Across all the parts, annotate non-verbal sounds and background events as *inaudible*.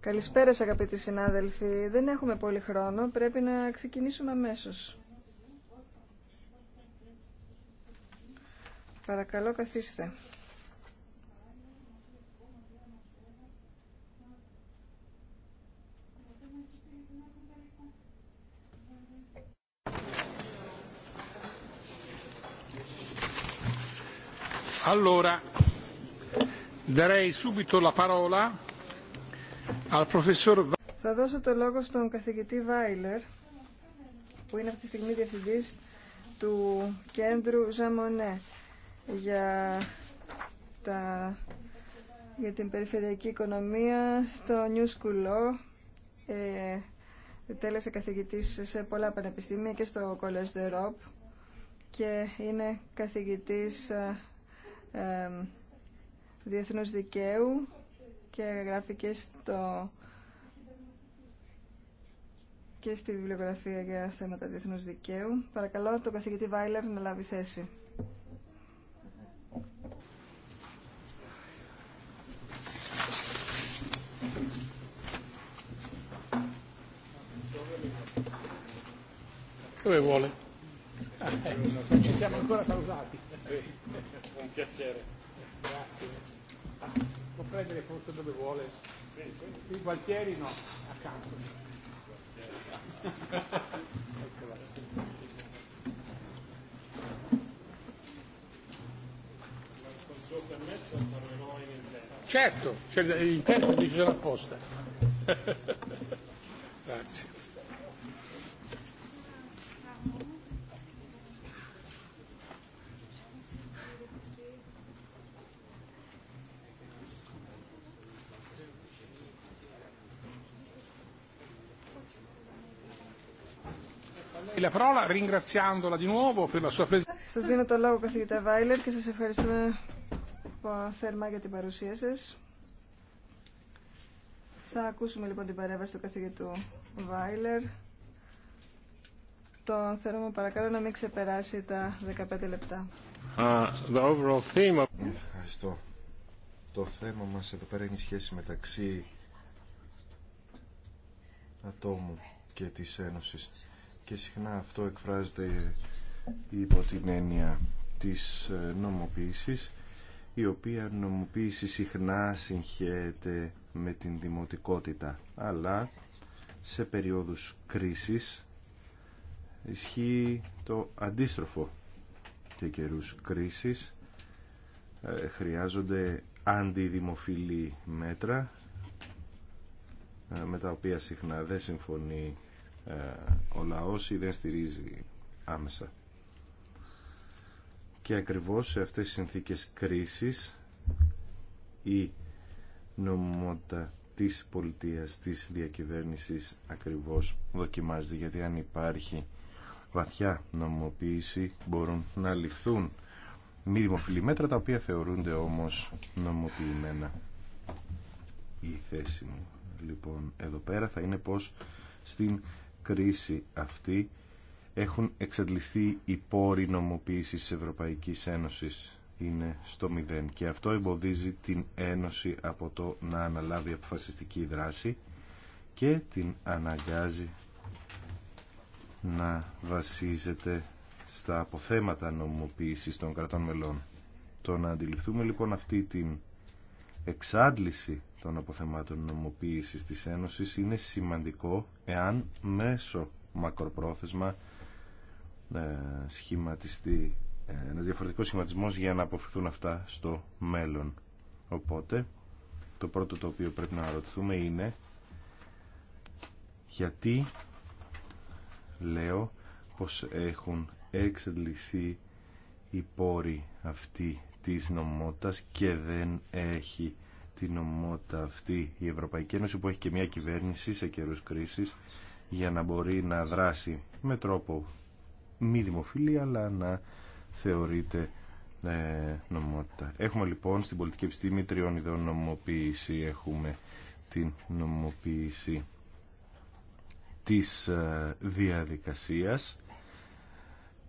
Καλησπέρα σε αγαπητοί συνάδελφοι. Δεν έχουμε πολύ χρόνο. Πρέπει να ξεκινήσουμε αμέσως. Παρακαλώ καθίστε. Allora, Θα δώσω το λόγο στον καθηγητή Βάιλερ, που είναι αυτή τη στιγμή διευθυντής του κέντρου Ζαμονέ για, τα, για την περιφερειακή οικονομία στο School Law. Ε, τέλεσε καθηγητής σε πολλά πανεπιστήμια και στο Collège Rop και είναι καθηγητής ε, ε, διεθνούς δικαίου και γράφει και, στο, και στη βιβλιογραφία για θέματα διεθνούς δικαίου. Παρακαλώ τον καθηγητή Βάιλερ να λάβει θέση. Dove vuole? Non ci siamo ancora salutati. Un piacere. Grazie. Può prendere posto dove vuole. I Gualtieri no, accanto. Certo, tempo l'interno dice apposta. Grazie. Σας δίνω το λόγο καθηγητά Βάιλερ και σας ευχαριστούμε ε, θερμά για την παρουσία σας. Θα ακούσουμε λοιπόν την παρέμβαση του καθηγητού Βάιλερ. Το θέλουμε παρακαλώ να μην ξεπεράσει τα 15 λεπτά. Ευχαριστώ. Το θέμα μας εδώ πέρα είναι η σχέση μεταξύ ατόμου και της Ένωσης και συχνά αυτό εκφράζεται υπό την έννοια της ε, νομοποίησης η οποία νομοποίηση συχνά συγχέεται με την δημοτικότητα αλλά σε περίοδους κρίσης ισχύει το αντίστροφο και καιρούς κρίσης ε, χρειάζονται αντιδημοφιλή μέτρα ε, με τα οποία συχνά δεν συμφωνεί ε, ο λαός ή δεν στηρίζει άμεσα. Και ακριβώς σε αυτές τις συνθήκες κρίσης η νομιμότητα της πολιτείας, της διακυβέρνησης ακριβώς δοκιμάζεται γιατί αν υπάρχει βαθιά νομοποίηση μπορούν να ληφθούν μη δημοφιλή μέτρα τα οποία θεωρούνται όμως νομοποιημένα. Η θέση μου λοιπόν εδώ πέρα θα είναι πως στην κρίση αυτή έχουν εξαντληθεί οι πόροι νομοποίησης της Ευρωπαϊκής Ένωσης είναι στο μηδέν και αυτό εμποδίζει την Ένωση από το να αναλάβει αποφασιστική δράση και την αναγκάζει να βασίζεται στα αποθέματα νομοποίησης των κρατών μελών. Το να αντιληφθούμε λοιπόν αυτή την εξάντληση των αποθεμάτων νομοποίησης της Ένωσης είναι σημαντικό εάν μέσω μακροπρόθεσμα ε, σχηματιστεί ε, ένας διαφορετικός σχηματισμός για να αποφευθούν αυτά στο μέλλον. Οπότε, το πρώτο το οποίο πρέπει να ρωτηθούμε είναι γιατί λέω πως έχουν εξαντληθεί οι πόροι αυτοί της νομότας και δεν έχει την νομότητα αυτή η Ευρωπαϊκή Ένωση που έχει και μια κυβέρνηση σε καιρούς κρίσης για να μπορεί να δράσει με τρόπο μη δημοφιλή αλλά να θεωρείται ε, Έχουμε λοιπόν στην πολιτική επιστήμη τριών ειδών νομοποίηση. Έχουμε την νομοποίηση της ε, διαδικασίας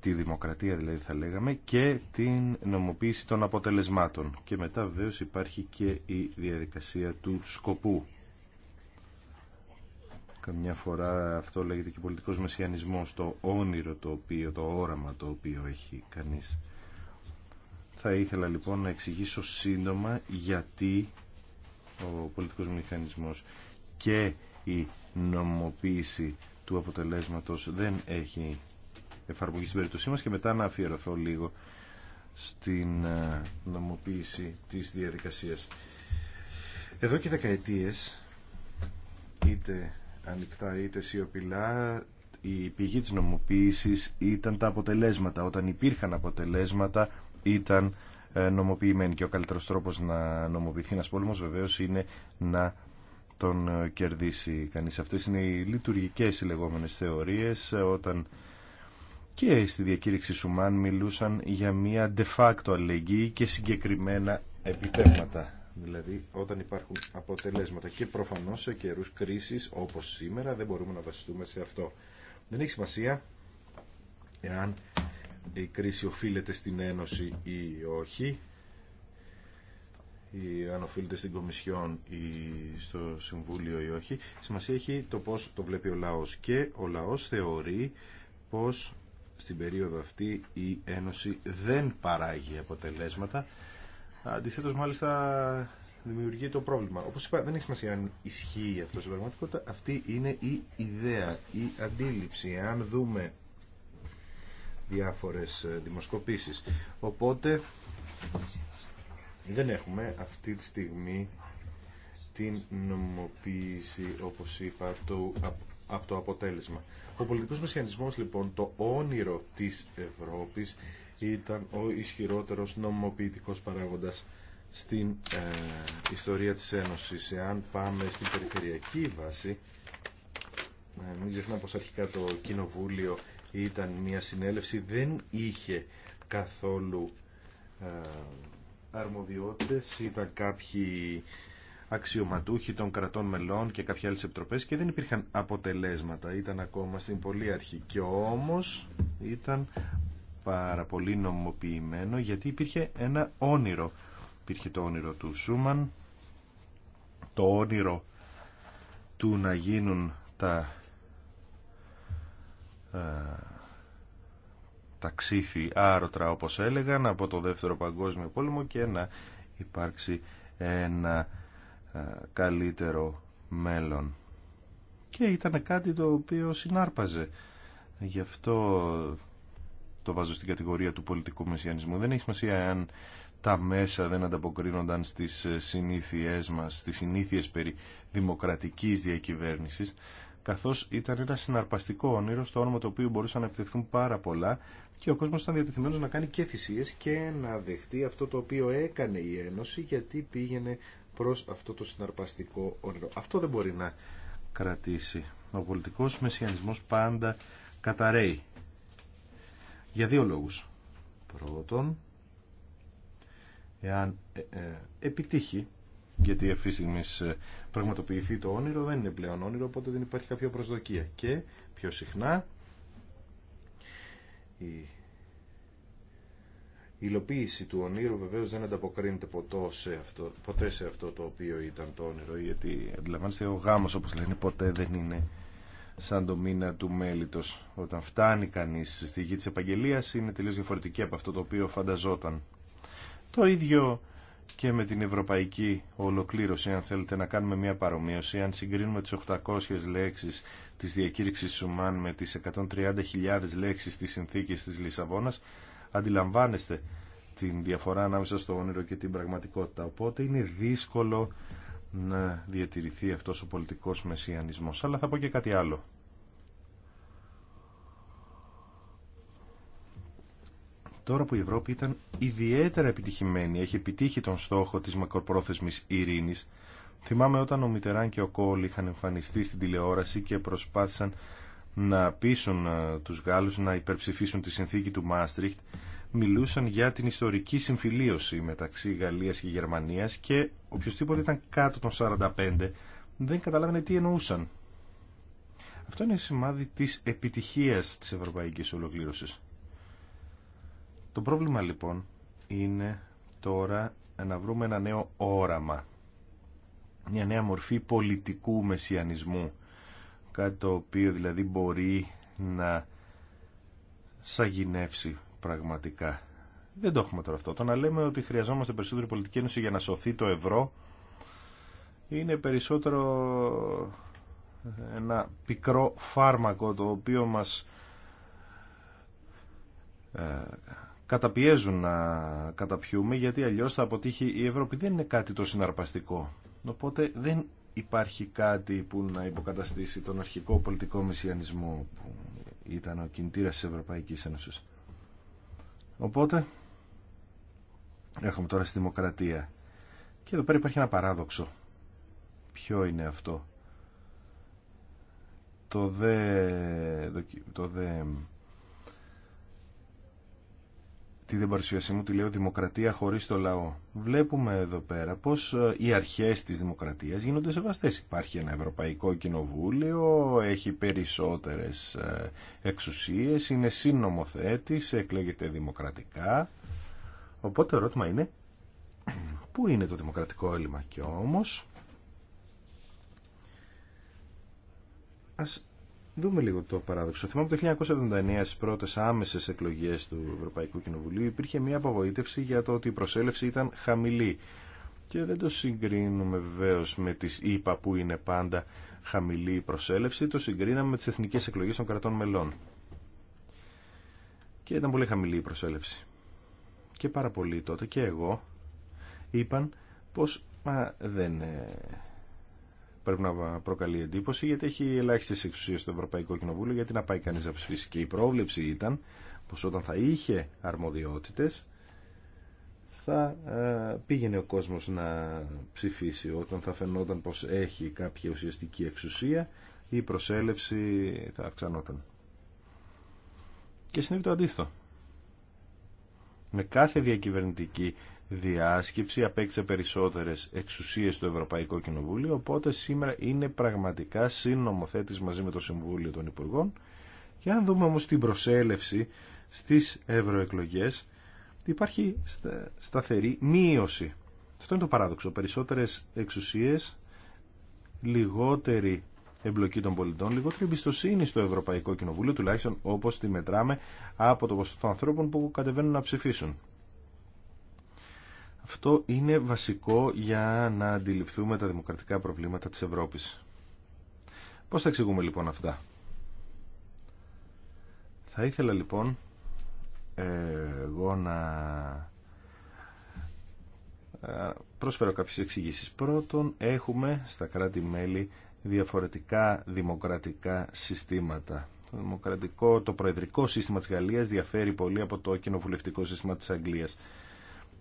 τη δημοκρατία δηλαδή θα λέγαμε και την νομοποίηση των αποτελεσμάτων και μετά βεβαίως υπάρχει και η διαδικασία του σκοπού καμιά φορά αυτό λέγεται και πολιτικός μεσιανισμός το όνειρο το οποίο, το όραμα το οποίο έχει κανείς θα ήθελα λοιπόν να εξηγήσω σύντομα γιατί ο πολιτικός μηχανισμός και η νομοποίηση του αποτελέσματος δεν έχει εφαρμογή στην περίπτωσή μα και μετά να αφιερωθώ λίγο στην ε, νομοποίηση της διαδικασίας. Εδώ και δεκαετίες, είτε ανοιχτά είτε σιωπηλά, η πηγή της νομοποίησης ήταν τα αποτελέσματα. Όταν υπήρχαν αποτελέσματα ήταν ε, νομοποιημένοι και ο καλύτερος τρόπος να νομοποιηθεί ένας πόλεμος βεβαίως είναι να τον ε, κερδίσει κανείς. Αυτές είναι οι λειτουργικές οι λεγόμενες θεωρίες όταν και στη διακήρυξη Σουμάν μιλούσαν για μια de facto αλληλεγγύη και συγκεκριμένα επιτεύγματα. Δηλαδή όταν υπάρχουν αποτελέσματα και προφανώς σε καιρούς κρίσης όπως σήμερα δεν μπορούμε να βασιστούμε σε αυτό. Δεν έχει σημασία εάν η κρίση οφείλεται στην Ένωση ή όχι ή αν οφείλεται στην Κομισιόν ή στο Συμβούλιο ή όχι. Σημασία έχει το πώς το βλέπει ο λαός και ο λαός θεωρεί πως στην περίοδο αυτή η Ένωση δεν παράγει αποτελέσματα. Αντιθέτω, μάλιστα δημιουργεί το πρόβλημα. Όπω είπα, δεν έχει σημασία αν ισχύει αυτό στην πραγματικότητα. Αυτή είναι η ιδέα, η αντίληψη. Αν δούμε διάφορες ε, δημοσκοπήσεις. Οπότε δεν έχουμε αυτή τη στιγμή την νομοποίηση, όπως είπα, του από το αποτέλεσμα. Ο πολιτικός μεσιανισμός λοιπόν, το όνειρο της Ευρώπης ήταν ο ισχυρότερος νομοποιητικός παράγοντας στην ε, ιστορία της Ένωσης. Εάν πάμε στην περιφερειακή βάση, ε, μην ξεχνά πως αρχικά το Κοινοβούλιο ήταν μια συνέλευση, δεν είχε καθόλου ε, αρμοδιότητες, ήταν κάποιοι αξιωματούχοι των κρατών μελών και κάποια άλλες επιτροπές και δεν υπήρχαν αποτελέσματα. Ήταν ακόμα στην πολύ αρχή και όμως ήταν πάρα πολύ νομοποιημένο γιατί υπήρχε ένα όνειρο. Υπήρχε το όνειρο του Σούμαν, το όνειρο του να γίνουν τα, ε, τα ξύφη άρωτρα όπως έλεγαν από το δεύτερο παγκόσμιο πόλεμο και να υπάρξει ένα ε, καλύτερο μέλλον. Και ήταν κάτι το οποίο συνάρπαζε. Γι' αυτό το βάζω στην κατηγορία του πολιτικού μεσιανισμού. Δεν έχει σημασία αν τα μέσα δεν ανταποκρίνονταν στις συνήθειές μας, στις συνήθειες περί δημοκρατικής διακυβέρνησης, καθώς ήταν ένα συναρπαστικό όνειρο στο όνομα το οποίο μπορούσαν να επιτευχθούν πάρα πολλά και ο κόσμος ήταν διατεθειμένος να κάνει και θυσίες και να δεχτεί αυτό το οποίο έκανε η Ένωση γιατί πήγαινε προς αυτό το συναρπαστικό όνειρο. Αυτό δεν μπορεί να κρατήσει. Ο πολιτικός μεσιανισμός πάντα καταραίει. Για δύο λόγους. Πρώτον, εάν ε, ε, επιτύχει, γιατί αυτή τη στιγμή ε, πραγματοποιηθεί το όνειρο, δεν είναι πλέον όνειρο, οπότε δεν υπάρχει κάποια προσδοκία. Και πιο συχνά η η υλοποίηση του ονείρου βεβαίως δεν ανταποκρίνεται σε αυτό, ποτέ σε αυτό το οποίο ήταν το όνειρο γιατί αντιλαμβάνεστε ο γάμος όπως λένε ποτέ δεν είναι σαν το μήνα του μέλητος όταν φτάνει κανείς στη γη της επαγγελίας είναι τελείως διαφορετική από αυτό το οποίο φανταζόταν το ίδιο και με την ευρωπαϊκή ολοκλήρωση αν θέλετε να κάνουμε μια παρομοίωση αν συγκρίνουμε τις 800 λέξεις της διακήρυξης Σουμάν με τις 130.000 λέξεις της συνθήκης της Λισαβόνας αντιλαμβάνεστε την διαφορά ανάμεσα στο όνειρο και την πραγματικότητα. Οπότε είναι δύσκολο να διατηρηθεί αυτός ο πολιτικός μεσιανισμός. Αλλά θα πω και κάτι άλλο. Τώρα που η Ευρώπη ήταν ιδιαίτερα επιτυχημένη, έχει επιτύχει τον στόχο της μακροπρόθεσμης ειρήνης, θυμάμαι όταν ο Μιτεράν και ο Κόλ είχαν εμφανιστεί στην τηλεόραση και προσπάθησαν να πείσουν ε, τους Γάλλους να υπερψηφίσουν τη συνθήκη του Μάστριχτ μιλούσαν για την ιστορική συμφιλίωση μεταξύ Γαλλίας και Γερμανίας και οποιοδήποτε ήταν κάτω των 45 δεν καταλάβαινε τι εννοούσαν. Αυτό είναι σημάδι της επιτυχίας της ευρωπαϊκής ολοκλήρωσης. Το πρόβλημα λοιπόν είναι τώρα να βρούμε ένα νέο όραμα, μια νέα μορφή πολιτικού μεσιανισμού κάτι το οποίο δηλαδή μπορεί να σαγηνεύσει πραγματικά. Δεν το έχουμε τώρα αυτό. Το να λέμε ότι χρειαζόμαστε περισσότερη πολιτική ένωση για να σωθεί το ευρώ είναι περισσότερο ένα πικρό φάρμακο το οποίο μας ε, καταπιέζουν να καταπιούμε γιατί αλλιώς θα αποτύχει η Ευρώπη. Δεν είναι κάτι το συναρπαστικό. Οπότε δεν υπάρχει κάτι που να υποκαταστήσει τον αρχικό πολιτικό μεσιανισμό που ήταν ο κινητήρας της Ευρωπαϊκής Ένωσης. Οπότε, έρχομαι τώρα στη δημοκρατία. Και εδώ πέρα υπάρχει ένα παράδοξο. Ποιο είναι αυτό. Το δε, το δε αυτή την παρουσίασή μου τη λέω «Δημοκρατία χωρίς το λαό». Βλέπουμε εδώ πέρα πως ε, οι αρχές της δημοκρατίας γίνονται σεβαστές. Υπάρχει ένα Ευρωπαϊκό Κοινοβούλιο, έχει περισσότερες ε, εξουσίες, είναι συνομοθέτης, εκλέγεται δημοκρατικά. Οπότε το ερώτημα είναι *clears throat* πού είναι το δημοκρατικό έλλειμμα και όμως ας δούμε λίγο το παράδοξο. Θυμάμαι το 1979 στι πρώτε άμεσε εκλογέ του Ευρωπαϊκού Κοινοβουλίου υπήρχε μια απογοήτευση για το ότι η προσέλευση ήταν χαμηλή. Και δεν το συγκρίνουμε βεβαίω με τι ΗΠΑ που είναι πάντα χαμηλή η προσέλευση, το συγκρίναμε με τι εθνικέ εκλογέ των κρατών μελών. Και ήταν πολύ χαμηλή η προσέλευση. Και πάρα πολλοί τότε και εγώ είπαν πω δεν ε, πρέπει να προκαλεί εντύπωση γιατί έχει ελάχιστε εξουσίε στο Ευρωπαϊκό Κοινοβούλιο γιατί να πάει κανεί να ψηφίσει. Και η πρόβλεψη ήταν πω όταν θα είχε αρμοδιότητε θα ε, πήγαινε ο κόσμο να ψηφίσει. Όταν θα φαινόταν πω έχει κάποια ουσιαστική εξουσία η προσέλευση θα αυξανόταν. Και συνέβη το αντίθετο. Με κάθε διακυβερνητική διάσκεψη απέκτησε περισσότερες εξουσίες στο Ευρωπαϊκό Κοινοβούλιο, οπότε σήμερα είναι πραγματικά συνομοθέτης μαζί με το Συμβούλιο των Υπουργών. Και αν δούμε όμως την προσέλευση στις ευρωεκλογές, υπάρχει σταθερή μείωση. Αυτό είναι το παράδοξο. Περισσότερες εξουσίες, λιγότερη εμπλοκή των πολιτών, λιγότερη εμπιστοσύνη στο Ευρωπαϊκό Κοινοβούλιο, τουλάχιστον όπως τη μετράμε από το ποσοστό των ανθρώπων που κατεβαίνουν να ψηφίσουν. Αυτό είναι βασικό για να αντιληφθούμε τα δημοκρατικά προβλήματα της Ευρώπης. Πώς θα εξηγούμε λοιπόν αυτά. Θα ήθελα λοιπόν ε, εγώ να ε, πρόσφερω κάποιες εξηγήσεις. Πρώτον, έχουμε στα κράτη-μέλη διαφορετικά δημοκρατικά συστήματα. Το, δημοκρατικό, το προεδρικό σύστημα της Γαλλίας διαφέρει πολύ από το κοινοβουλευτικό σύστημα της Αγγλίας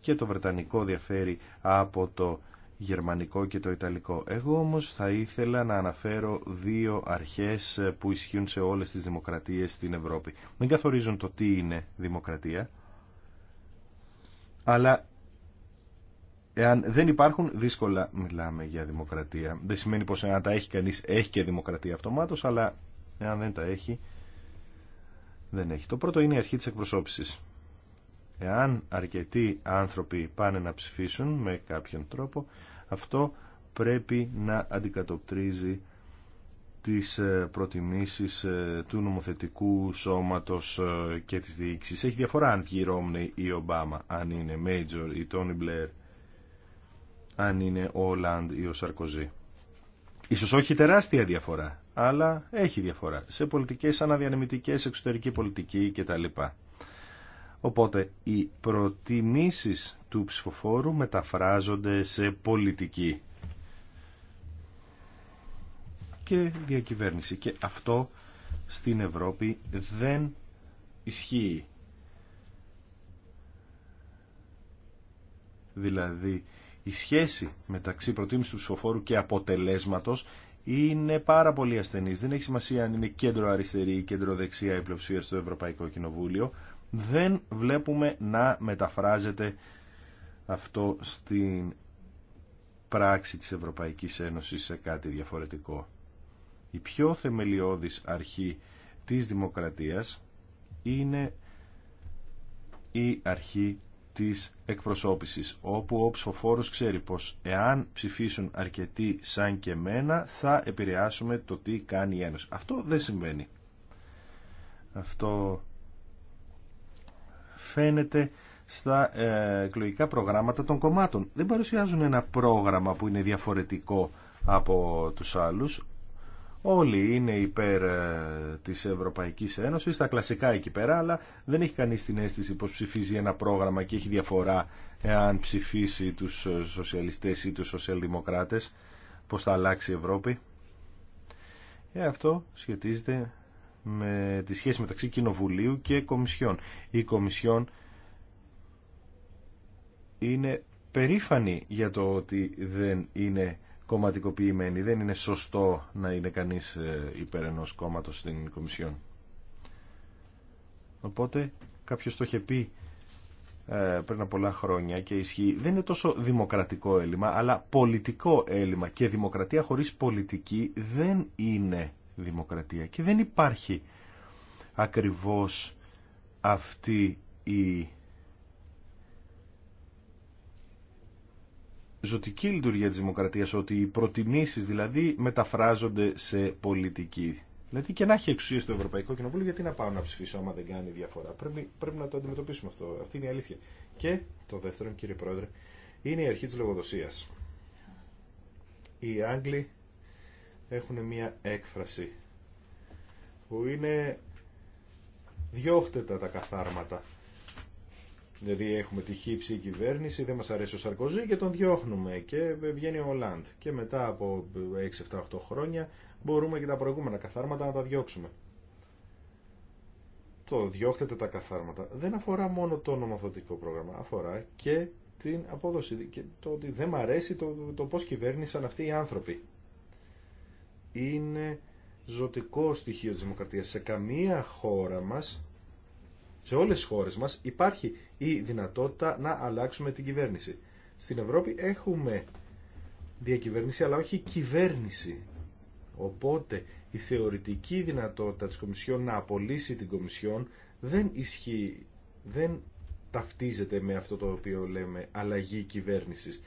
και το Βρετανικό διαφέρει από το Γερμανικό και το Ιταλικό. Εγώ όμως θα ήθελα να αναφέρω δύο αρχές που ισχύουν σε όλες τις δημοκρατίες στην Ευρώπη. Δεν καθορίζουν το τι είναι δημοκρατία, αλλά εάν δεν υπάρχουν, δύσκολα μιλάμε για δημοκρατία. Δεν σημαίνει πως αν τα έχει κανείς έχει και δημοκρατία αυτομάτως, αλλά εάν δεν τα έχει, δεν έχει. Το πρώτο είναι η αρχή της εκπροσώπησης. Εάν αρκετοί άνθρωποι πάνε να ψηφίσουν με κάποιον τρόπο, αυτό πρέπει να αντικατοπτρίζει τις ε, προτιμήσεις ε, του νομοθετικού σώματος ε, και της διοίκησης. Έχει διαφορά αν βγει Ρόμνη ή Ομπάμα, αν είναι Μέιτζορ ή Τόνι Μπλερ, αν είναι ο Ολάντ ή ο Σαρκοζή. Ίσως όχι τεράστια διαφορά, αλλά έχει διαφορά σε πολιτικές αναδιανεμητικές, εξωτερική πολιτική κτλ. Οπότε οι προτιμήσεις του ψηφοφόρου μεταφράζονται σε πολιτική και διακυβέρνηση. Και αυτό στην Ευρώπη δεν ισχύει. Δηλαδή η σχέση μεταξύ προτίμησης του ψηφοφόρου και αποτελέσματος είναι πάρα πολύ ασθενής. Δεν έχει σημασία αν είναι κέντρο αριστερή ή κέντρο δεξιά η πλειοψηφία στο Ευρωπαϊκό Κοινοβούλιο δεν βλέπουμε να μεταφράζεται αυτό στην πράξη της Ευρωπαϊκής Ένωσης σε κάτι διαφορετικό. Η πιο θεμελιώδης αρχή της δημοκρατίας είναι η αρχή της εκπροσώπησης, όπου ο ψηφοφόρος ξέρει πως εάν ψηφίσουν αρκετοί σαν και εμένα θα επηρεάσουμε το τι κάνει η Ένωση. Αυτό δεν συμβαίνει. Αυτό φαίνεται στα ε, εκλογικά προγράμματα των κομμάτων. Δεν παρουσιάζουν ένα πρόγραμμα που είναι διαφορετικό από τους άλλους. Όλοι είναι υπέρ ε, της Ευρωπαϊκής Ένωσης, τα κλασικά εκεί πέρα, αλλά δεν έχει κανείς την αίσθηση πως ψηφίζει ένα πρόγραμμα και έχει διαφορά εάν ψηφίσει τους σοσιαλιστές ή τους σοσιαλδημοκράτες, πως θα αλλάξει η Ευρώπη. Ε αυτό σχετίζεται με τη σχέση μεταξύ Κοινοβουλίου και Κομισιόν. Η Κομισιόν είναι περήφανη για το ότι δεν είναι κομματικοποιημένη. Δεν είναι σωστό να είναι κανείς ε, υπέρ ενός κόμματος στην Κομισιόν. Οπότε κάποιος το είχε πει ε, πριν από πολλά χρόνια και ισχύει. Δεν είναι τόσο δημοκρατικό έλλειμμα, αλλά πολιτικό έλλειμμα. Και δημοκρατία χωρίς πολιτική δεν είναι δημοκρατία. Και δεν υπάρχει ακριβώς αυτή η ζωτική λειτουργία της δημοκρατίας, ότι οι προτιμήσεις δηλαδή μεταφράζονται σε πολιτική. Δηλαδή και να έχει εξουσία στο Ευρωπαϊκό Κοινοβούλιο, γιατί να πάω να ψηφίσω άμα δεν κάνει διαφορά. Πρέπει, πρέπει να το αντιμετωπίσουμε αυτό. Αυτή είναι η αλήθεια. Και το δεύτερο, κύριε Πρόεδρε, είναι η αρχή της λογοδοσίας. Οι Άγγλοι έχουν μία έκφραση που είναι διώχτε τα, καθάρματα. Δηλαδή έχουμε τη χύψη κυβέρνηση, δεν μας αρέσει ο Σαρκοζή και τον διώχνουμε και βγαίνει ο Ολάντ. Και μετά από 6, 7, 8 χρόνια μπορούμε και τα προηγούμενα καθάρματα να τα διώξουμε. Το διώχτετε τα καθάρματα δεν αφορά μόνο το νομοθετικό πρόγραμμα, αφορά και την απόδοση και το ότι δεν μ' αρέσει το, το πώς κυβέρνησαν αυτοί οι άνθρωποι είναι ζωτικό στοιχείο της δημοκρατίας. Σε καμία χώρα μας, σε όλες τις χώρες μας, υπάρχει η δυνατότητα να αλλάξουμε την κυβέρνηση. Στην Ευρώπη έχουμε διακυβέρνηση, αλλά όχι κυβέρνηση. Οπότε η θεωρητική δυνατότητα της Κομισιόν να απολύσει την Κομισιόν δεν ισχύει, δεν ταυτίζεται με αυτό το οποίο λέμε αλλαγή κυβέρνησης.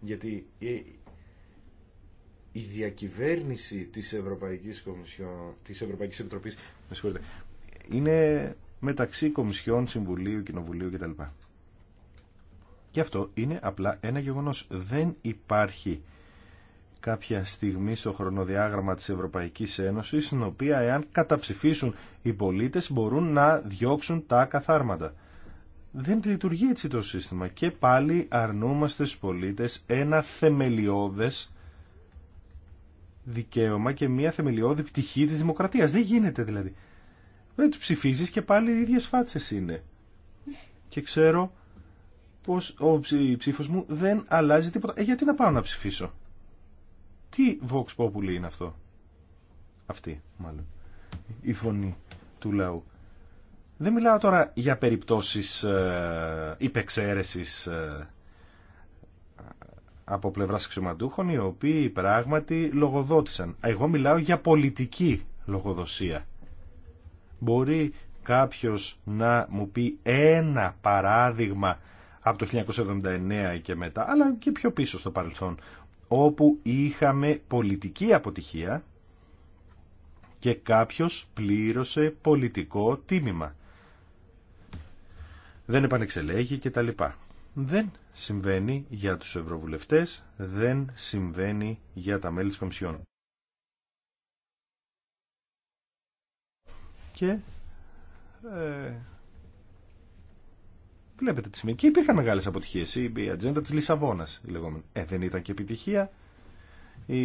Γιατί η διακυβέρνηση της Ευρωπαϊκής, Κομισιό, της Ευρωπαϊκής Επιτροπής με είναι μεταξύ Κομισιών, Συμβουλίου, Κοινοβουλίου κτλ. Και αυτό είναι απλά ένα γεγονός. Δεν υπάρχει κάποια στιγμή στο χρονοδιάγραμμα της Ευρωπαϊκής Ένωσης, στην οποία εάν καταψηφίσουν οι πολίτες μπορούν να διώξουν τα καθάρματα. Δεν λειτουργεί έτσι το σύστημα και πάλι αρνούμαστε στους πολίτες ένα θεμελιώδες δικαίωμα και μια θεμελιώδη πτυχή της δημοκρατίας. Δεν γίνεται δηλαδή. Δεν του ψηφίζεις και πάλι οι ίδιες φάτσες είναι. Και ξέρω πως ο ψήφος μου δεν αλλάζει τίποτα. Ε, γιατί να πάω να ψηφίσω. Τι Vox Populi είναι αυτό. Αυτή μάλλον. Η φωνή του λαού. Δεν μιλάω τώρα για περιπτώσεις ε, υπεξαίρεσης ε, από πλευρά αξιωματούχων οι οποίοι πράγματι λογοδότησαν. Εγώ μιλάω για πολιτική λογοδοσία. Μπορεί κάποιος να μου πει ένα παράδειγμα από το 1979 και μετά, αλλά και πιο πίσω στο παρελθόν, όπου είχαμε πολιτική αποτυχία και κάποιος πλήρωσε πολιτικό τίμημα. Δεν επανεξελέγει και τα λοιπά δεν συμβαίνει για τους ευρωβουλευτές, δεν συμβαίνει για τα μέλη της Κομισιόν. Και ε, βλέπετε τι σημαίνει. Και υπήρχαν μεγάλες αποτυχίες. Η, η ατζέντα της Λισαβόνας, η λεγόμενη. Ε, δεν ήταν και επιτυχία. Η,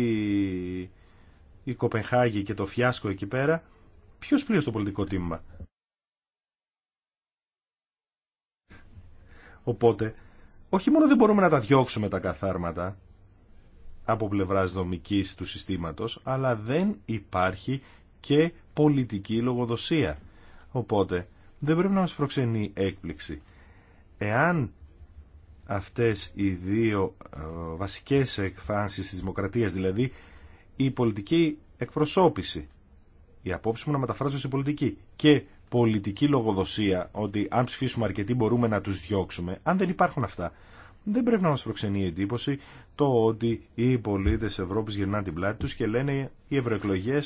η Κοπενχάγη και το φιάσκο εκεί πέρα. Ποιος πλήρωσε το πολιτικό τίμημα. Οπότε, όχι μόνο δεν μπορούμε να τα διώξουμε τα καθάρματα από πλευράς δομικής του συστήματος, αλλά δεν υπάρχει και πολιτική λογοδοσία. Οπότε, δεν πρέπει να μας προξενεί έκπληξη. Εάν αυτές οι δύο ε, βασικές εκφάνσεις της δημοκρατίας, δηλαδή η πολιτική εκπροσώπηση, η απόψη μου να μεταφράζω στην πολιτική και πολιτική λογοδοσία ότι αν ψηφίσουμε αρκετοί μπορούμε να τους διώξουμε, αν δεν υπάρχουν αυτά, δεν πρέπει να μας προξενεί η εντύπωση το ότι οι πολίτες Ευρώπης γυρνάνε την πλάτη τους και λένε οι ευρωεκλογέ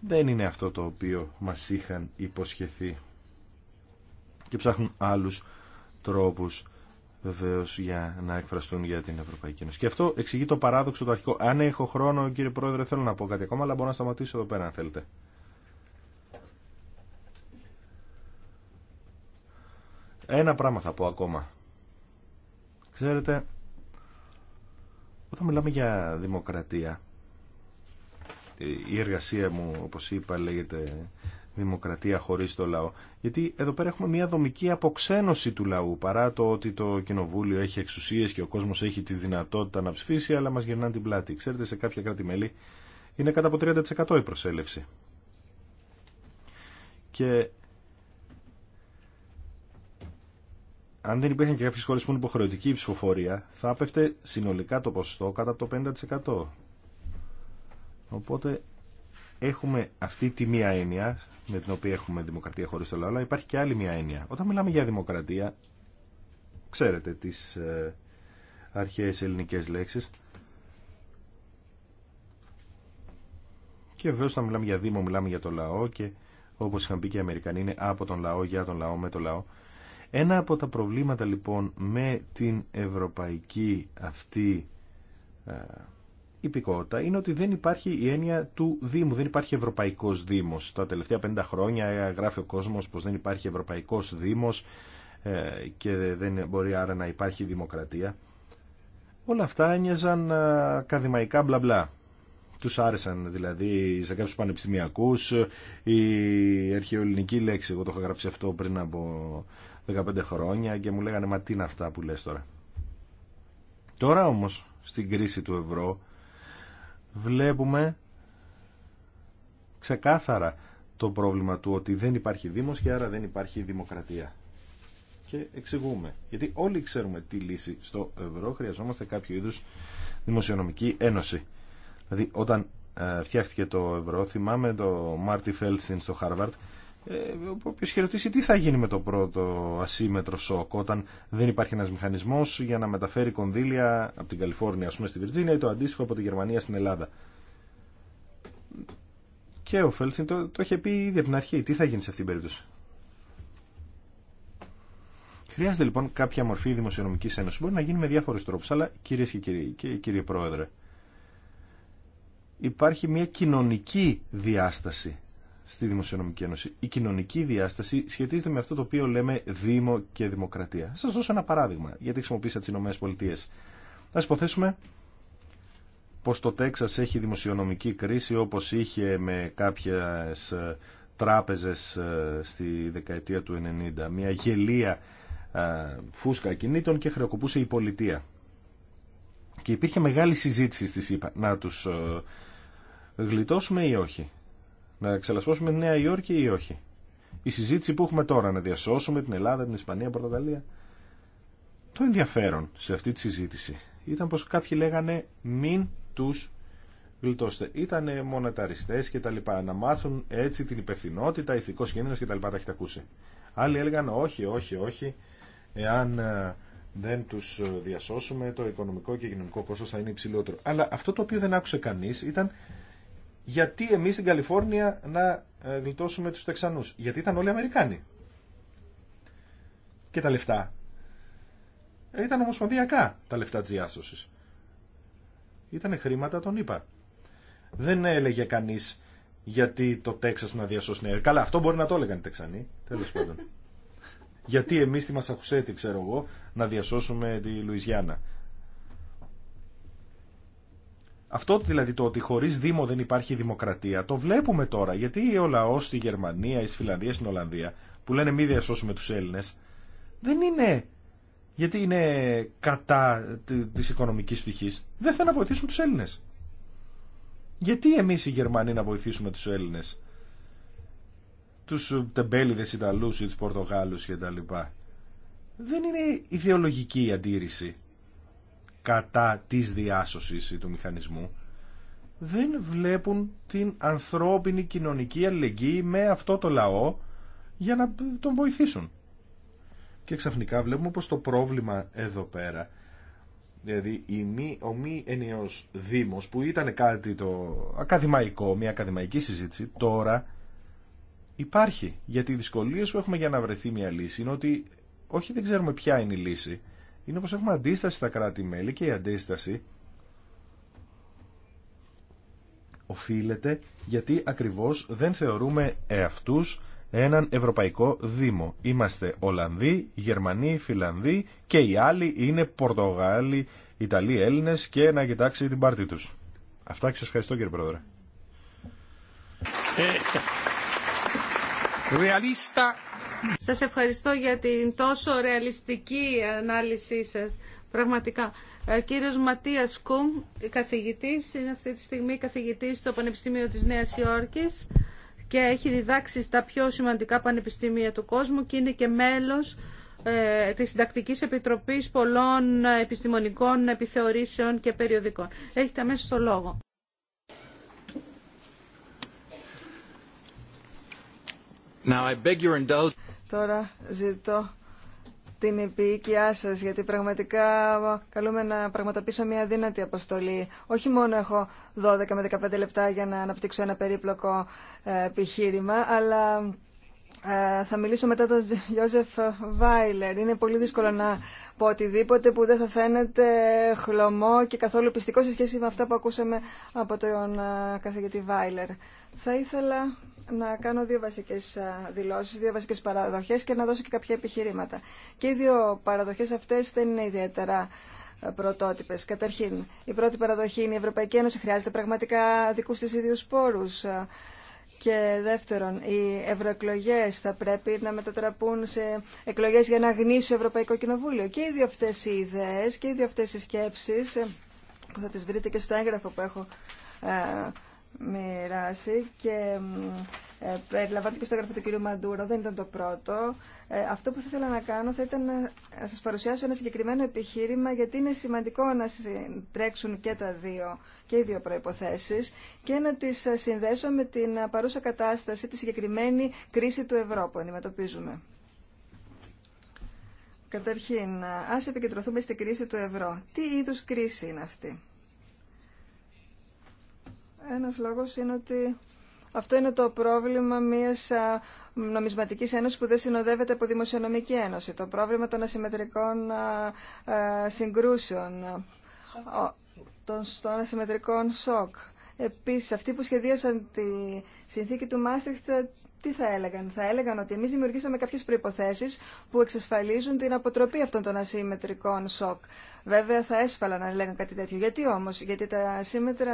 δεν είναι αυτό το οποίο μας είχαν υποσχεθεί και ψάχνουν άλλους τρόπους βεβαίω για να εκφραστούν για την Ευρωπαϊκή Ένωση. Και αυτό εξηγεί το παράδοξο το αρχικό. Αν έχω χρόνο, κύριε Πρόεδρε, θέλω να πω κάτι ακόμα, αλλά μπορώ να σταματήσω εδώ πέρα, αν θέλετε. Ένα πράγμα θα πω ακόμα. Ξέρετε, όταν μιλάμε για δημοκρατία, η εργασία μου, όπως είπα, λέγεται δημοκρατία χωρίς το λαό. Γιατί εδώ πέρα έχουμε μια δομική αποξένωση του λαού, παρά το ότι το κοινοβούλιο έχει εξουσίες και ο κόσμος έχει τη δυνατότητα να ψηφίσει, αλλά μας γυρνάνε την πλάτη. Ξέρετε, σε κάποια κράτη-μέλη είναι κατά από 30% η προσέλευση. Και αν δεν υπήρχαν και κάποιε χώρε που είναι υποχρεωτική η ψηφοφορία, θα έπεφτε συνολικά το ποσοστό κατά το 50%. Οπότε έχουμε αυτή τη μία έννοια με την οποία έχουμε δημοκρατία χωρίς το λαό, αλλά υπάρχει και άλλη μία έννοια. Όταν μιλάμε για δημοκρατία, ξέρετε τις ε, αρχαίες ελληνικές λέξεις, και βέβαια όταν μιλάμε για Δήμο μιλάμε για το λαό και όπω είχαν πει και οι Αμερικανοί είναι από τον λαό, για τον λαό, με τον λαό. Ένα από τα προβλήματα λοιπόν με την ευρωπαϊκή αυτή ε, υπηκότητα είναι ότι δεν υπάρχει η έννοια του Δήμου, δεν υπάρχει Ευρωπαϊκός Δήμος. Τα τελευταία 50 χρόνια ε, γράφει ο κόσμος πως δεν υπάρχει Ευρωπαϊκός Δήμος ε, και δεν μπορεί άρα να υπάρχει δημοκρατία. Όλα αυτά ένιωσαν ακαδημαϊκά μπλα μπλα. Τους άρεσαν δηλαδή οι κάποιους πανεπιστημιακούς η αρχαιοελληνική λέξη, εγώ το είχα γράψει αυτό πριν από 15 χρόνια και μου λέγανε «Μα τι είναι αυτά που λες τώρα». Τώρα όμως, στην κρίση του ευρώ, βλέπουμε ξεκάθαρα το πρόβλημα του ότι δεν υπάρχει δήμος και άρα δεν υπάρχει δημοκρατία. Και εξηγούμε. Γιατί όλοι ξέρουμε τι λύση στο ευρώ, χρειαζόμαστε κάποιο είδους δημοσιονομική ένωση. Δηλαδή όταν ε, φτιάχτηκε το ευρώ, θυμάμαι το Μάρτι Φέλσιν στο Χάρβαρτ, ε, ο οποίο χαιρετήσει τι θα γίνει με το πρώτο ασύμετρο σοκ όταν δεν υπάρχει ένα μηχανισμό για να μεταφέρει κονδύλια από την Καλιφόρνια α πούμε στη Βιρτζίνια ή το αντίστοιχο από τη Γερμανία στην Ελλάδα. Και ο Φέλτσιν το, το είχε πει ήδη από την αρχή. Τι θα γίνει σε αυτήν την περίπτωση. Χρειάζεται λοιπόν κάποια μορφή δημοσιονομική ένωση. Μπορεί να γίνει με διάφορου τρόπου, αλλά κυρίε και κύριοι, και κύριε Πρόεδρε, υπάρχει μια κοινωνική διάσταση στη Δημοσιονομική Ένωση. Η κοινωνική διάσταση σχετίζεται με αυτό το οποίο λέμε Δήμο και Δημοκρατία. Σα δώσω ένα παράδειγμα, γιατί χρησιμοποίησα τι ΗΠΑ. Α υποθέσουμε πως το Τέξα έχει δημοσιονομική κρίση όπως είχε με κάποιες ε, τράπεζες ε, στη δεκαετία του 90. Μια γελία ε, φούσκα κινήτων και χρεοκοπούσε η πολιτεία. Και υπήρχε μεγάλη συζήτηση Να τους γλιτώσουμε ή όχι να εξελασπώσουμε Νέα Υόρκη ή όχι. Η συζήτηση που έχουμε τώρα, να διασώσουμε την Ελλάδα, την Ισπανία, την Πορτογαλία. Το ενδιαφέρον σε αυτή τη συζήτηση ήταν πως κάποιοι λέγανε μην τους γλιτώστε. Ήτανε μοναταριστέ και τα λοιπά, να μάθουν έτσι την υπευθυνότητα, ηθικό κίνδυνο και τα λοιπά, τα έχετε ακούσει. Άλλοι έλεγαν όχι, όχι, όχι, εάν ε, δεν τους διασώσουμε το οικονομικό και κοινωνικό κόστος θα είναι υψηλότερο. Αλλά αυτό το οποίο δεν άκουσε κανείς ήταν γιατί εμείς στην Καλιφόρνια να ε, γλιτώσουμε τους Τεξανούς. Γιατί ήταν όλοι Αμερικάνοι. Και τα λεφτά. Ε, ήταν ομοσπονδιακά τα λεφτά της διάσωσης. Ήταν χρήματα τον είπα. Δεν έλεγε κανείς γιατί το Τέξας να διασώσει Καλά, αυτό μπορεί να το έλεγαν οι Τεξανοί, τέλος *laughs* πάντων. γιατί εμείς στη Μασαχουσέτη, ξέρω εγώ, να διασώσουμε τη Λουιζιάννα. Αυτό δηλαδή το ότι χωρίς Δήμο δεν υπάρχει δημοκρατία, το βλέπουμε τώρα. Γιατί ο λαός στη Γερμανία, στη Φιλανδία, στην Ολλανδία, που λένε μη διασώσουμε τους Έλληνες, δεν είναι γιατί είναι κατά της οικονομικής πτυχής. Δεν θέλουν να βοηθήσουν τους Έλληνες. Γιατί εμείς οι Γερμανοί να βοηθήσουμε τους Έλληνες, τους τεμπέληδες Ιταλούς ή τους Πορτογάλους και Δεν είναι ιδεολογική η αντίρρηση κατά της διάσωσης του μηχανισμού δεν βλέπουν την ανθρώπινη κοινωνική αλληλεγγύη με αυτό το λαό για να τον βοηθήσουν. Και ξαφνικά βλέπουμε πως το πρόβλημα εδώ πέρα δηλαδή η μη, ο μη ενιαίος δήμος που ήταν κάτι το ακαδημαϊκό, μια ακαδημαϊκή συζήτηση τώρα υπάρχει γιατί οι δυσκολίες που έχουμε για να βρεθεί μια λύση είναι ότι όχι δεν ξέρουμε ποια είναι η λύση είναι πως έχουμε αντίσταση στα κράτη-μέλη και η αντίσταση οφείλεται γιατί ακριβώς δεν θεωρούμε εαυτούς έναν ευρωπαϊκό δήμο. Είμαστε Ολλανδοί, Γερμανοί, Φιλανδοί και οι άλλοι είναι Πορτογάλοι, Ιταλοί, Έλληνες και να κοιτάξει την πάρτη τους. Αυτά και σας ευχαριστώ κύριε Πρόεδρε. Ε, σας ευχαριστώ για την τόσο ρεαλιστική ανάλυση σας. Πραγματικά. Ο ε, κύριος Ματίας Κουμ, καθηγητής, είναι αυτή τη στιγμή καθηγητής στο Πανεπιστήμιο της Νέας Υόρκης και έχει διδάξει στα πιο σημαντικά πανεπιστήμια του κόσμου και είναι και μέλος ε, της Συντακτικής Επιτροπής πολλών επιστημονικών επιθεωρήσεων και περιοδικών. Έχετε αμέσως το λόγο. Now I beg your Τώρα ζητώ την επίοικιά σα, γιατί πραγματικά καλούμε να πραγματοποιήσω μια δύνατη αποστολή. Όχι μόνο έχω 12 με 15 λεπτά για να αναπτύξω ένα περίπλοκο ε, επιχείρημα, αλλά ε, θα μιλήσω μετά τον Γιώζεφ Βάιλερ. Είναι πολύ δύσκολο να πω οτιδήποτε που δεν θα φαίνεται χλωμό και καθόλου πιστικό σε σχέση με αυτά που ακούσαμε από τον ε, καθηγητή Βάιλερ. Θα ήθελα να κάνω δύο βασικέ δηλώσει, δύο βασικέ παραδοχέ και να δώσω και κάποια επιχειρήματα. Και οι δύο παραδοχέ αυτέ δεν είναι ιδιαίτερα πρωτότυπε. Καταρχήν, η πρώτη παραδοχή είναι η Ευρωπαϊκή Ένωση χρειάζεται πραγματικά δικού τη ίδιου πόρου. Και δεύτερον, οι ευρωεκλογέ θα πρέπει να μετατραπούν σε εκλογέ για να γνήσει Ευρωπαϊκό Κοινοβούλιο. Και οι δύο αυτέ οι ιδέε και οι δύο αυτέ οι σκέψει ε, που θα τις βρείτε και στο έγγραφο που έχω μοιράσει και ε, περιλαμβάνεται και στο έγγραφο του κ. Μαντούρο, δεν ήταν το πρώτο. Ε, αυτό που θα ήθελα να κάνω θα ήταν να, σας παρουσιάσω ένα συγκεκριμένο επιχείρημα γιατί είναι σημαντικό να τρέξουν και τα δύο και οι δύο προϋποθέσεις και να τις ε, συνδέσω με την ε, παρούσα κατάσταση, τη συγκεκριμένη κρίση του ευρώ που αντιμετωπίζουμε. Καταρχήν, ας επικεντρωθούμε στην κρίση του ευρώ. Τι είδους κρίση είναι αυτή. Ένας λόγος είναι ότι αυτό είναι το πρόβλημα μιας νομισματικής ένωσης που δεν συνοδεύεται από δημοσιονομική ένωση. Το πρόβλημα των ασυμμετρικών συγκρούσεων, των ασυμμετρικών σοκ. Επίσης, αυτοί που σχεδίασαν τη συνθήκη του Μάστριχτ τι θα έλεγαν. Θα έλεγαν ότι εμείς δημιουργήσαμε κάποιες προϋποθέσεις που εξασφαλίζουν την αποτροπή αυτών των ασύμμετρικών σοκ. Βέβαια θα έσφαλα να έλεγα κάτι τέτοιο. Γιατί όμως, γιατί τα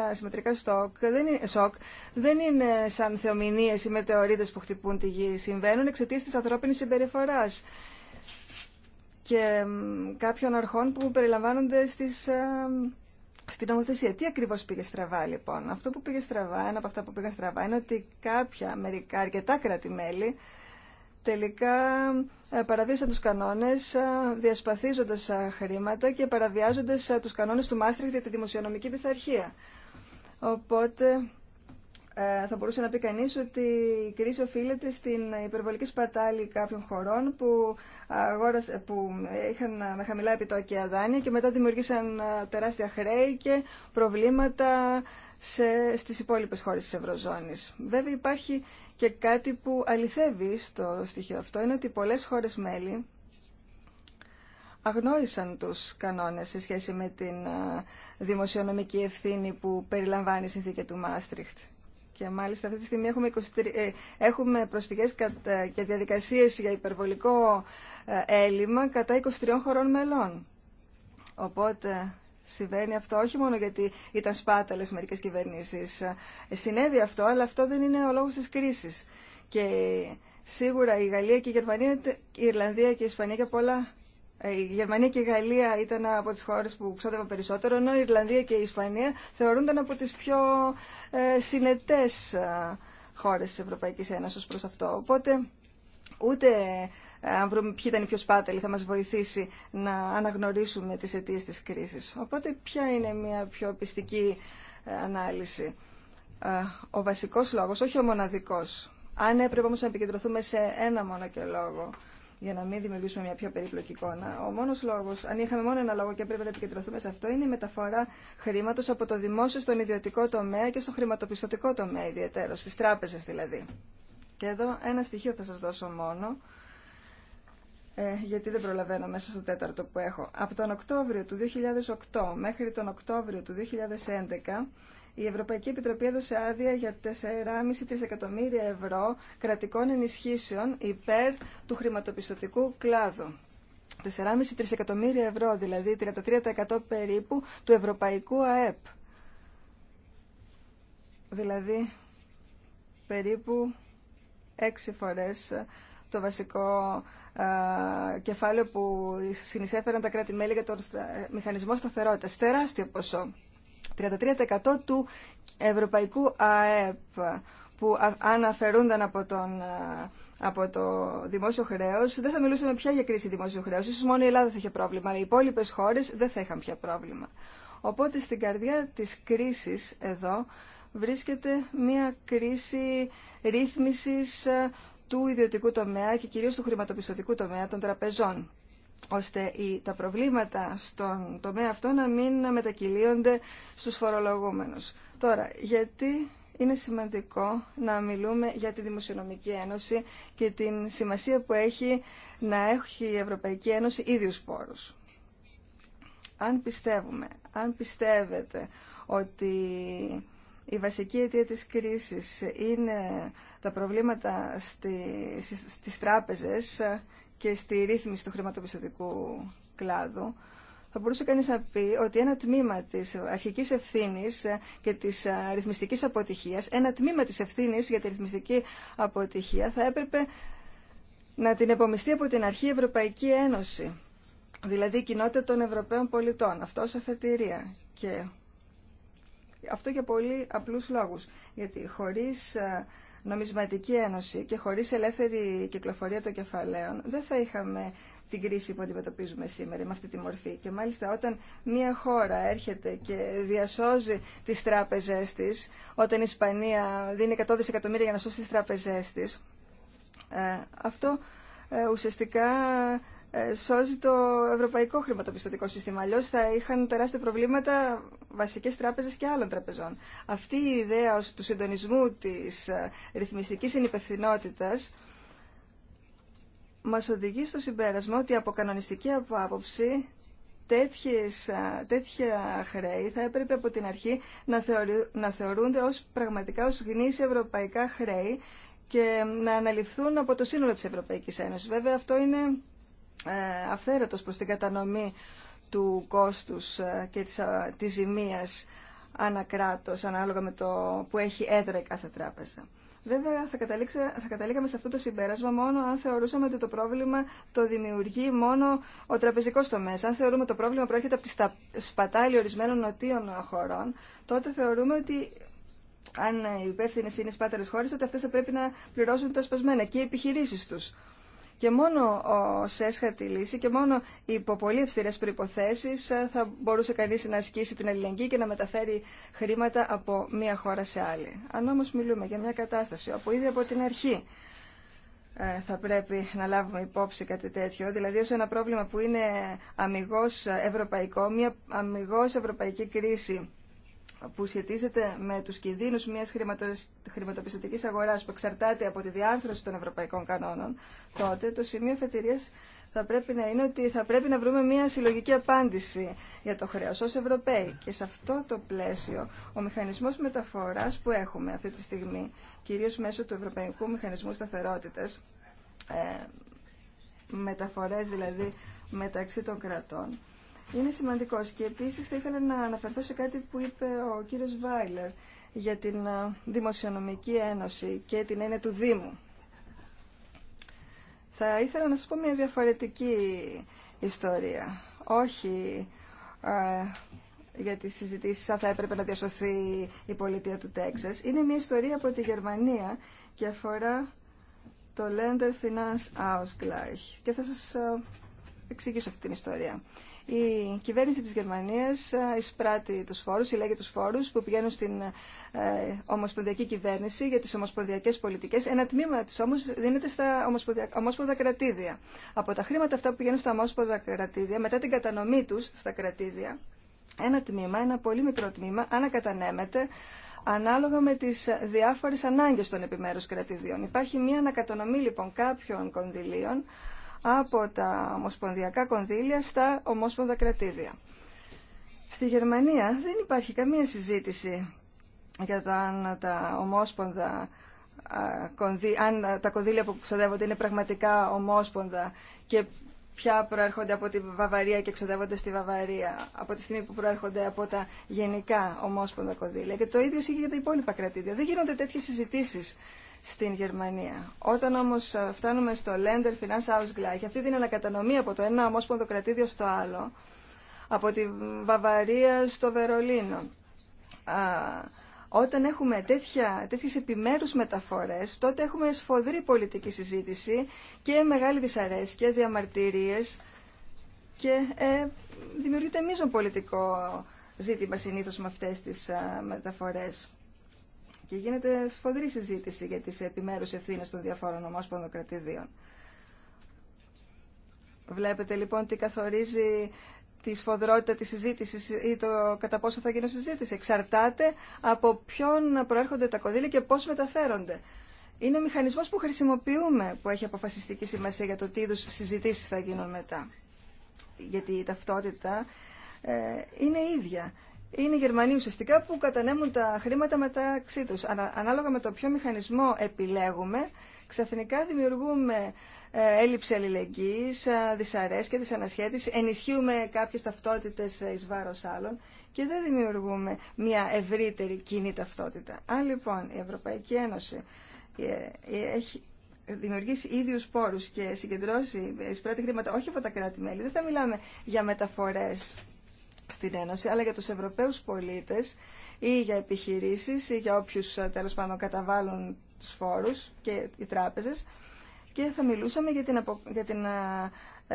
ασύμμετρικά σοκ δεν είναι, σοκ, δεν είναι σαν θεομηνίες ή μετεωρίτε που χτυπούν τη γη. Συμβαίνουν εξαιτία τη ανθρώπινη συμπεριφορά. και κάποιων αρχών που περιλαμβάνονται στις ε, στην νομοθεσία. Τι ακριβώς πήγε στραβά λοιπόν. Αυτό που πήγε στραβά, ένα από αυτά που πήγα στραβά είναι ότι κάποια, μερικά, αρκετά κράτη-μέλη τελικά ε, παραβίασαν τους κανόνες ε, διασπαθίζοντας ε, χρήματα και παραβιάζοντας τους κανόνες του Μάστριχτ για τη δημοσιονομική πειθαρχία. Οπότε ε, θα μπορούσε να πει κανείς ότι η κρίση οφείλεται στην υπερβολική σπατάλη κάποιων χωρών που, αγόρασε, που είχαν με χαμηλά επιτόκια δάνεια και μετά δημιουργήσαν ε, τεράστια χρέη και προβλήματα σε, στις υπόλοιπες χώρες της Ευρωζώνης. Βέβαια υπάρχει και κάτι που αληθεύει στο στοιχείο αυτό, είναι ότι πολλές χώρες μέλη αγνώρισαν τους κανόνες σε σχέση με την ε, δημοσιονομική ευθύνη που περιλαμβάνει η συνθήκη του Μάστριχτ. Και μάλιστα αυτή τη στιγμή έχουμε, 23, ε, έχουμε προσφυγές και διαδικασίες για υπερβολικό ε, έλλειμμα κατά 23 χωρών μελών. Οπότε συμβαίνει αυτό όχι μόνο γιατί ήταν σπάταλες μερικές κυβερνήσεις. Ε, συνέβη αυτό, αλλά αυτό δεν είναι ο λόγος της κρίσης. Και σίγουρα η Γαλλία και η Γερμανία, η Ιρλανδία και η Ισπανία και πολλά ε, η Γερμανία και η Γαλλία ήταν από τις χώρες που ξόδευαν περισσότερο, ενώ η Ιρλανδία και η Ισπανία θεωρούνταν από τις πιο ε, συνετές ε, χώρες της Ευρωπαϊκής Ένωσης προς αυτό. Οπότε ούτε ε, αν βρούμε ποιοι ήταν οι πιο σπάτελοι θα μας βοηθήσει να αναγνωρίσουμε τις αιτίες της κρίσης. Οπότε ποια είναι μια πιο πιστική ε, ανάλυση. Ε, ο βασικός λόγος, όχι ο μοναδικός. Αν έπρεπε όμως να επικεντρωθούμε σε ένα μόνο και λόγο για να μην δημιουργήσουμε μια πιο περίπλοκη εικόνα. Ο μόνος λόγος, αν είχαμε μόνο ένα λόγο και πρέπει να επικεντρωθούμε σε αυτό, είναι η μεταφορά χρήματο από το δημόσιο στον ιδιωτικό τομέα και στο χρηματοπιστωτικό τομέα ιδιαίτερο, στι Τράπεζε δηλαδή. Και εδώ ένα στοιχείο θα σα δώσω μόνο, ε, γιατί δεν προλαβαίνω μέσα στο τέταρτο που έχω. Από τον Οκτώβριο του 2008 μέχρι τον Οκτώβριο του 2011 η Ευρωπαϊκή Επιτροπή έδωσε άδεια για 4,5 δισεκατομμύρια ευρώ κρατικών ενισχύσεων υπέρ του χρηματοπιστωτικού κλάδου. 4,5 τρισεκατομμύρια ευρώ, δηλαδή 33% περίπου του ευρωπαϊκού ΑΕΠ. Δηλαδή περίπου 6 φορές το βασικό κεφάλαιο που συνεισέφεραν τα κράτη-μέλη για τον μηχανισμό σταθερότητας. Τεράστιο ποσό. 33% του ευρωπαϊκού ΑΕΠ που αναφερούνταν από, τον, από το δημόσιο χρέος, δεν θα μιλούσαμε πια για κρίση δημόσιου χρέους. Ίσως μόνο η Ελλάδα θα είχε πρόβλημα, αλλά οι υπόλοιπε χώρες δεν θα είχαν πια πρόβλημα. Οπότε στην καρδιά της κρίσης εδώ βρίσκεται μια κρίση ρύθμισης ε, του ιδιωτικού τομέα και κυρίως του χρηματοπιστωτικού τομέα των τραπεζών ώστε τα προβλήματα στον τομέα αυτό να μην μετακυλίονται στους φορολογούμενους. Τώρα, γιατί είναι σημαντικό να μιλούμε για τη Δημοσιονομική Ένωση και την σημασία που έχει να έχει η Ευρωπαϊκή Ένωση ίδιους πόρους. Αν πιστεύουμε, αν πιστεύετε ότι η βασική αιτία της κρίσης είναι τα προβλήματα στις, στις τράπεζες, και στη ρύθμιση του χρηματοπιστωτικού κλάδου, θα μπορούσε κανεί να πει ότι ένα τμήμα της αρχική Ευθύνη ε, και τη ε, ρυθμιστική αποτυχία, ένα τμήμα της ευθύνη για τη ρυθμιστική αποτυχία θα έπρεπε να την επομιστεί από την αρχή η Ευρωπαϊκή Ένωση, δηλαδή η κοινότητα των Ευρωπαίων πολιτών, αυτό ως αφετηρία. Και αυτό για πολύ απλούς λόγους, γιατί χωρίς ε, νομισματική ένωση και χωρίς ελεύθερη κυκλοφορία των κεφαλαίων δεν θα είχαμε την κρίση που αντιμετωπίζουμε σήμερα με αυτή τη μορφή. Και μάλιστα όταν μια χώρα έρχεται και διασώζει τις τράπεζές της, όταν η Ισπανία δίνει 100 δισεκατομμύρια για να σώσει τις τράπεζές της, ε, αυτό ε, ουσιαστικά ε, σώζει το ευρωπαϊκό χρηματοπιστωτικό σύστημα. Αλλιώ θα είχαν τεράστια προβλήματα βασικέ τράπεζε και άλλων τραπεζών. Αυτή η ιδέα του συντονισμού τη ε, ρυθμιστική συνυπευθυνότητα μα οδηγεί στο συμπέρασμα ότι από κανονιστική άποψη τέτοιες, ε, τέτοια χρέη θα έπρεπε από την αρχή να, να θεωρούνται ως πραγματικά ως γνήσια ευρωπαϊκά χρέη και να αναλυφθούν από το σύνολο της Ευρωπαϊκής Ένωσης. Βέβαια αυτό είναι ε, αυθαίρετος προς την κατανομή του κόστους ε, και της, ε, της ζημίας ανακράτος, ανάλογα με το που έχει έδρα κάθε τράπεζα. Βέβαια, θα, θα καταλήγαμε σε αυτό το συμπέρασμα μόνο αν θεωρούσαμε ότι το πρόβλημα το δημιουργεί μόνο ο τραπεζικό τομέας. Αν θεωρούμε το πρόβλημα προέρχεται από τη σπατάλη ορισμένων νοτίων χωρών, τότε θεωρούμε ότι αν οι υπεύθυνε είναι οι σπάτερε χώρε, τότε αυτέ θα πρέπει να πληρώσουν τα σπασμένα και οι επιχειρήσει του. Και μόνο ω έσχατη λύση και μόνο υπό πολύ αυστηρέ προποθέσει ε, θα μπορούσε κανεί να ασκήσει την αλληλεγγύη και να μεταφέρει χρήματα από μία χώρα σε άλλη. Αν όμω μιλούμε για μια κατάσταση όπου ήδη από την αρχή ε, θα πρέπει να λάβουμε υπόψη κάτι τέτοιο, δηλαδή ως ένα πρόβλημα που είναι αμυγός ευρωπαϊκό, μια αμυγός ευρωπαϊκή κρίση που σχετίζεται με τους κινδύνους μιας χρηματοπιστωτικής αγοράς που εξαρτάται από τη διάρθρωση των ευρωπαϊκών κανόνων, τότε το σημείο φετηρία θα πρέπει να είναι ότι θα πρέπει να βρούμε μια συλλογική απάντηση για το χρέο ω Ευρωπαίοι. Και σε αυτό το πλαίσιο ο μηχανισμός μεταφοράς που έχουμε αυτή τη στιγμή, κυρίω μέσω του Ευρωπαϊκού Μηχανισμού σταθερότητα, ε, μεταφορές δηλαδή μεταξύ των κρατών, είναι σημαντικό. και επίση θα ήθελα να αναφερθώ σε κάτι που είπε ο κύριο Βάιλερ για την ε, Δημοσιονομική Ένωση και την έννοια του Δήμου. Θα ήθελα να σας πω μια διαφορετική ιστορία. Όχι ε, για τις συζητήσεις αν θα έπρεπε να διασωθεί η πολιτεία του Τέξας. Είναι μια ιστορία από τη Γερμανία και αφορά το Länder Finance Ausgleich. Και θα σας ε, εξηγήσω αυτή την ιστορία. Η κυβέρνηση της Γερμανίας ε, εισπράττει τους φόρους, συλλέγει τους φόρους που πηγαίνουν στην ε, ομοσπονδιακή κυβέρνηση για τις ομοσπονδιακές πολιτικές. Ένα τμήμα της όμως δίνεται στα ομόσποδα. κρατήδια. Από τα χρήματα αυτά που πηγαίνουν στα ομοσπονδιακά κρατήδια, μετά την κατανομή τους στα κρατήδια, ένα τμήμα, ένα πολύ μικρό τμήμα, ανακατανέμεται ανάλογα με τις διάφορες ανάγκες των επιμέρους κρατηδίων. Υπάρχει μια ανακατανομή λοιπόν κάποιων κονδυλίων από τα ομοσπονδιακά κονδύλια στα ομόσπονδα κρατήδια. Στη Γερμανία δεν υπάρχει καμία συζήτηση για το αν τα ομόσπονδα αν τα κονδύλια που ξοδεύονται είναι πραγματικά ομόσπονδα και πια προέρχονται από τη Βαβαρία και εξοδεύονται στη Βαβαρία, από τη στιγμή που προέρχονται από τα γενικά ομόσπονδα κονδύλια. Και το ίδιο ισχύει για τα υπόλοιπα κρατήδια. Δεν γίνονται τέτοιε συζητήσει στην Γερμανία. Όταν όμω ε, φτάνουμε στο Länder Finance Ausgleich, αυτή την ανακατανομή από το ένα ομόσπονδο κρατήδιο στο άλλο, από τη Βαυαρία στο Βερολίνο, όταν έχουμε τέτοια, τέτοιες επιμέρους μεταφορές, τότε έχουμε σφοδρή πολιτική συζήτηση και μεγάλη δυσαρέσκεια, διαμαρτυρίες και ε, δημιουργείται μείζον πολιτικό ζήτημα συνήθως με αυτές τις μεταφορές. Και γίνεται σφοδρή συζήτηση για τις επιμέρους ευθύνες των διαφόρων ομοσπονδοκρατήδιων. Βλέπετε λοιπόν τι καθορίζει τη σφοδρότητα τη συζήτηση ή το κατά πόσο θα γίνει συζήτηση. Εξαρτάται από ποιον προέρχονται τα κονδύλια και πώ μεταφέρονται. Είναι μηχανισμός που χρησιμοποιούμε που έχει αποφασιστική σημασία για το τι είδου συζητήσει θα γίνουν μετά. Γιατί η ταυτότητα ε, είναι ίδια. Είναι οι Γερμανοί ουσιαστικά που κατανέμουν τα χρήματα μεταξύ τους. Ανάλογα με το ποιο μηχανισμό επιλέγουμε, ξαφνικά δημιουργούμε ε, έλλειψη αλληλεγγύης, ε, δυσαρέσκεια, δυσανασχέτηση, ενισχύουμε κάποιες ταυτότητες ε, εις βάρος άλλων και δεν δημιουργούμε μια ευρύτερη κοινή ταυτότητα. Αν λοιπόν η Ευρωπαϊκή Ένωση έχει δημιουργήσει ίδιους πόρους και συγκεντρώσει εισπράττει χρήματα όχι από τα κράτη-μέλη, δεν θα μιλάμε για μεταφορές στην Ένωση, αλλά για τους Ευρωπαίους πολίτες ή για επιχειρήσεις ή για όποιους τέλος πάντων καταβάλουν τους φόρους και οι τράπεζες και θα μιλούσαμε για την, για την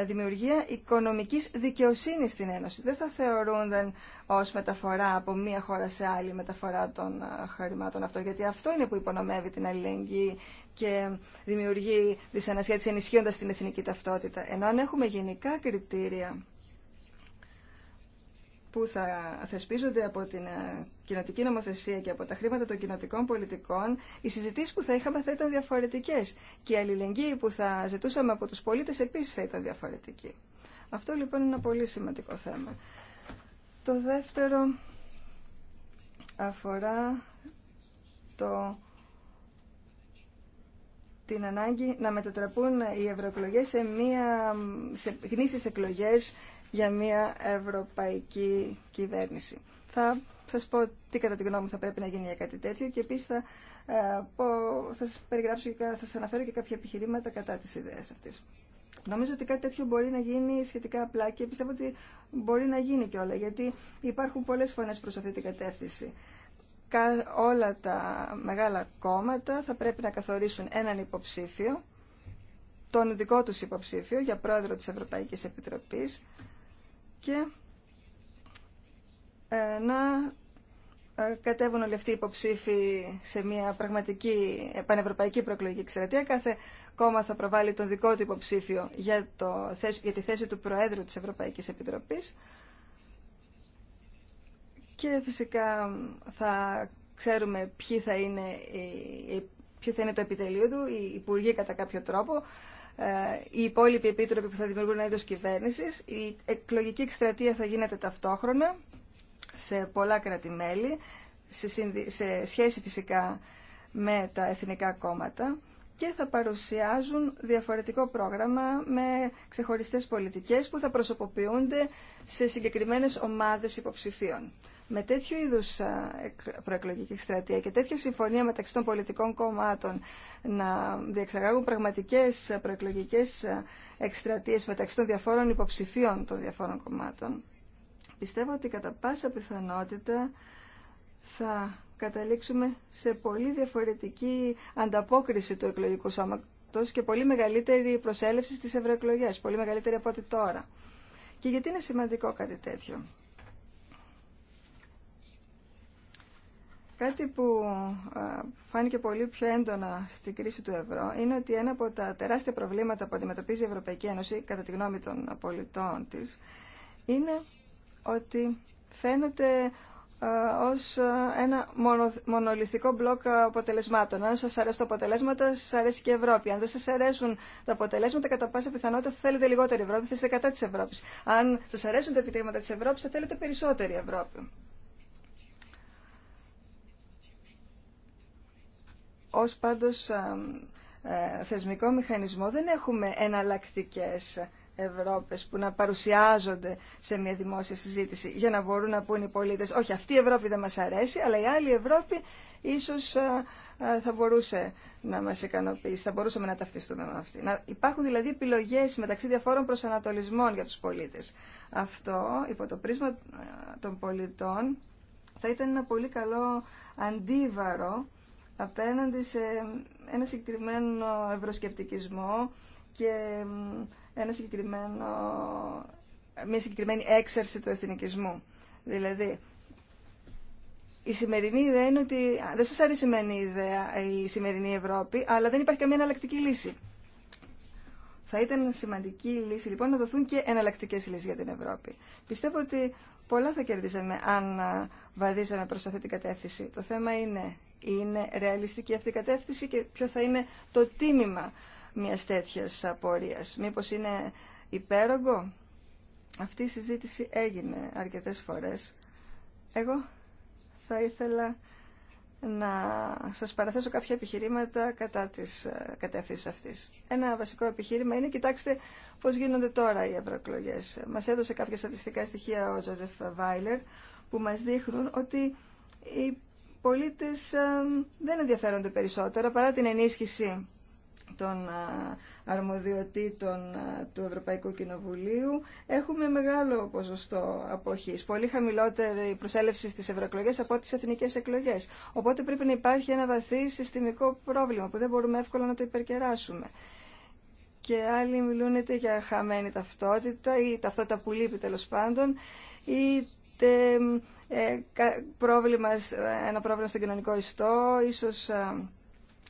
δημιουργία οικονομικής δικαιοσύνης στην Ένωση. Δεν θα θεωρούνταν ως μεταφορά από μία χώρα σε άλλη μεταφορά των χρημάτων αυτών, γιατί αυτό είναι που υπονομεύει την αλληλεγγύη και δημιουργεί δυσανασχέτηση ενισχύοντας την εθνική ταυτότητα. Ενώ αν έχουμε γενικά κριτήρια που θα θεσπίζονται από την ε, κοινοτική νομοθεσία και από τα χρήματα των κοινοτικών πολιτικών, οι συζητήσει που θα είχαμε θα ήταν διαφορετικέ και η αλληλεγγύη που θα ζητούσαμε από τους πολίτες επίσης θα ήταν διαφορετική. Αυτό λοιπόν είναι ένα πολύ σημαντικό θέμα. Το δεύτερο αφορά το, την ανάγκη να μετατραπούν οι ευρωεκλογές σε, μία, σε εκλογές για μια ευρωπαϊκή κυβέρνηση. Θα σας πω τι κατά τη γνώμη μου θα πρέπει να γίνει για κάτι τέτοιο και επίση θα, ε, πω, θα σας και θα αναφέρω και κάποια επιχειρήματα κατά της ιδέας αυτή. Νομίζω ότι κάτι τέτοιο μπορεί να γίνει σχετικά απλά και πιστεύω ότι μπορεί να γίνει κιόλα, γιατί υπάρχουν πολλές φωνές προς αυτή την κατεύθυνση. Όλα τα μεγάλα κόμματα θα πρέπει να καθορίσουν έναν υποψήφιο, τον δικό τους υποψήφιο για πρόεδρο της Ευρωπαϊκής Επιτροπής, και ε, να ε, κατέβουν όλοι αυτοί οι υποψήφοι σε μια πραγματική πανευρωπαϊκή προεκλογική εξαιρετία. Κάθε κόμμα θα προβάλλει τον δικό του υποψήφιο για, το, για τη θέση του Προέδρου της Ευρωπαϊκής Επιτροπής και φυσικά θα ξέρουμε θα είναι, ποιο θα είναι το επιτελείο του, οι υπουργοί κατά κάποιο τρόπο, ε, οι υπόλοιποι επίτροποι που θα δημιουργούν ένα είδος κυβέρνησης. Η εκλογική εκστρατεία θα γίνεται ταυτόχρονα σε πολλά κράτη-μέλη, σε σχέση φυσικά με τα εθνικά κόμματα και θα παρουσιάζουν διαφορετικό πρόγραμμα με ξεχωριστές πολιτικές που θα προσωποποιούνται σε συγκεκριμένες ομάδες υποψηφίων. Με τέτοιου είδους προεκλογική εκστρατεία και τέτοια συμφωνία μεταξύ των πολιτικών κομμάτων να διεξαγάγουν πραγματικές προεκλογικές εκστρατείες μεταξύ των διαφόρων υποψηφίων των διαφόρων κομμάτων, πιστεύω ότι κατά πάσα πιθανότητα θα καταλήξουμε σε πολύ διαφορετική ανταπόκριση του εκλογικού σώματος και πολύ μεγαλύτερη προσέλευση στις ευρωεκλογέ, πολύ μεγαλύτερη από ό,τι τώρα. Και γιατί είναι σημαντικό κάτι τέτοιο. Κάτι που φάνηκε πολύ πιο έντονα στην κρίση του ευρώ είναι ότι ένα από τα τεράστια προβλήματα που αντιμετωπίζει η Ευρωπαϊκή Ένωση, κατά τη γνώμη των πολιτών της, είναι ότι φαίνεται ε, ως ε, ένα μονολυθικό μπλοκ ε, αποτελεσμάτων. Αν σας αρέσουν τα αποτελέσματα, σας αρέσει και η Ευρώπη. Αν δεν σας αρέσουν τα αποτελέσματα, κατά πάσα πιθανότητα θέλετε λιγότερη Ευρώπη, θα είστε κατά της Ευρώπης. Αν σας αρέσουν τα επιτέγματα της Ευρώπης, θα θέλετε περισσότερη Ευρώπη. Ως πάντως θεσμικό μηχανισμό δεν έχουμε εναλλακτικές Ευρώπες που να παρουσιάζονται σε μια δημόσια συζήτηση για να μπορούν να πούν οι πολίτες όχι αυτή η Ευρώπη δεν μας αρέσει αλλά η άλλη Ευρώπη ίσως θα μπορούσε να μας ικανοποιήσει, θα μπορούσαμε να ταυτιστούμε με αυτή. Να υπάρχουν δηλαδή επιλογές μεταξύ διαφόρων προσανατολισμών για τους πολίτες. Αυτό υπό το πρίσμα των πολιτών θα ήταν ένα πολύ καλό αντίβαρο απέναντι σε ένα συγκεκριμένο ευρωσκεπτικισμό και ένα συγκεκριμένο, μια συγκεκριμένη έξαρση του εθνικισμού. Δηλαδή, η σημερινή ιδέα είναι ότι δεν σας αρέσει η ιδέα η σημερινή Ευρώπη, αλλά δεν υπάρχει καμία εναλλακτική λύση. Θα ήταν σημαντική λύση λοιπόν να δοθούν και εναλλακτικέ λύσει για την Ευρώπη. Πιστεύω ότι πολλά θα κερδίζαμε αν βαδίζαμε προ αυτή την κατεύθυνση. Το θέμα είναι, είναι ρεαλιστική αυτή η κατεύθυνση και ποιο θα είναι το τίμημα μια τέτοια απορίας. Μήπως είναι υπέρογκο. Αυτή η συζήτηση έγινε αρκετές φορές. Εγώ θα ήθελα να σας παραθέσω κάποια επιχειρήματα κατά της ε, κατεύθυνσης αυτής. Ένα βασικό επιχείρημα είναι, κοιτάξτε πώς γίνονται τώρα οι ευρωεκλογέ. Μας έδωσε κάποια στατιστικά στοιχεία ο Τζοζεφ Βάιλερ που μας δείχνουν ότι οι πολίτες ε, δεν ενδιαφέρονται περισσότερο παρά την ενίσχυση των αρμοδιοτήτων του Ευρωπαϊκού Κοινοβουλίου έχουμε μεγάλο ποσοστό αποχής, πολύ χαμηλότερη προσέλευση στις ευρωεκλογές από τις εθνικές εκλογές. Οπότε πρέπει να υπάρχει ένα βαθύ συστημικό πρόβλημα που δεν μπορούμε εύκολα να το υπερκεράσουμε. Και άλλοι μιλούν είτε για χαμένη ταυτότητα ή ταυτότητα που λείπει τέλο πάντων, είτε ε, ε, ένα πρόβλημα στον κοινωνικό ιστό, ίσως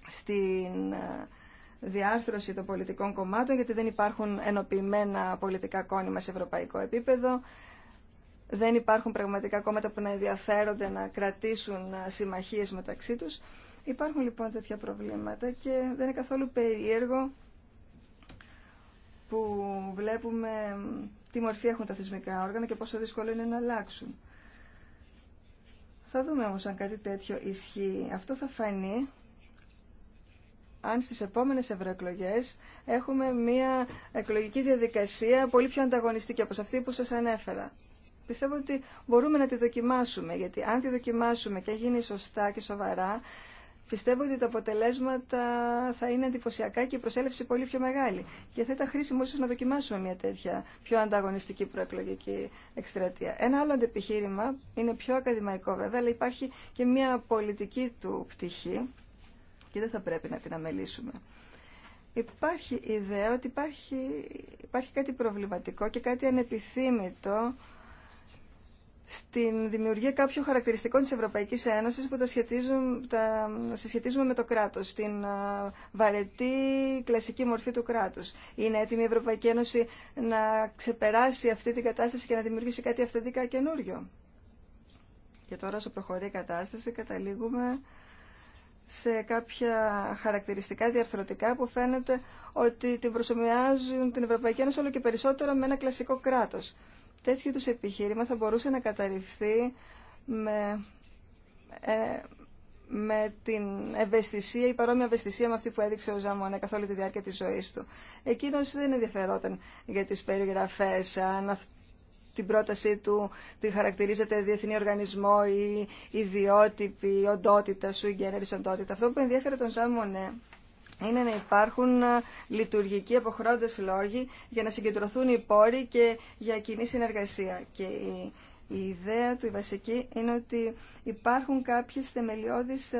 στην διάρθρωση των πολιτικών κομμάτων, γιατί δεν υπάρχουν ενοποιημένα πολιτικά κόνημα σε ευρωπαϊκό επίπεδο, δεν υπάρχουν πραγματικά κόμματα που να ενδιαφέρονται να κρατήσουν ε, συμμαχίες μεταξύ τους. Υπάρχουν λοιπόν τέτοια προβλήματα και δεν είναι καθόλου περίεργο που βλέπουμε τι μορφή έχουν τα θεσμικά όργανα και πόσο δύσκολο είναι να αλλάξουν. Θα δούμε όμως αν κάτι τέτοιο ισχύει. Αυτό θα φανεί αν στις επόμενες ευρωεκλογέ έχουμε μια εκλογική διαδικασία πολύ πιο ανταγωνιστική από αυτή που σας ανέφερα. Πιστεύω ότι μπορούμε να τη δοκιμάσουμε, γιατί αν τη δοκιμάσουμε και γίνει σωστά και σοβαρά, πιστεύω ότι τα αποτελέσματα θα είναι εντυπωσιακά και η προσέλευση πολύ πιο μεγάλη. Και θα ήταν χρήσιμο να δοκιμάσουμε μια τέτοια πιο ανταγωνιστική προεκλογική εκστρατεία. Ένα άλλο αντεπιχείρημα είναι πιο ακαδημαϊκό βέβαια, αλλά υπάρχει και μια πολιτική του πτυχή και δεν θα πρέπει να την αμελήσουμε. Υπάρχει ιδέα ότι υπάρχει, υπάρχει κάτι προβληματικό και κάτι ανεπιθύμητο στην δημιουργία κάποιων χαρακτηριστικών της Ευρωπαϊκής Ένωσης που τα, σχετίζουν, τα συσχετίζουμε με το κράτος, στην βαρετή κλασική μορφή του κράτους. Είναι έτοιμη η Ευρωπαϊκή Ένωση να ξεπεράσει αυτή την κατάσταση και να δημιουργήσει κάτι αυθεντικά καινούριο. Και τώρα όσο προχωρεί η κατάσταση καταλήγουμε σε κάποια χαρακτηριστικά διαρθρωτικά που φαίνεται ότι την προσωμιάζουν την Ευρωπαϊκή Ένωση όλο και περισσότερο με ένα κλασικό κράτος. Τέτοιο τους επιχείρημα θα μπορούσε να καταρριφθεί με, ε, με την ευαισθησία, η παρόμοια ευαισθησία με αυτή που έδειξε ο Ζαμονέ καθ' όλη τη διάρκεια της ζωής του. Εκείνος δεν ενδιαφερόταν για τις περιγραφές, αν την πρότασή του τη χαρακτηρίζεται διεθνή οργανισμό ή ιδιότυπη οντότητα, σου generis οντότητα. Αυτό που ενδιαφέρει τον Σάμονε είναι να υπάρχουν ε, λειτουργικοί αποχρόντες λόγοι για να συγκεντρωθούν οι πόροι και για κοινή συνεργασία. Και η, ιδέα του, η βασική, είναι ότι υπάρχουν κάποιες θεμελιώδεις ε,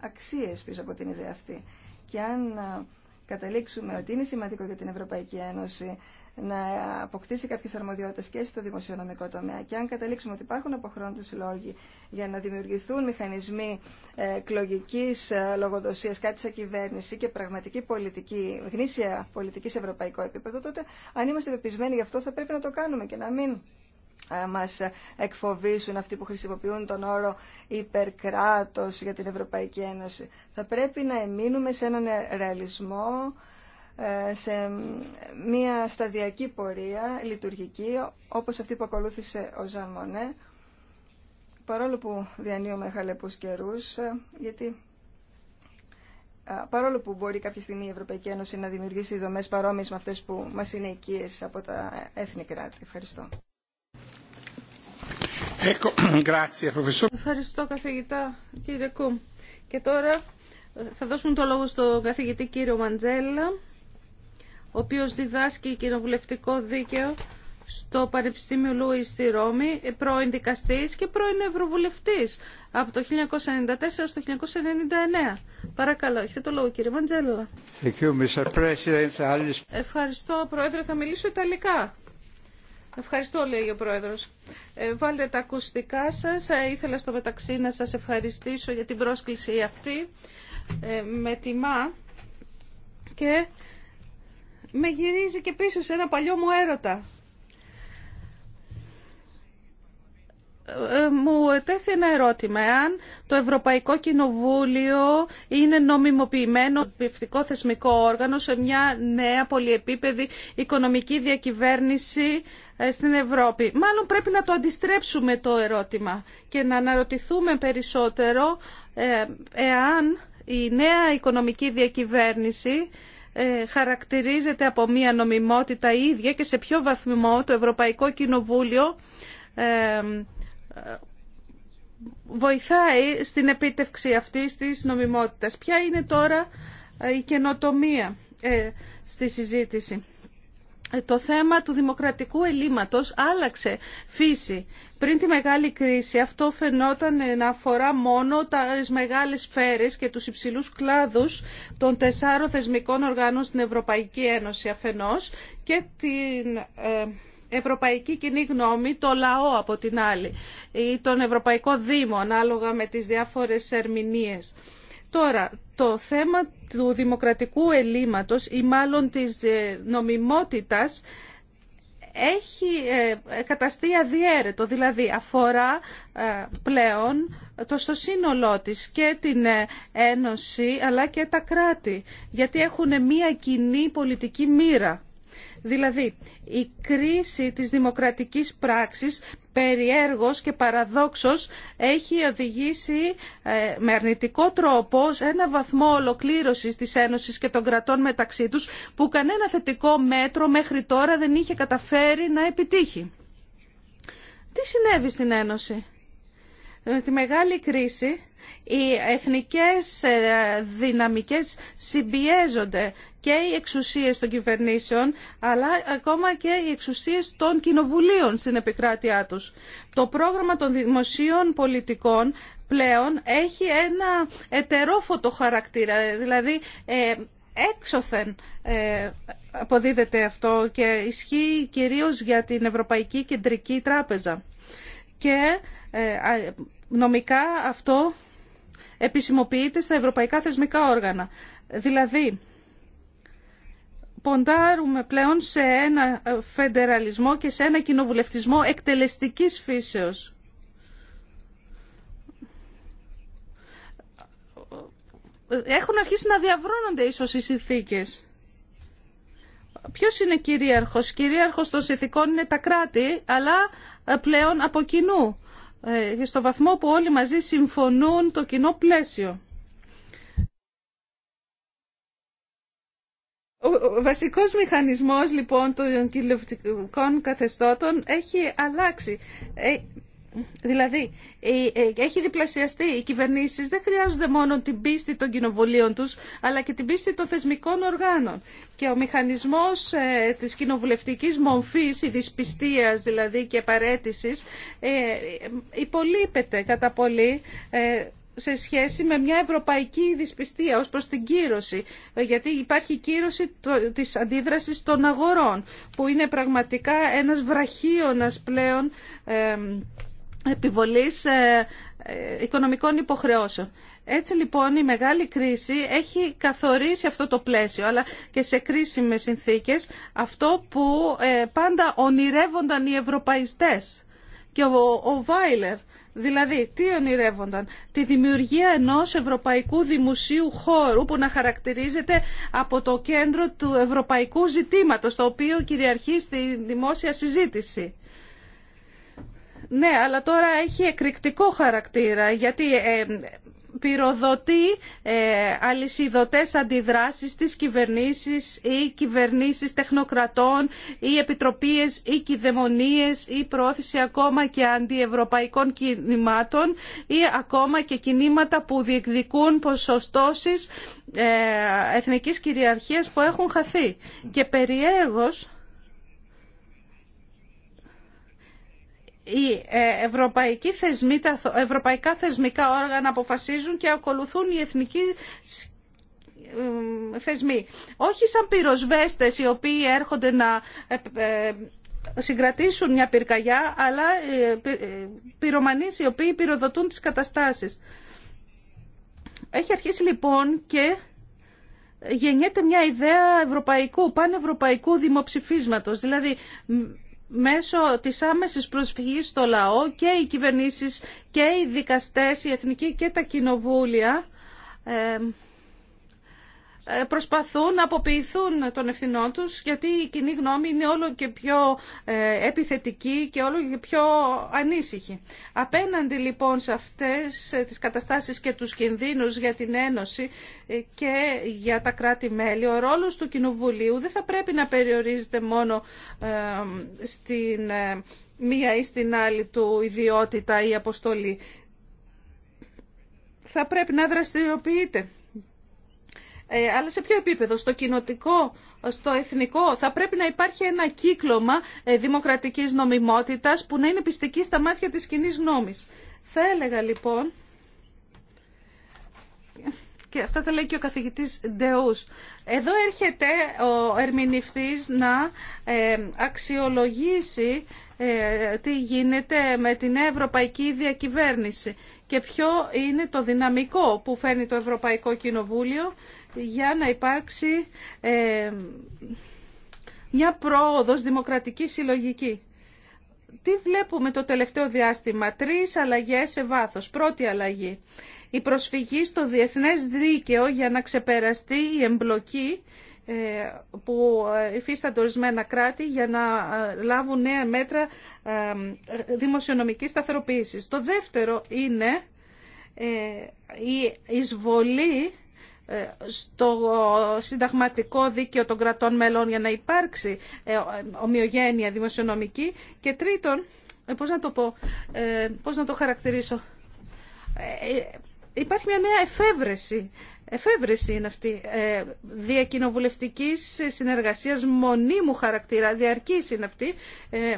αξίες πίσω από την ιδέα αυτή. Και αν ε, καταλήξουμε ότι είναι σημαντικό για την Ευρωπαϊκή Ένωση να αποκτήσει κάποιε αρμοδιότητε και στο δημοσιονομικό τομέα. Και αν καταλήξουμε ότι υπάρχουν αποχρόντε λόγοι για να δημιουργηθούν μηχανισμοί ε, εκλογική ε, λογοδοσία κάτι σαν κυβέρνηση και πραγματική πολιτική, γνήσια πολιτική σε ευρωπαϊκό επίπεδο, τότε αν είμαστε πεπισμένοι γι' αυτό θα πρέπει να το κάνουμε και να μην ε, μας εκφοβήσουν αυτοί που χρησιμοποιούν τον όρο υπερκράτος για την Ευρωπαϊκή Ένωση. Θα πρέπει να εμείνουμε σε έναν ρεαλισμό, ε, σε μια σταδιακή πορεία λειτουργική όπως αυτή που ακολούθησε ο Ζαν παρόλο που διανύουμε χαλεπούς καιρούς ε, γιατί ε, παρόλο που μπορεί κάποια στιγμή η Ευρωπαϊκή Ένωση να δημιουργήσει δομές παρόμοιες με αυτές που μας είναι οικίες από τα έθνη κράτη. Ευχαριστώ. *clears throat* Ευχαριστώ καθηγητά κύριε Κουμ. Και τώρα θα δώσουμε το λόγο στον καθηγητή κύριο Μαντζέλα ο οποίος διδάσκει κοινοβουλευτικό δίκαιο στο Πανεπιστήμιο Λούι στη Ρώμη, πρώην δικαστής και πρώην ευρωβουλευτής από το 1994 στο 1999. Παρακαλώ, έχετε το λόγο κύριε Μαντζέλα. Ευχαριστώ Πρόεδρε, θα μιλήσω Ιταλικά. Ευχαριστώ, λέει ο Πρόεδρος. Ε, βάλτε τα ακουστικά σας. Θα ε, ήθελα στο μεταξύ να σας ευχαριστήσω για την πρόσκληση αυτή. Ε, με τιμά και με γυρίζει και πίσω σε ένα παλιό μου έρωτα. Ε, ε, μου τέθη ένα ερώτημα. Εάν το Ευρωπαϊκό Κοινοβούλιο είναι νομιμοποιημένο πιευτικό θεσμικό όργανο σε μια νέα πολυεπίπεδη οικονομική διακυβέρνηση ε, στην Ευρώπη. Μάλλον πρέπει να το αντιστρέψουμε το ερώτημα και να αναρωτηθούμε περισσότερο εάν η νέα οικονομική διακυβέρνηση ε, χαρακτηρίζεται από μία νομιμότητα ίδια και σε ποιο βαθμό το Ευρωπαϊκό Κοινοβούλιο ε, βοηθάει στην επίτευξη αυτής της νομιμότητας. Ποια είναι τώρα η καινοτομία ε, στη συζήτηση. Ε, το θέμα του δημοκρατικού ελλείμματος άλλαξε φύση. Πριν τη μεγάλη κρίση αυτό φαινόταν ε, να αφορά μόνο τις μεγάλες σφαίρες και τους υψηλούς κλάδους των τεσσάρων θεσμικών οργάνων στην Ευρωπαϊκή Ένωση αφενός και την ε, Ευρωπαϊκή Κοινή Γνώμη, το λαό από την άλλη ή τον Ευρωπαϊκό Δήμο ανάλογα με τις διάφορες ερμηνείες. Τώρα, το θέμα του δημοκρατικού ελλείμματος ή μάλλον της ε, νομιμότητας έχει ε, καταστεί αδιέρετο, δηλαδή αφορά ε, πλέον το στο σύνολό της και την Ένωση αλλά και τα κράτη, γιατί έχουν μία κοινή πολιτική μοίρα. Δηλαδή, η κρίση της δημοκρατικής πράξης περιέργως και παραδόξως έχει οδηγήσει ε, με αρνητικό τρόπο σε ένα βαθμό ολοκλήρωσης της Ένωσης και των κρατών μεταξύ τους που κανένα θετικό μέτρο μέχρι τώρα δεν είχε καταφέρει να επιτύχει. Τι συνέβη στην Ένωση με τη μεγάλη κρίση οι εθνικές ε, δυναμικές συμπιέζονται και οι εξουσίες των κυβερνήσεων αλλά ακόμα και οι εξουσίες των κοινοβουλίων στην επικράτειά τους. Το πρόγραμμα των δημοσίων πολιτικών πλέον έχει ένα ετερόφωτο χαρακτήρα, δηλαδή ε, έξωθεν ε, αποδίδεται αυτό και ισχύει κυρίως για την Ευρωπαϊκή Κεντρική Τράπεζα. Και ε, νομικά αυτό επισημοποιείται στα ευρωπαϊκά θεσμικά όργανα. Δηλαδή, ποντάρουμε πλέον σε ένα φεντεραλισμό και σε ένα κοινοβουλευτισμό εκτελεστικής φύσεως. Έχουν αρχίσει να διαβρώνονται ίσως οι συνθήκες. Ποιος είναι κυρίαρχος. Κυρίαρχος των συνθήκων είναι τα κράτη, αλλά ε, πλέον από κοινού. Ε στο βαθμό που όλοι μαζί συμφωνούν το κοινό πλαίσιο. Ο βασικός μηχανισμός λοιπόν των κοινωνικών καθεστώτων έχει αλλάξει. Ε, Δηλαδή, ε, έχει διπλασιαστεί. Οι κυβερνήσεις δεν χρειάζονται μόνο την πίστη των κοινοβουλίων τους, αλλά και την πίστη των θεσμικών οργάνων. Και ο μηχανισμός ε, της κοινοβουλευτική μορφή, η δυσπιστία δηλαδή και παρέτησης, ε, υπολείπεται κατά πολύ σε σχέση με μια ευρωπαϊκή δυσπιστία ως προς την κύρωση, γιατί υπάρχει κύρωση της αντίδρασης των αγορών, που είναι πραγματικά ένας βραχίωνας πλέον επιβολής ε, ε, οικονομικών υποχρεώσεων. Έτσι λοιπόν η μεγάλη κρίση έχει καθορίσει αυτό το πλαίσιο, αλλά και σε κρίσιμες συνθήκες αυτό που ε, πάντα ονειρεύονταν οι ευρωπαϊστές και ο Βάιλερ. Δηλαδή, τι ονειρεύονταν. Τη δημιουργία ενός ευρωπαϊκού δημοσίου χώρου που να χαρακτηρίζεται από το κέντρο του ευρωπαϊκού ζητήματος, το οποίο κυριαρχεί στη δημόσια συζήτηση. Ναι, αλλά τώρα έχει εκρηκτικό χαρακτήρα γιατί ε, πυροδοτεί ε, αλυσιδωτές αντιδράσεις της κυβερνήσεις ή κυβερνήσεις τεχνοκρατών ή επιτροπίες ή κυδαιμονίες ή πρόθεση ακόμα και αντιευρωπαϊκών κινημάτων ή ακόμα και κινήματα που διεκδικούν ποσοστώσεις ε, εθνικής κυριαρχίας που έχουν χαθεί. Και περιέργως οι ε, ευρωπαϊκοί θεσμοί, ευρωπαϊκά θεσμικά όργανα αποφασίζουν και ακολουθούν οι εθνικοί θεσμοί. Όχι σαν πυροσβέστες οι οποίοι έρχονται να ε, ε, συγκρατήσουν μια πυρκαγιά, αλλά πυρομανείς οι οποίοι πυροδοτούν τις καταστάσεις. Έχει αρχίσει λοιπόν και γεννιέται μια ιδέα ευρωπαϊκού, πανευρωπαϊκού δημοψηφίσματος. Δηλαδή μέσω της άμεσης προσφυγής στο λαό και οι κυβερνήσεις και οι δικαστές, οι εθνικοί και τα κοινοβούλια ε, ε, προσπαθούν να αποποιηθούν των ευθυνών τους γιατί η κοινή γνώμη είναι όλο και πιο ε, επιθετική και όλο και πιο ανήσυχη. Απέναντι λοιπόν σε αυτές ε, τις καταστάσεις και τους κινδύνους για την Ένωση και για τα κράτη-μέλη, ο ρόλος του Κοινοβουλίου δεν θα πρέπει να περιορίζεται μόνο στην μία ή στην άλλη του ιδιότητα ή αποστολή. Θα πρέπει να δραστηριοποιείται ε, αλλά σε ποιο επίπεδο, στο κοινοτικό, στο εθνικό, θα πρέπει να υπάρχει ένα κύκλωμα ε, δημοκρατικής νομιμότητας που να είναι πιστική στα μάτια της κοινή γνώμης. Θα έλεγα λοιπόν, και αυτό θα λέει και ο καθηγητής Ντεούς, εδώ έρχεται ο ερμηνευτής να ε, αξιολογήσει τι γίνεται με την ευρωπαϊκή διακυβέρνηση και ποιο είναι το δυναμικό που φέρνει το Ευρωπαϊκό Κοινοβούλιο για να υπάρξει ε, μια πρόοδος δημοκρατική συλλογική. Τι βλέπουμε το τελευταίο διάστημα. Τρεις αλλαγές σε βάθος. Πρώτη αλλαγή. Η προσφυγή στο διεθνές δίκαιο για να ξεπεραστεί η εμπλοκή ε, που ε, υφίστανται ορισμένα κράτη για να λάβουν νέα μέτρα δημοσιονομικής σταθεροποίησης. Το δεύτερο είναι η εισβολή ε, στο συνταγματικό δίκαιο των κρατών μελών για να υπάρξει ε, ομοιογένεια δημοσιονομική και τρίτον, ε, πώς να το πω, πώς να το χαρακτηρίσω, υπάρχει μια νέα εφεύρεση εφεύρεση είναι αυτή ε, διακοινοβουλευτικής συνεργασίας μονίμου χαρακτήρα, διαρκής είναι αυτή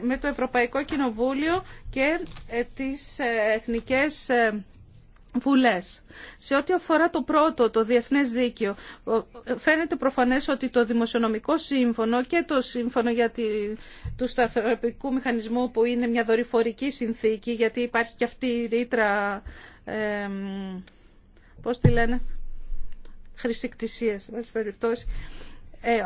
με το Ευρωπαϊκό Κοινοβούλιο και τις εθνικές Βουλές. Σε ό,τι αφορά το πρώτο, το διεθνές δίκαιο, φαίνεται προφανές ότι το δημοσιονομικό σύμφωνο και το σύμφωνο για τη, του σταθεροπικού μηχανισμού που είναι μια δορυφορική συνθήκη, γιατί υπάρχει και αυτή η ρήτρα, ε, πώς τη λένε, χρησικτησίας, περιπτώσει, ε, ε,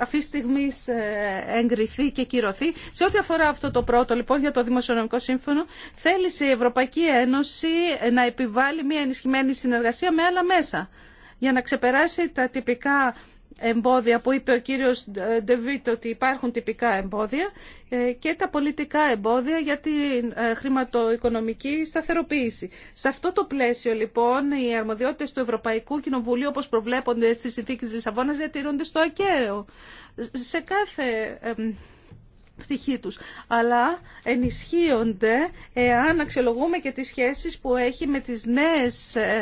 αυτή τη στιγμή ε, εγκριθεί και κυρωθεί. Σε ό,τι αφορά αυτό το πρώτο λοιπόν για το Δημοσιονομικό Σύμφωνο, θέλει η Ευρωπαϊκή Ένωση να επιβάλλει μια ενισχυμένη συνεργασία με άλλα μέσα για να ξεπεράσει τα τυπικά εμπόδια που είπε ο κύριος Ντεβίτ ότι υπάρχουν τυπικά εμπόδια ε, και τα πολιτικά εμπόδια για τη ε, χρηματοοικονομική σταθεροποίηση. Σε αυτό το πλαίσιο λοιπόν οι αρμοδιότητες του Ευρωπαϊκού Κοινοβουλίου όπως προβλέπονται στις συνθήκες της Αβώνας διατηρούνται στο ακέραιο σε κάθε πτυχή τους, αλλά ενισχύονται εάν αξιολογούμε και τις σχέσεις που έχει με τις νέες ε,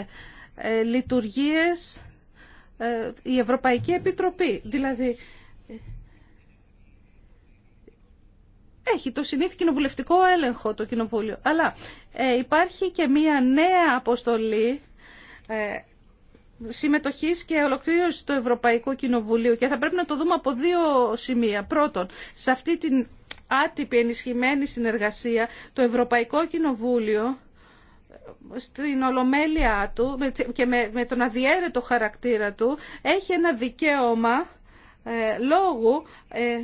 λειτουργίες ε, η Ευρωπαϊκή Επιτροπή. Δηλαδή, έχει το συνήθι κοινοβουλευτικό έλεγχο το κοινοβούλιο. Αλλά ε, υπάρχει και μία νέα αποστολή ε, συμμετοχής και ολοκλήρωση του Ευρωπαϊκού Κοινοβουλίου και θα πρέπει να το δούμε από δύο σημεία. Πρώτον, σε αυτή την άτυπη ενισχυμένη συνεργασία το Ευρωπαϊκό Κοινοβούλιο στην ολομέλεια του και με τον αδιέρετο χαρακτήρα του έχει ένα δικαίωμα ε, λόγου ε,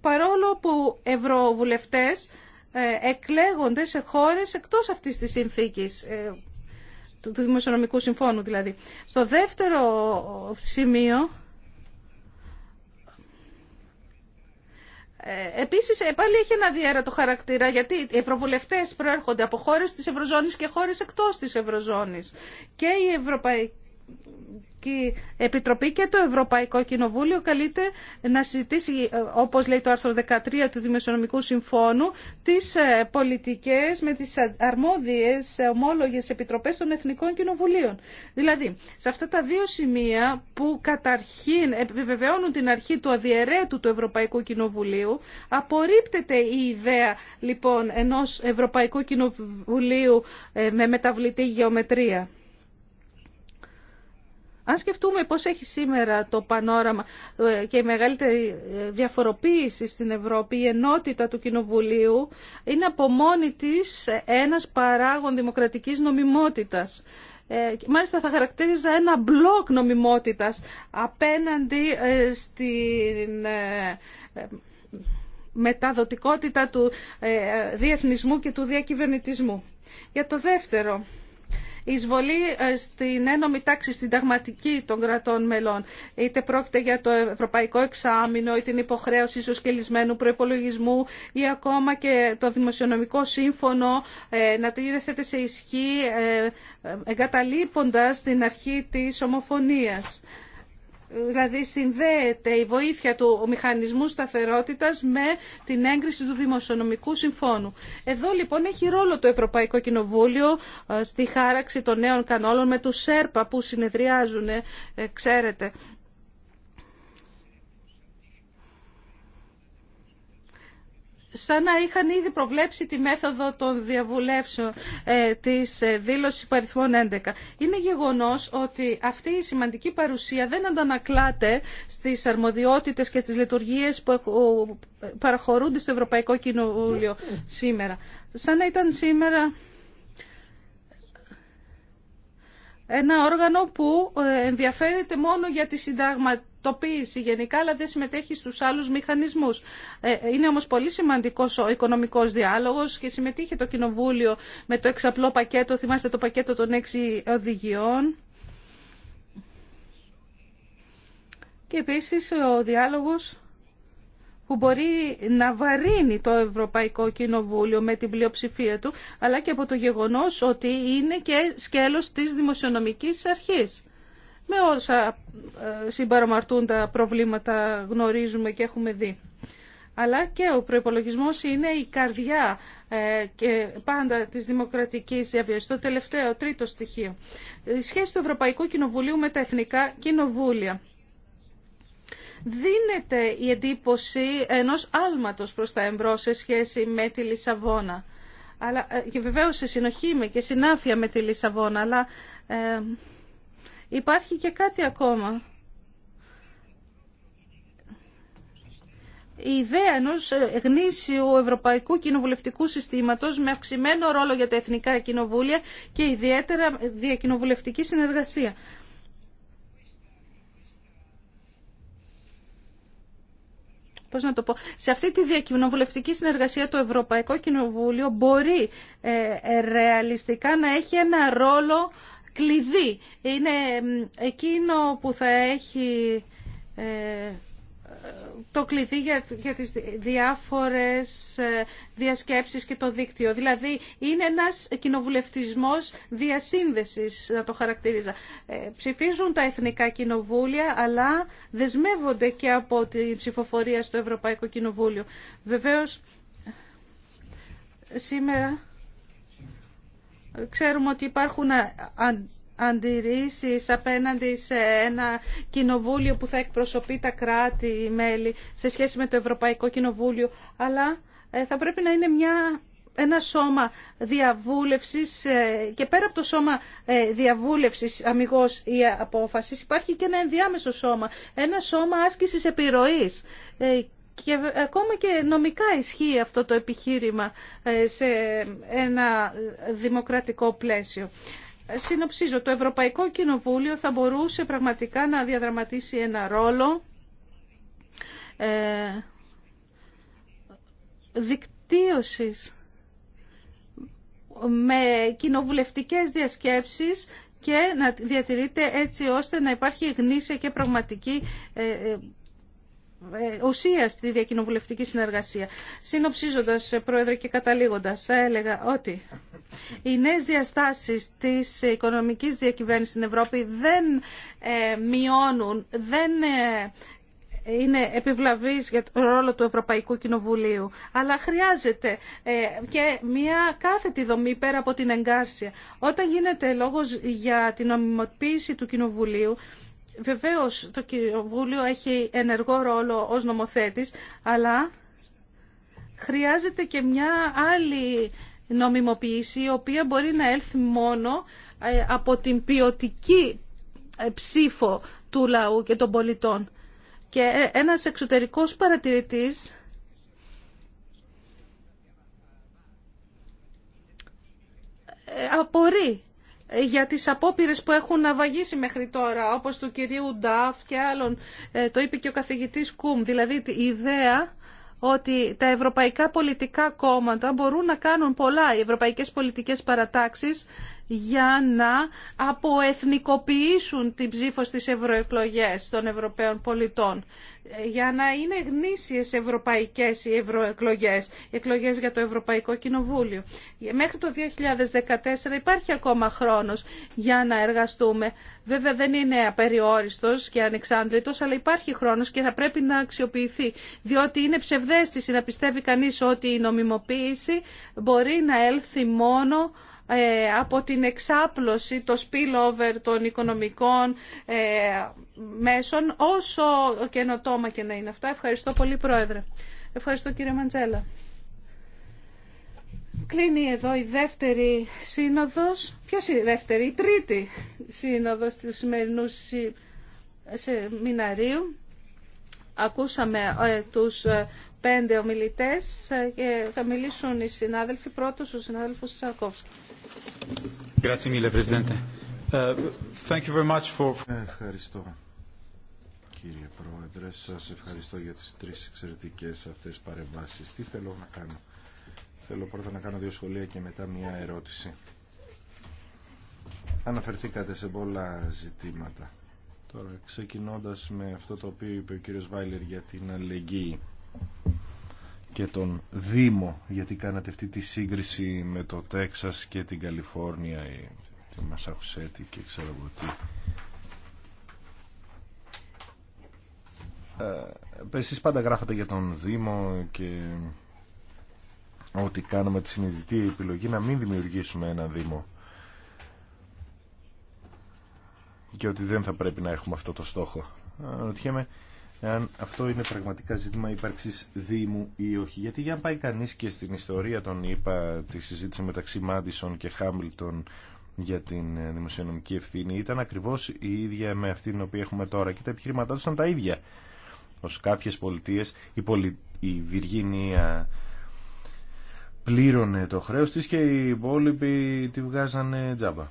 παρόλο που ευρωβουλευτές ε, εκλέγονται σε χώρες εκτός αυτής της συνθήκης του Δημοσιονομικού Συμφώνου δηλαδή. Στο δεύτερο σημείο Ε, επίσης, ε, πάλι έχει ένα διέρατο χαρακτήρα, γιατί οι ευρωβουλευτέ προέρχονται από χώρες της Ευρωζώνης και χώρες εκτός της Ευρωζώνης. Και η Ευρωπαϊκή Επιτροπή και το Ευρωπαϊκό Κοινοβούλιο καλείται να συζητήσει, ε, όπως λέει το άρθρο 13 του Δημοσιονομικού Συμφώνου, τις ε, πολιτικές με τις αρμόδιες ε, ομόλογες επιτροπές των Εθνικών Κοινοβουλίων. Δηλαδή, σε αυτά τα δύο σημεία που καταρχήν επιβεβαιώνουν την αρχή του αδιαιρέτου του Ευρωπαϊκού Κοινοβουλίου, απορρίπτεται η ιδέα λοιπόν ενός Ευρωπαϊκού Κοινοβουλίου με μεταβλητή γεωμετρία. Αν σκεφτούμε πώς έχει σήμερα το πανόραμα ε, και η μεγαλύτερη ε, διαφοροποίηση στην Ευρώπη, η ενότητα του Κοινοβουλίου είναι από μόνη της ε, ένας παράγων δημοκρατικής νομιμότητας. μάλιστα θα χαρακτήριζα ένα μπλοκ νομιμότητας απέναντι στην μεταδοτικότητα του διεθνισμού και του διακυβερνητισμού. Για το δεύτερο, εισβολή ε, στην ένωμη τάξη, στην ταγματική των κρατών μελών. Είτε πρόκειται για το ευρωπαϊκό εξάμεινο ή την υποχρέωση ισοσκελισμένου προπολογισμού ή ακόμα και το δημοσιονομικό σύμφωνο ε, να τίθεται σε ισχύ ε, εγκαταλείποντας την αρχή της ομοφωνίας. Δηλαδή συνδέεται η βοήθεια του μηχανισμού σταθερότητας με την έγκριση του Δημοσιονομικού Συμφώνου. Εδώ λοιπόν έχει ρόλο το Ευρωπαϊκό Κοινοβούλιο ε, στη χάραξη των νέων κανόνων με τους ΣΕΡΠΑ που συνεδριάζουν, ε, ξέρετε, σαν να είχαν ήδη προβλέψει τη μέθοδο των διαβουλεύσεων ε, της ε, δήλωσης παριθμών 11. Είναι γεγονός ότι αυτή η σημαντική παρουσία δεν αντανακλάται στις αρμοδιότητες και τις λειτουργίες που παραχωρούνται στο Ευρωπαϊκό Κοινοβούλιο σήμερα. Σαν να ήταν σήμερα ένα όργανο που ε, ενδιαφέρεται μόνο για τη συντάγμα γενικά, αλλά δεν συμμετέχει στους άλλους μηχανισμούς. Ε, είναι όμως πολύ σημαντικός ο οικονομικός διάλογος και συμμετείχε το Κοινοβούλιο με το εξαπλό πακέτο, θυμάστε το πακέτο των έξι οδηγιών. Και επίσης ο διάλογος που μπορεί να βαρύνει το Ευρωπαϊκό Κοινοβούλιο με την πλειοψηφία του, αλλά και από το γεγονός ότι είναι και σκέλος της δημοσιονομικής αρχής με όσα ε, συμπαραμαρτούν τα προβλήματα γνωρίζουμε και έχουμε δει. Αλλά και ο προϋπολογισμός είναι η καρδιά ε, και πάντα της δημοκρατικής διαβίωσης. Το τελευταίο, τρίτο στοιχείο. Η σχέση του Ευρωπαϊκού Κοινοβουλίου με τα Εθνικά Κοινοβούλια. Δίνεται η εντύπωση ενός άλματος προς τα εμπρό σε σχέση με τη Λισαβόνα. Αλλά, ε, και βεβαίως σε συνοχή με και συνάφεια με τη Λισαβόνα, αλλά... Υπάρχει και κάτι ακόμα. η ιδέα ενό γνήσιου ευρωπαϊκού κοινοβουλευτικού συστήματο με αυξημένο ρόλο για τα εθνικά κοινοβούλια και ιδιαίτερα διακοινοβουλευτική συνεργασία. Πώς να το πω. Σε αυτή τη διακοινοβουλευτική συνεργασία το Ευρωπαϊκό Κοινοβούλιο μπορεί ε, ε, ρεαλιστικά να έχει ένα ρόλο κλειδί. Είναι εκείνο που θα έχει ε, το κλειδί για, για τις διάφορες ε, διασκέψεις και το δίκτυο. Δηλαδή είναι ένας κοινοβουλευτισμός διασύνδεσης, να το χαρακτηρίζα. Ε, ψηφίζουν τα εθνικά κοινοβούλια, αλλά δεσμεύονται και από την ψηφοφορία στο Ευρωπαϊκό Κοινοβούλιο. Βεβαίως, σήμερα Ξέρουμε ότι υπάρχουν αντιρρήσεις απέναντι σε ένα κοινοβούλιο που θα εκπροσωπεί τα κράτη, μέλη, σε σχέση με το Ευρωπαϊκό Κοινοβούλιο, αλλά ε, θα πρέπει να είναι μια ένα σώμα διαβούλευσης ε, και πέρα από το σώμα ε, διαβούλευσης αμυγός ή απόφασης υπάρχει και ένα ενδιάμεσο σώμα, ένα σώμα άσκησης επιρροής και ακόμα και νομικά ισχύει αυτό το επιχείρημα ε, σε ένα δημοκρατικό πλαίσιο. Συνοψίζω, το Ευρωπαϊκό Κοινοβούλιο θα μπορούσε πραγματικά να διαδραματίσει ένα ρόλο ε, δικτύωσης με κοινοβουλευτικές διασκέψεις και να διατηρείται έτσι ώστε να υπάρχει γνήσια και πραγματική ε, ε, ουσία στη διακοινοβουλευτική συνεργασία. Σύνοψίζοντα ε, Πρόεδρε, και καταλήγοντα, θα έλεγα ότι οι νέε διαστάσει τη οικονομική διακυβέρνηση στην Ευρώπη δεν ε, μειώνουν, δεν είναι επιβλαβής για τον ρόλο του Ευρωπαϊκού Κοινοβουλίου. Αλλά χρειάζεται και μια κάθετη δομή πέρα από την εγκάρσια. Όταν γίνεται λόγος για την ομιμοποίηση του Κοινοβουλίου, Βεβαίως το Κοινοβούλιο έχει ενεργό ρόλο ως νομοθέτης, αλλά χρειάζεται και μια άλλη νομιμοποίηση, η οποία μπορεί να έλθει μόνο ε, από την ποιοτική ε, ψήφο του λαού και των πολιτών. Και ε, ένας εξωτερικός παρατηρητής απορεί για τις απόπειρες που έχουν αβαγίσει μέχρι τώρα, όπως του κυρίου Νταφ και άλλων, ε, το είπε και ο καθηγητής Κουμ, δηλαδή η ιδέα ότι τα ευρωπαϊκά πολιτικά κόμματα μπορούν να κάνουν πολλά, οι ευρωπαϊκές πολιτικές παρατάξεις, για να αποεθνικοποιήσουν την ψήφο στις ευρωεκλογές των Ευρωπαίων πολιτών για να είναι γνήσιες ευρωπαϊκές οι ευρωεκλογές, οι εκλογές για το Ευρωπαϊκό Κοινοβούλιο. Μέχρι το 2014 υπάρχει ακόμα χρόνος για να εργαστούμε. Βέβαια δεν είναι απεριόριστος και ανεξάντλητος, αλλά υπάρχει χρόνος και θα πρέπει να αξιοποιηθεί. Διότι είναι ψευδέστηση να πιστεύει κανείς ότι η νομιμοποίηση μπορεί να έλθει μόνο ε, από την εξάπλωση, το spillover των οικονομικών ε, μέσων, όσο καινοτόμα και να είναι αυτά. Ευχαριστώ πολύ, Πρόεδρε. Ευχαριστώ, κύριε Μαντζέλα. Κλείνει εδώ η δεύτερη σύνοδος. Ποια είναι η δεύτερη, η τρίτη σύνοδος του σημερινού σεμιναρίου. Ακούσαμε ε, τους ε, πέντε ομιλητές ε, και θα μιλήσουν οι συνάδελφοι. Πρώτος ο συνάδελφος Τσαρκόφσκι. Ε, ευχαριστώ κύριε Πρόεδρε. Σας ευχαριστώ για τις τρεις εξαιρετικέ αυτές παρεμβάσεις. Τι θέλω να κάνω. Θέλω πρώτα να κάνω δύο σχολεία και μετά μια ερώτηση. Αναφερθήκατε σε πολλά ζητήματα. Τώρα ξεκινώντας με αυτό το οποίο είπε ο κύριος Βάιλερ για την αλληλεγγύη και τον Δήμο γιατί κάνατε αυτή τη σύγκριση με το Τέξας και την Καλιφόρνια ή τη Μασαχουσέτη και ξέρω εγώ τι ε, εσείς πάντα γράφατε για τον Δήμο και ότι κάνουμε τη συνειδητή επιλογή να μην δημιουργήσουμε ένα Δήμο και ότι δεν θα πρέπει να έχουμε αυτό το στόχο. Αναρωτιέμαι εάν αυτό είναι πραγματικά ζήτημα ύπαρξη Δήμου ή όχι. Γιατί για να πάει κανείς και στην ιστορία των ΗΠΑ τη συζήτηση μεταξύ Μάντισον και Χάμιλτον για την ε, δημοσιονομική ευθύνη ήταν ακριβώς η ίδια με αυτή την οποία έχουμε τώρα και τα επιχειρήματά τους ήταν τα ίδια. ω κάποιες πολιτείες η, πολι... Βιργίνια πλήρωνε το χρέο τη και οι υπόλοιποι τη βγάζανε τζάμπα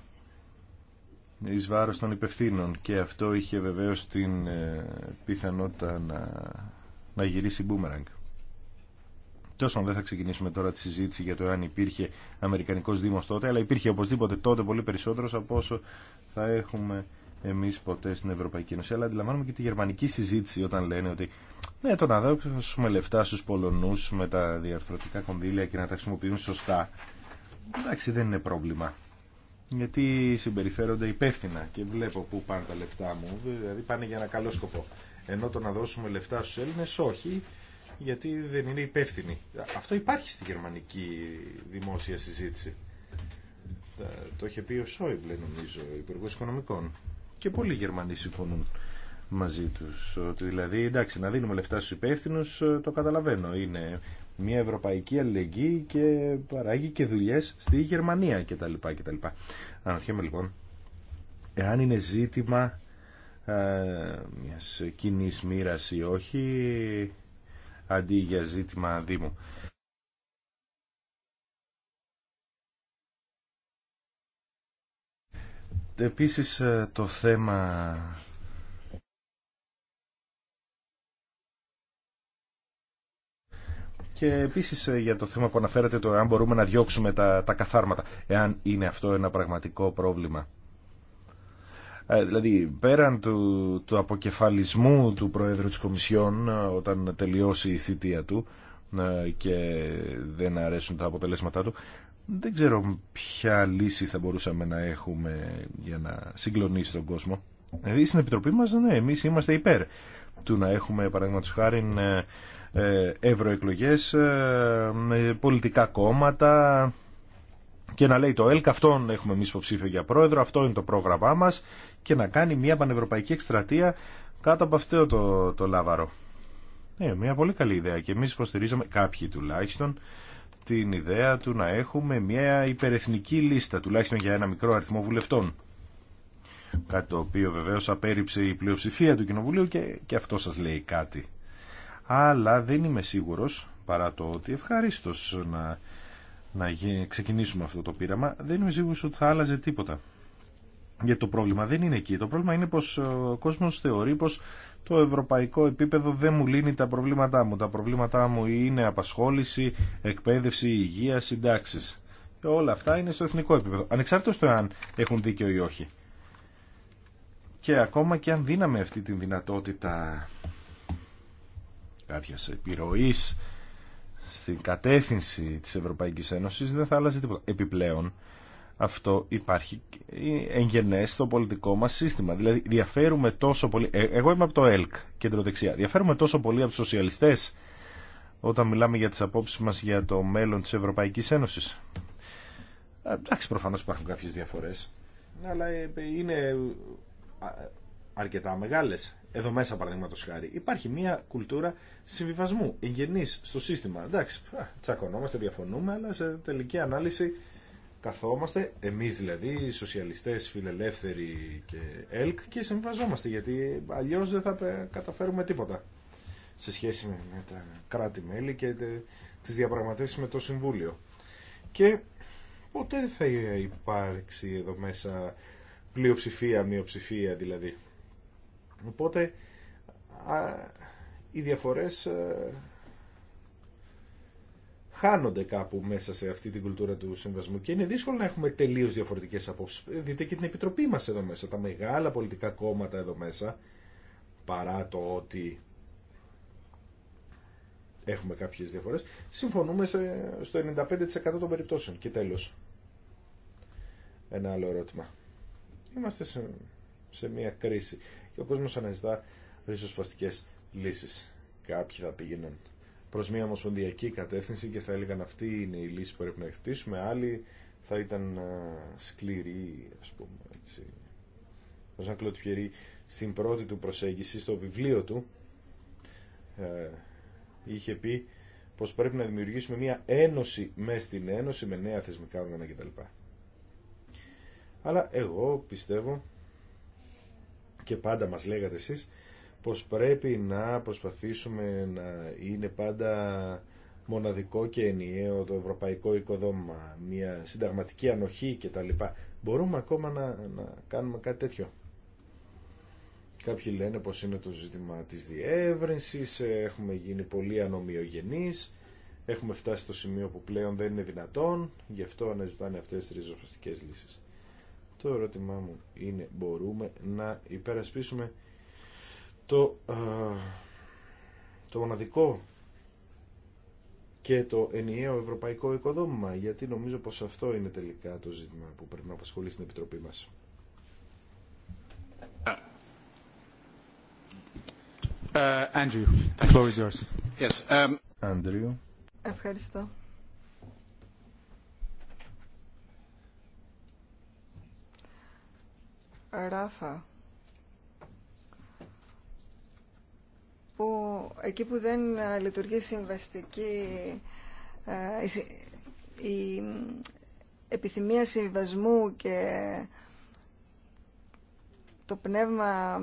εις βάρος των υπευθύνων και αυτό είχε βεβαίως την ε, πιθανότητα να, να γυρίσει μπούμεραγκ. Τόσο δεν θα ξεκινήσουμε τώρα τη συζήτηση για το αν υπήρχε Αμερικανικός Δήμος τότε, αλλά υπήρχε οπωσδήποτε τότε πολύ περισσότερος από όσο θα έχουμε εμείς ποτέ στην Ευρωπαϊκή Ένωση. Αλλά αντιλαμβάνουμε και τη γερμανική συζήτηση όταν λένε ότι ναι, το να δώσουμε λεφτά στους Πολωνούς με τα διαρθρωτικά κονδύλια και να τα χρησιμοποιούν σωστά, εντάξει δεν είναι πρόβλημα γιατί συμπεριφέρονται υπεύθυνα και βλέπω πού πάνε τα λεφτά μου, δηλαδή πάνε για ένα καλό σκοπό. Ενώ το να δώσουμε λεφτά στους Έλληνες, όχι, γιατί δεν είναι υπεύθυνοι. Αυτό υπάρχει στη γερμανική δημόσια συζήτηση. Το είχε πει ο Σόιμπλε, νομίζω, υπουργό Οικονομικών. Και πολλοί Γερμανοί συμφωνούν μαζί τους. Ότι δηλαδή, εντάξει, να δίνουμε λεφτά στους υπεύθυνου, το καταλαβαίνω. Είναι μια ευρωπαϊκή αλληλεγγύη και παράγει και δουλειέ στη Γερμανία κτλ. κτλ. λοιπόν, εάν είναι ζήτημα ε, μιας κοινή μοίρα ή όχι, αντί για ζήτημα Δήμου. Επίσης ε, το θέμα Και επίσης ε, για το θέμα που αναφέρατε, το αν μπορούμε να διώξουμε τα, καθάρματα, εάν είναι αυτό ένα πραγματικό πρόβλημα. Ε, δηλαδή, πέραν του, αποκεφαλισμού του Προέδρου της Κομισιόν ε, όταν τελειώσει η θητεία του και δεν αρέσουν τα αποτελέσματά του, δεν ξέρω ποια λύση θα μπορούσαμε να έχουμε για να συγκλονίσει τον κόσμο. Δηλαδή, στην Επιτροπή μας, ναι, εμείς είμαστε υπέρ του να έχουμε, παραδείγματος χάρη, ε, Ευρωεκλογέ ε, με πολιτικά κόμματα και να λέει το ΕΛΚ αυτόν έχουμε εμεί υποψήφιο για πρόεδρο, αυτό είναι το πρόγραμμά μας και να κάνει μια πανευρωπαϊκή εκστρατεία κάτω από αυτό το, το λάβαρο. Ναι, μια πολύ καλή ιδέα και εμεί υποστηρίζαμε κάποιοι τουλάχιστον την ιδέα του να έχουμε μια υπερεθνική λίστα τουλάχιστον για ένα μικρό αριθμό βουλευτών κάτι το οποίο βεβαίως απέριψε η πλειοψηφία του Κοινοβουλίου και, και αυτό σας λέει κάτι αλλά δεν είμαι σίγουρος, παρά το ότι ευχαρίστως να, να ξεκινήσουμε αυτό το πείραμα, δεν είμαι σίγουρος ότι θα άλλαζε τίποτα. Γιατί το πρόβλημα δεν είναι εκεί. Το πρόβλημα είναι πως ο κόσμος θεωρεί πως το ευρωπαϊκό επίπεδο δεν μου λύνει τα προβλήματά μου. Τα προβλήματά μου είναι απασχόληση, εκπαίδευση, υγεία, συντάξεις. όλα αυτά είναι στο εθνικό επίπεδο. Ανεξάρτητος το αν έχουν δίκιο ή όχι. Και ακόμα και αν δίναμε αυτή τη δυνατότητα κάποια επιρροή στην κατεύθυνση της Ευρωπαϊκής Ένωσης δεν θα άλλαζε τίποτα. Επιπλέον αυτό υπάρχει ε, εγγενές στο πολιτικό μας σύστημα. Δηλαδή διαφέρουμε τόσο πολύ, ε, εγώ είμαι από το ΕΛΚ κεντροδεξιά, διαφέρουμε τόσο πολύ από τους σοσιαλιστές όταν μιλάμε για τις απόψεις μας για το μέλλον της Ευρωπαϊκής Ένωσης. Ε, εντάξει, προφανώς υπάρχουν κάποιες διαφορές, αλλά είναι αρκετά μεγάλες. Εδώ μέσα παραδείγματο χάρη υπάρχει μια κουλτούρα συμβιβασμού, εγγενής στο σύστημα. Εντάξει, τσακωνόμαστε, διαφωνούμε, αλλά σε τελική ανάλυση καθόμαστε, εμείς δηλαδή, οι σοσιαλιστές, φιλελεύθεροι και ΕΛΚ και συμβιβαζόμαστε γιατί αλλιώς δεν θα καταφέρουμε τίποτα σε σχέση με τα κράτη-μέλη και τις διαπραγματεύσει με το Συμβούλιο. Και ποτέ δεν θα υπάρξει εδώ μέσα πλειοψηφία, μειοψηφία δηλαδή. Οπότε α, οι διαφορές ε, χάνονται κάπου μέσα σε αυτή την κουλτούρα του συμβασμού και είναι δύσκολο να έχουμε τελείως διαφορετικές απόψεις. Δείτε και την Επιτροπή μας εδώ μέσα, τα μεγάλα πολιτικά κόμματα εδώ μέσα, παρά το ότι έχουμε κάποιες διαφορές, συμφωνούμε στο 95% των περιπτώσεων. Και τέλος, ένα άλλο ερώτημα. Είμαστε σε, σε μια κρίση και ο κόσμος αναζητά ριζοσπαστικές λύσεις. Κάποιοι θα πήγαιναν προς μια ομοσπονδιακή κατεύθυνση και θα έλεγαν αυτή είναι η λύση που πρέπει να εκτίσουμε, άλλοι θα ήταν σκληροί, ας πούμε, έτσι. Ο Ζαν στην πρώτη του προσέγγιση, στο βιβλίο του, ε, είχε πει πως πρέπει να δημιουργήσουμε μια ένωση με στην ένωση, με νέα θεσμικά όργανα κτλ. Αλλά εγώ πιστεύω και πάντα μας λέγατε εσείς πως πρέπει να προσπαθήσουμε να είναι πάντα μοναδικό και ενιαίο το ευρωπαϊκό οικοδόμημα, μια συνταγματική ανοχή κτλ. Μπορούμε ακόμα να, να κάνουμε κάτι τέτοιο. Κάποιοι λένε πως είναι το ζήτημα της διεύρυνσης, έχουμε γίνει πολύ ανομοιογενείς, έχουμε φτάσει στο σημείο που πλέον δεν είναι δυνατόν, γι' αυτό αναζητάνε αυτές τις ριζοσπαστικές λύσεις. Το ερώτημά μου είναι μπορούμε να υπερασπίσουμε το, α, το μοναδικό και το ενιαίο ευρωπαϊκό οικοδόμημα, γιατί νομίζω πως αυτό είναι τελικά το ζήτημα που πρέπει να απασχολεί στην Επιτροπή μας. Ε, Andrew, the floor yours. Yes, um... Andrew. Ευχαριστώ. Ράφα που εκεί που δεν λειτουργεί συμβαστική ε, η επιθυμία συμβασμού και το πνεύμα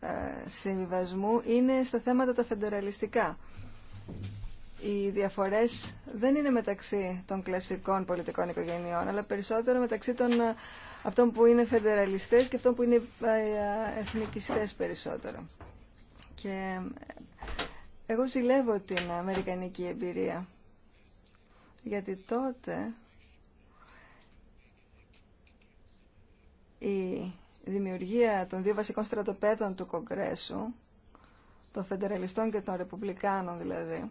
ε, συμβιβασμού είναι στα θέματα τα φεντεραλιστικά. Οι διαφορές δεν είναι μεταξύ των κλασικών πολιτικών οικογενειών, αλλά περισσότερο μεταξύ των αυτών που είναι φεντεραλιστές και αυτών που είναι ε, εθνικιστές περισσότερο. Και ε, εγώ ζηλεύω την αμερικανική εμπειρία, γιατί τότε η δημιουργία των δύο βασικών στρατοπέδων του Κογκρέσου, των φεντεραλιστών και των ρεπουμπλικάνων δηλαδή,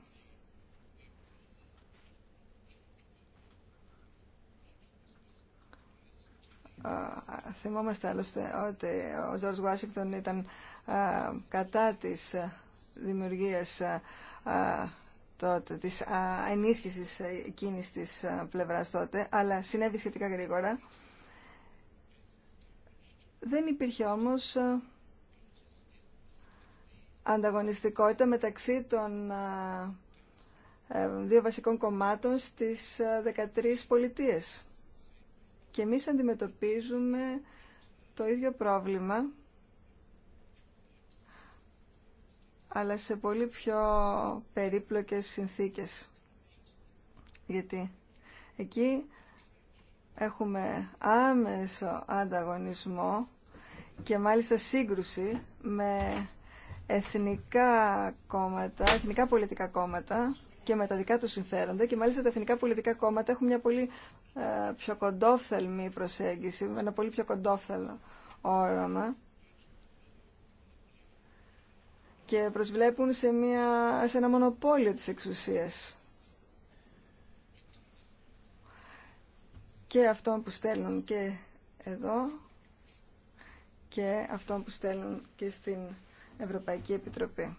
θυμόμαστε άλλωστε ότι ο George Washington ήταν κατά της ε, δημιουργίας ε, τότε, της ενίσχυσης εκείνης της ε, πλευράς τότε, αλλά συνέβη σχετικά γρήγορα. Δεν υπήρχε όμως ανταγωνιστικότητα μεταξύ των δύο βασικών κομμάτων στις 13 πολιτείες και εμείς αντιμετωπίζουμε το ίδιο πρόβλημα αλλά σε πολύ πιο περίπλοκες συνθήκες. Γιατί εκεί έχουμε άμεσο ανταγωνισμό και μάλιστα σύγκρουση με εθνικά κόμματα, εθνικά πολιτικά κόμματα και με τα δικά του συμφέροντα και μάλιστα τα εθνικά πολιτικά κόμματα έχουν μια πολύ ε, πιο κοντόφθαλμη προσέγγιση, με ένα πολύ πιο κοντόφθελο όραμα και προσβλέπουν σε, μια, σε ένα μονοπόλιο της εξουσίας. Και αυτόν που στέλνουν και εδώ και αυτόν που στέλνουν και στην Ευρωπαϊκή Επιτροπή.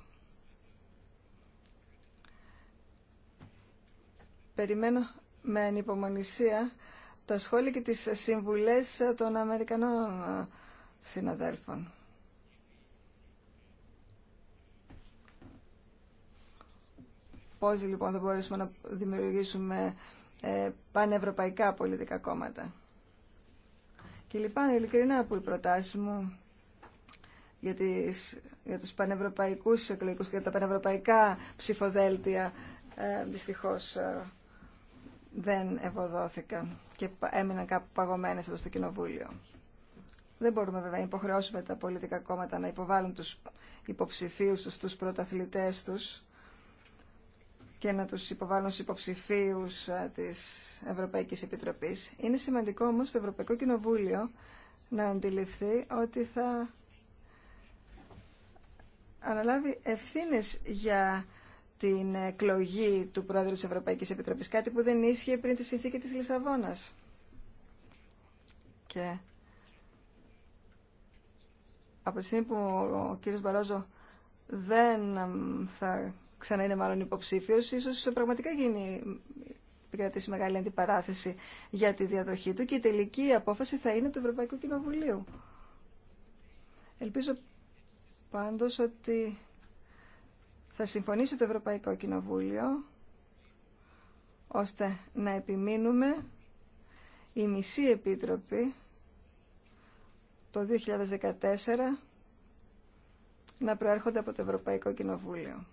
Περιμένω με ανυπομονησία τα σχόλια και τις συμβουλές των Αμερικανών ε, συναδέλφων. Πώς λοιπόν θα μπορέσουμε να δημιουργήσουμε ε, πανευρωπαϊκά πολιτικά κόμματα. Και λοιπόν ειλικρινά που οι προτάσει μου για, τις, για τους πανευρωπαϊκούς εκλογικούς και τα πανευρωπαϊκά ψηφοδέλτια ε, δυστυχώς ε, δεν ευωδόθηκαν και έμειναν κάπου παγωμένες εδώ στο Κοινοβούλιο. Δεν μπορούμε βέβαια να υποχρεώσουμε τα πολιτικά κόμματα να υποβάλουν τους υποψηφίους τους, τους πρωταθλητές τους και να τους υποβάλουν στους υποψηφίους ε, της Ευρωπαϊκής Επιτροπής. Είναι σημαντικό όμως το Ευρωπαϊκό Κοινοβούλιο να αντιληφθεί ότι θα αναλάβει ευθύνες για την εκλογή του Πρόεδρου της Ευρωπαϊκής Επιτροπής, κάτι που δεν ίσχυε πριν τη συνθήκη της Λισαβόνας. Και από τη στιγμή που ο κύριος Μπαρόζο δεν θα ξανά είναι μάλλον υποψήφιος, ίσως πραγματικά γίνει επικρατήσει μεγάλη αντιπαράθεση για τη διαδοχή του και η τελική απόφαση θα είναι του Ευρωπαϊκού Κοινοβουλίου. Ελπίζω πάντως ότι θα συμφωνήσω το Ευρωπαϊκό Κοινοβούλιο ώστε να επιμείνουμε η μισή επίτροπη το 2014 να προέρχονται από το Ευρωπαϊκό Κοινοβούλιο.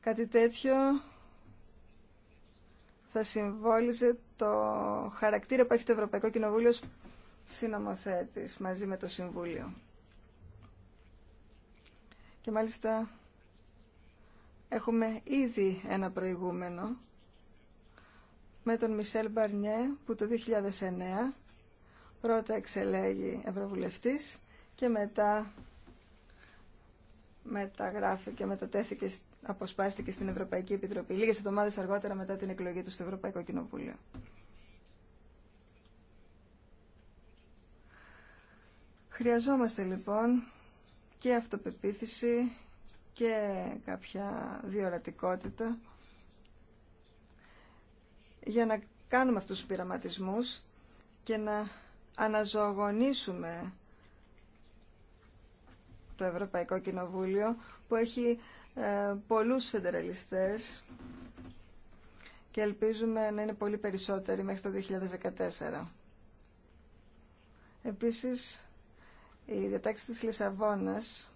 Κάτι τέτοιο θα συμβόλιζε το χαρακτήρα που έχει το Ευρωπαϊκό Κοινοβούλιο ως συνομοθέτης μαζί με το Συμβούλιο και μάλιστα έχουμε ήδη ένα προηγούμενο με τον Μισελ Μπαρνιέ που το 2009 πρώτα εξελέγει Ευρωβουλευτής και μετά μεταγράφει και μετατέθηκε, αποσπάστηκε στην Ευρωπαϊκή Επιτροπή λίγες εβδομάδες αργότερα μετά την εκλογή του στο Ευρωπαϊκό Κοινοβούλιο. Χρειαζόμαστε λοιπόν και αυτοπεποίθηση και κάποια διορατικότητα για να κάνουμε αυτούς τους πειραματισμούς και να αναζωογονήσουμε το Ευρωπαϊκό Κοινοβούλιο που έχει ε, πολλούς φεντεραλιστές και ελπίζουμε να είναι πολύ περισσότεροι μέχρι το 2014. Επίσης, η διατάξει της Λισαβόνας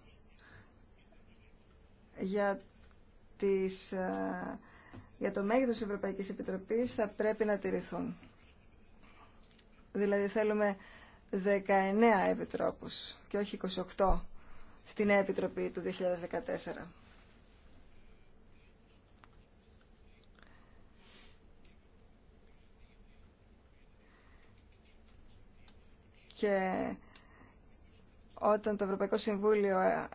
για, τις, ε, για το μέγεθος της Ευρωπαϊκής Επιτροπής θα πρέπει να τηρηθούν. Δηλαδή θέλουμε 19 επιτρόπους και όχι 28 στην Επιτροπή του 2014. Και όταν το Ευρωπαϊκό Συμβούλιο ε,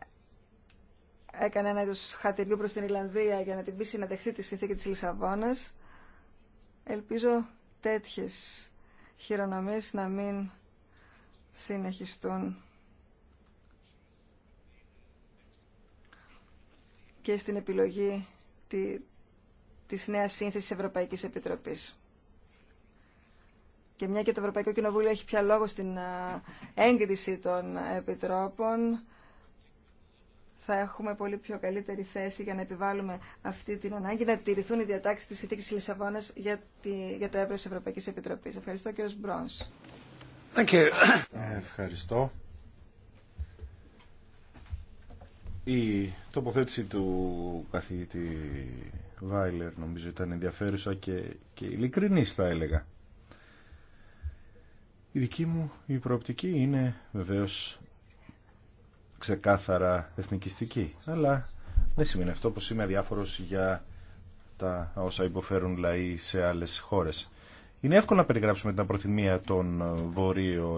έκανε ένα είδος χατηριού προς την Ιρλανδία για να την πείσει να δεχθεί τη συνθήκη της Λισαβόνας, ελπίζω τέτοιες χειρονομίες να μην συνεχιστούν και στην επιλογή τη, της νέας σύνθεσης Ευρωπαϊκής Επιτροπής. Και μια και το Ευρωπαϊκό Κοινοβούλιο έχει πια λόγο στην έγκριση των επιτρόπων, θα έχουμε πολύ πιο καλύτερη θέση για να επιβάλλουμε αυτή την ανάγκη να τηρηθούν οι διατάξει τη συνθήκη Λισαβόνα για, για το έβρο τη Ευρωπαϊκή Επιτροπή. Ευχαριστώ, κύριο Μπρόν. Ευχαριστώ. Η τοποθέτηση του καθηγητή Βάιλερ νομίζω ήταν ενδιαφέρουσα και, και ειλικρινής θα έλεγα. Η δική μου η προοπτική είναι βεβαίως ξεκάθαρα εθνικιστική, αλλά δεν σημαίνει αυτό πως είμαι αδιάφορος για τα όσα υποφέρουν λαοί σε άλλες χώρες. Είναι εύκολο να περιγράψουμε την προθυμία των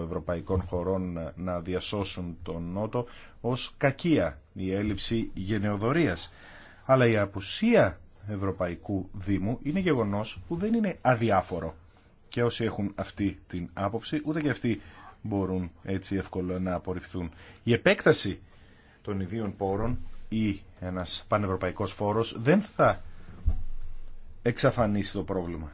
ευρωπαϊκών χωρών να διασώσουν τον Νότο ως κακία, η έλλειψη γενεοδορίας. Αλλά η απουσία Ευρωπαϊκού Δήμου είναι γεγονός που δεν είναι αδιάφορο και όσοι έχουν αυτή την άποψη, ούτε και αυτοί μπορούν έτσι εύκολα να απορριφθούν. Η επέκταση των ιδίων πόρων ή ένας πανευρωπαϊκός φόρος δεν θα εξαφανίσει το πρόβλημα.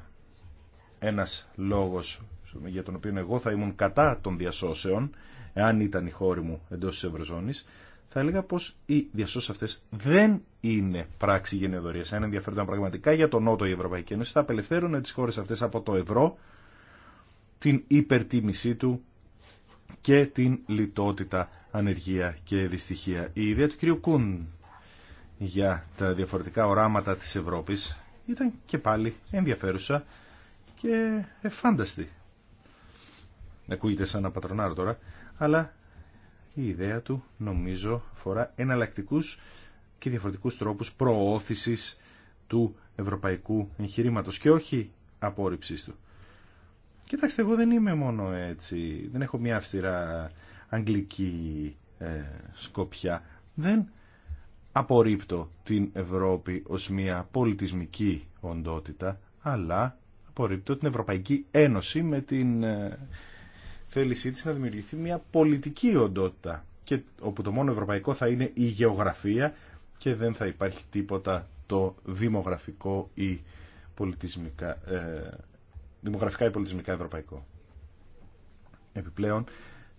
Ένας λόγος για τον οποίο εγώ θα ήμουν κατά των διασώσεων, εάν ήταν η χώρη μου εντός της Ευρωζώνης, θα έλεγα πως οι διασώσεις αυτές δεν είναι πράξη γενεοδορίας. Αν ενδιαφέρονταν πραγματικά για τον Νότο η Ευρωπαϊκή Ένωση, θα απελευθέρωνε τις χώρες αυτές από το ευρώ, την υπερτίμησή του και την λιτότητα, ανεργία και δυστυχία. Η ιδέα του κ. Κούν για τα διαφορετικά οράματα της Ευρώπης ήταν και πάλι ενδιαφέρουσα και εφάνταστη. Ακούγεται σαν ένα πατρονάρο τώρα, αλλά η ιδέα του νομίζω φορά εναλλακτικού και διαφορετικούς τρόπους προώθησης του ευρωπαϊκού εγχειρήματος και όχι απόρριψής του. Κοιτάξτε, εγώ δεν είμαι μόνο έτσι, δεν έχω μια αυστηρά αγγλική ε, σκοπιά. Δεν απορρίπτω την Ευρώπη ως μια πολιτισμική οντότητα, αλλά απορρίπτω την Ευρωπαϊκή Ένωση με την ε, θέλησή της να δημιουργηθεί μια πολιτική οντότητα και όπου το μόνο ευρωπαϊκό θα είναι η γεωγραφία και δεν θα υπάρχει τίποτα το δημογραφικό ή πολιτισμικά, ε, δημογραφικά ή πολιτισμικά ευρωπαϊκό. Επιπλέον,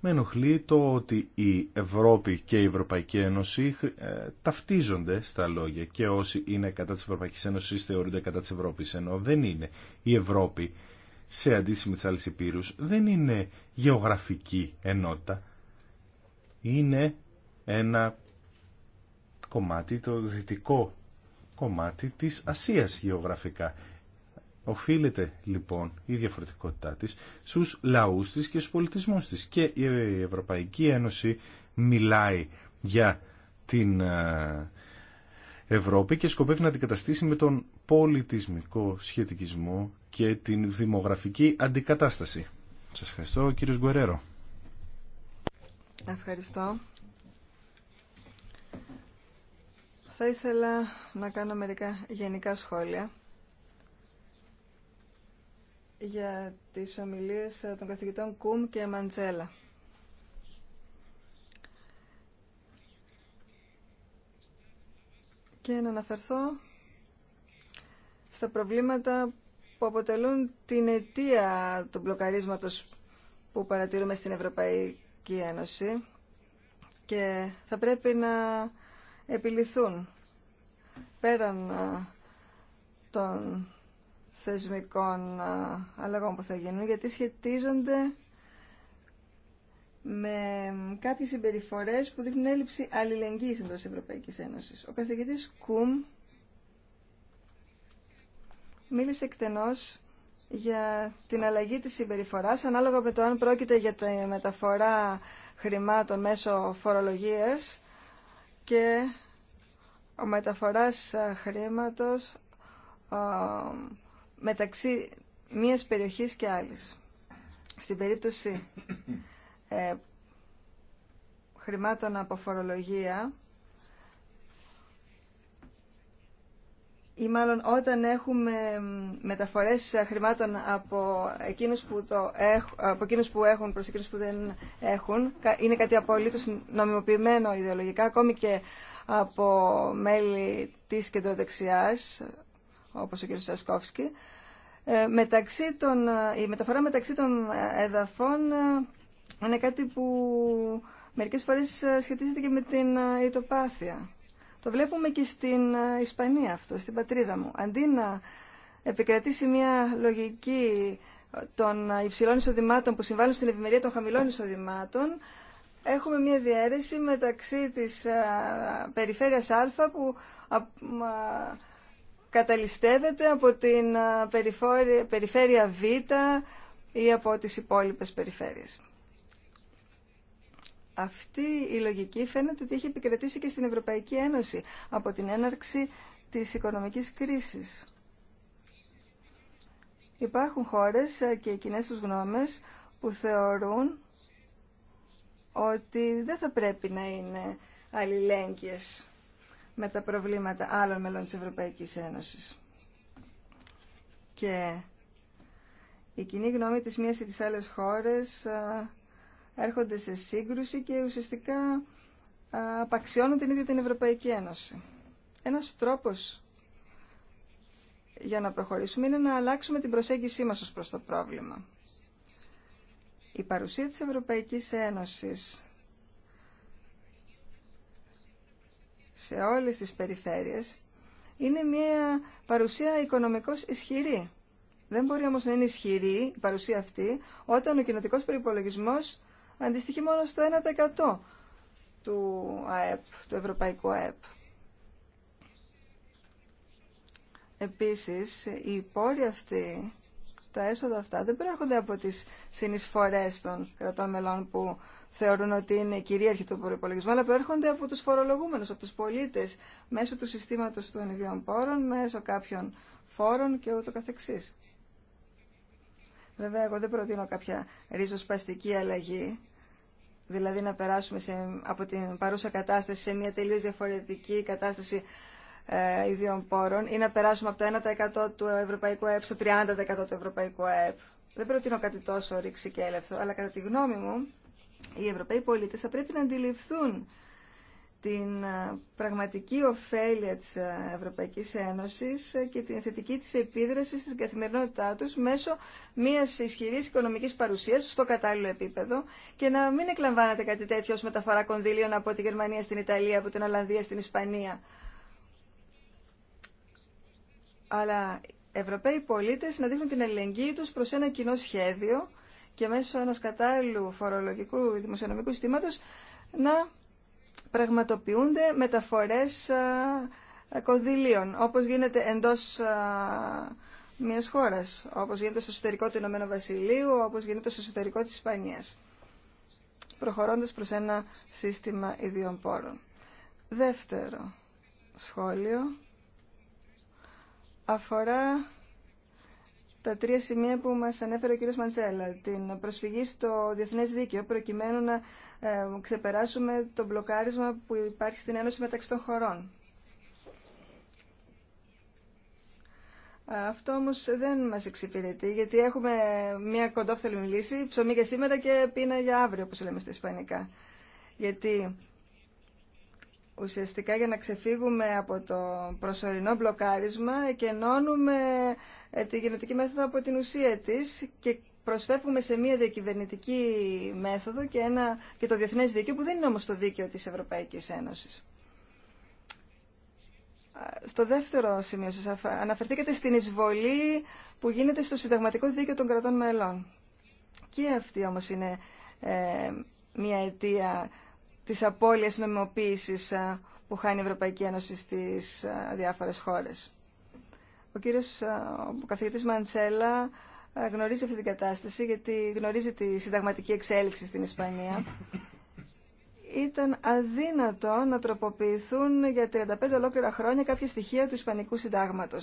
με ενοχλεί το ότι η πολιτισμικα δημογραφικα η πολιτισμικα ευρωπαικο επιπλεον με ενοχλει το οτι η ευρωπη και η Ευρωπαϊκή Ένωση ε, ταυτίζονται στα λόγια και όσοι είναι κατά της Ευρωπαϊκής Ένωσης θεωρούνται κατά της Ευρώπης, ενώ δεν είναι. Η Ευρώπη σε αντίστοιχη με τι άλλε υπήρου, δεν είναι γεωγραφική ενότητα. Είναι ένα κομμάτι, το δυτικό κομμάτι της Ασίας γεωγραφικά. Οφείλεται λοιπόν η διαφορετικότητά της στους λαούς της και στους πολιτισμούς της. Και η Ευρωπαϊκή Ένωση μιλάει για την ε, Ευρώπη και σκοπεύει να αντικαταστήσει με τον πολιτισμικό σχετικισμό και την δημογραφική αντικατάσταση. Σας ευχαριστώ, κύριος Γκουερέρο. Ευχαριστώ. Θα ήθελα να κάνω μερικά γενικά σχόλια για τις ομιλίες των καθηγητών Κουμ και Μαντζέλα. Και να αναφερθώ στα προβλήματα που αποτελούν την αιτία του μπλοκαρίσματος που παρατηρούμε στην Ευρωπαϊκή Ένωση και θα πρέπει να επιληθούν πέραν των θεσμικών αλλαγών που θα γίνουν γιατί σχετίζονται με κάποιες συμπεριφορές που δείχνουν έλλειψη αλληλεγγύης εντός της Ευρωπαϊκής Ένωσης. Ο καθηγητής Κουμ μίλησε εκτενώς για την αλλαγή της συμπεριφοράς ανάλογα με το αν πρόκειται για τη μεταφορά χρημάτων μέσω φορολογίας και ο μεταφοράς χρήματος μεταξύ μίας περιοχής και άλλης. Στην περίπτωση ε, χρημάτων από φορολογία ή μάλλον όταν έχουμε μεταφορές χρημάτων από εκείνους που, το έχουν, από εκείνους που έχουν προς εκείνους που δεν έχουν, είναι κάτι απολύτως νομιμοποιημένο ιδεολογικά, ακόμη και από μέλη της κεντροδεξιάς, όπως ο κ. Σασκόφσκι, ε, μεταξύ των, ε, η μεταφορά μεταξύ των εδαφών ε, είναι κάτι που μερικές φορές σχετίζεται και με την ητοπάθεια. Το βλέπουμε και στην ε, Ισπανία αυτό, στην πατρίδα μου. Αντί να επικρατήσει μια λογική ε, των ε, υψηλών εισοδημάτων που συμβάλλουν στην ευημερία των χαμηλών εισοδημάτων, έχουμε μια διαίρεση μεταξύ της περιφέρειας Α που καταλυστεύεται από την περιφέρεια Β ή από τις υπόλοιπες περιφέρειες. Αυτή η λογική φαίνεται ότι έχει επικρατήσει και στην Ευρωπαϊκή Ένωση από την έναρξη της οικονομικής κρίσης. Υπάρχουν χώρες και οι κοινές τους γνώμες που θεωρούν ότι δεν θα πρέπει να είναι αλληλέγγυες με τα προβλήματα άλλων μελών της Ευρωπαϊκής Ένωσης. Και η κοινή γνώμη της μίας ή της άλλες χώρες έρχονται σε σύγκρουση και ουσιαστικά απαξιώνουν την ίδια την Ευρωπαϊκή Ένωση. Ένας τρόπος για να προχωρήσουμε είναι να αλλάξουμε την προσέγγισή μας ως προς το πρόβλημα. Η παρουσία της Ευρωπαϊκής Ένωσης σε όλες τις περιφέρειες είναι μια παρουσία οικονομικώς ισχυρή. Δεν μπορεί όμως να είναι ισχυρή η παρουσία αυτή όταν ο κοινοτικός προϋπολογισμός αντιστοιχεί μόνο στο 1% του ΑΕΠ, του Ευρωπαϊκού ΑΕΠ. Επίσης, οι πόροι αυτοί, τα έσοδα αυτά, δεν προέρχονται από τις συνεισφορές των κρατών μελών που θεωρούν ότι είναι κυρίαρχοι του προπολογισμού, αλλά προέρχονται από τους φορολογούμενους, από τους πολίτες, μέσω του συστήματος των ιδιών πόρων, μέσω κάποιων φόρων και ούτω καθεξής. Βέβαια, εγώ δεν προτείνω κάποια ριζοσπαστική αλλαγή δηλαδή να περάσουμε σε, από την παρούσα κατάσταση σε μια τελείως διαφορετική κατάσταση ε, ιδιών πόρων ή να περάσουμε από το 1% του ευρωπαϊκού ΑΕΠ στο 30% του ευρωπαϊκού ΑΕΠ. Δεν προτείνω κάτι τόσο ρήξη και έλευθο, αλλά κατά τη γνώμη μου οι ευρωπαίοι πολίτες θα πρέπει να αντιληφθούν την ε, πραγματική ωφέλεια της ε, Ευρωπαϊκής Ένωσης ε, και την θετική της επίδραση στην καθημερινότητά τους μέσω μιας ισχυρής οικονομικής παρουσίας στο κατάλληλο επίπεδο και να μην εκλαμβάνεται κάτι τέτοιο ως μεταφορά κονδύλιων από τη Γερμανία στην Ιταλία, από την Ολλανδία στην Ισπανία. Αλλά Ευρωπαίοι πολίτες να δείχνουν την ελεγγύη τους προς ένα κοινό σχέδιο και μέσω ενός κατάλληλου φορολογικού δημοσιονομικού συστήματος να πραγματοποιούνται μεταφορές ε, κονδυλίων, όπως γίνεται εντός ε, μιας χώρας, όπως γίνεται στο εσωτερικό του Ηνωμένου Βασιλείου, όπως γίνεται στο εσωτερικό της Ισπανίας, προχωρώντας προς ένα σύστημα ιδίων πόρων. Δεύτερο σχόλιο αφορά τα τρία σημεία που μας ανέφερε ο κ. Μαντζέλα, την προσφυγή στο διεθνές δίκαιο προκειμένου να ε, ξεπεράσουμε το μπλοκάρισμα που υπάρχει στην Ένωση μεταξύ των χωρών. Αυτό όμω δεν μα εξυπηρετεί, γιατί έχουμε μια κοντόφθαλμη λύση, ψωμί για σήμερα και πείνα για αύριο, όπω λέμε στα Ισπανικά. Γιατί ουσιαστικά για να ξεφύγουμε από το προσωρινό μπλοκάρισμα, εκενώνουμε ε, τη γενετική μέθοδο από την ουσία τη προσφεύγουμε σε μια διακυβερνητική μέθοδο και, ένα, και το διεθνές δίκαιο που δεν είναι όμως το δίκαιο της Ευρωπαϊκής Ένωσης. Στο δεύτερο σημείο σας αναφερθήκατε στην εισβολή που γίνεται στο συνταγματικό δίκαιο των κρατών μελών. Και αυτή όμως είναι ε, μια αιτία της απώλειας νομιμοποίησης ε, που χάνει η Ευρωπαϊκή Ένωση στις ε, διάφορες χώρες. Ο κύριος ο καθηγητής Μαντσέλα ε, γνωρίζει αυτή την κατάσταση, γιατί γνωρίζει τη συνταγματική εξέλιξη στην Ισπανία, ήταν αδύνατο να τροποποιηθούν για 35 ολόκληρα χρόνια κάποια στοιχεία του Ισπανικού Συντάγματο.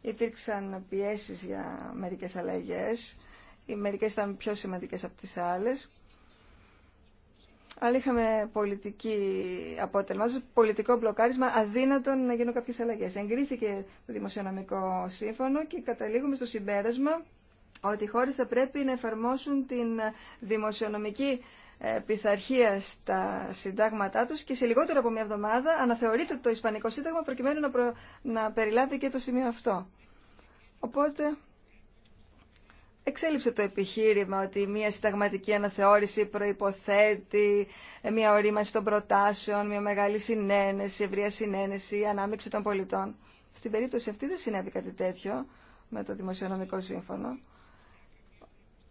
Υπήρξαν πιέσεις για μερικές αλλαγέ. οι μερικές ήταν πιο σημαντικές από τις άλλες, αλλά είχαμε πολιτική απότελμα, δηλαδή πολιτικό μπλοκάρισμα, αδύνατο να γίνουν κάποιες αλλαγές. Εγκρίθηκε το Δημοσιονομικό Σύμφωνο και καταλήγουμε στο συμπέρασμα ότι οι χώρες θα πρέπει να εφαρμόσουν την δημοσιονομική ε, πειθαρχία στα συντάγματά τους και σε λιγότερο από μια εβδομάδα αναθεωρείται το Ισπανικό Σύνταγμα προκειμένου να, να περιλάβει και το σημείο αυτό. Οπότε εξέλιψε το επιχείρημα ότι μια συνταγματική αναθεώρηση προϋποθέτει ε, μια ορίμανση των προτάσεων, μια μεγάλη συνένεση, ευρεία συνένεση, ανάμειξη των πολιτών. Στην περίπτωση αυτή δεν συνέβη κάτι τέτοιο με το Δημοσιονομικό Σύμφωνο.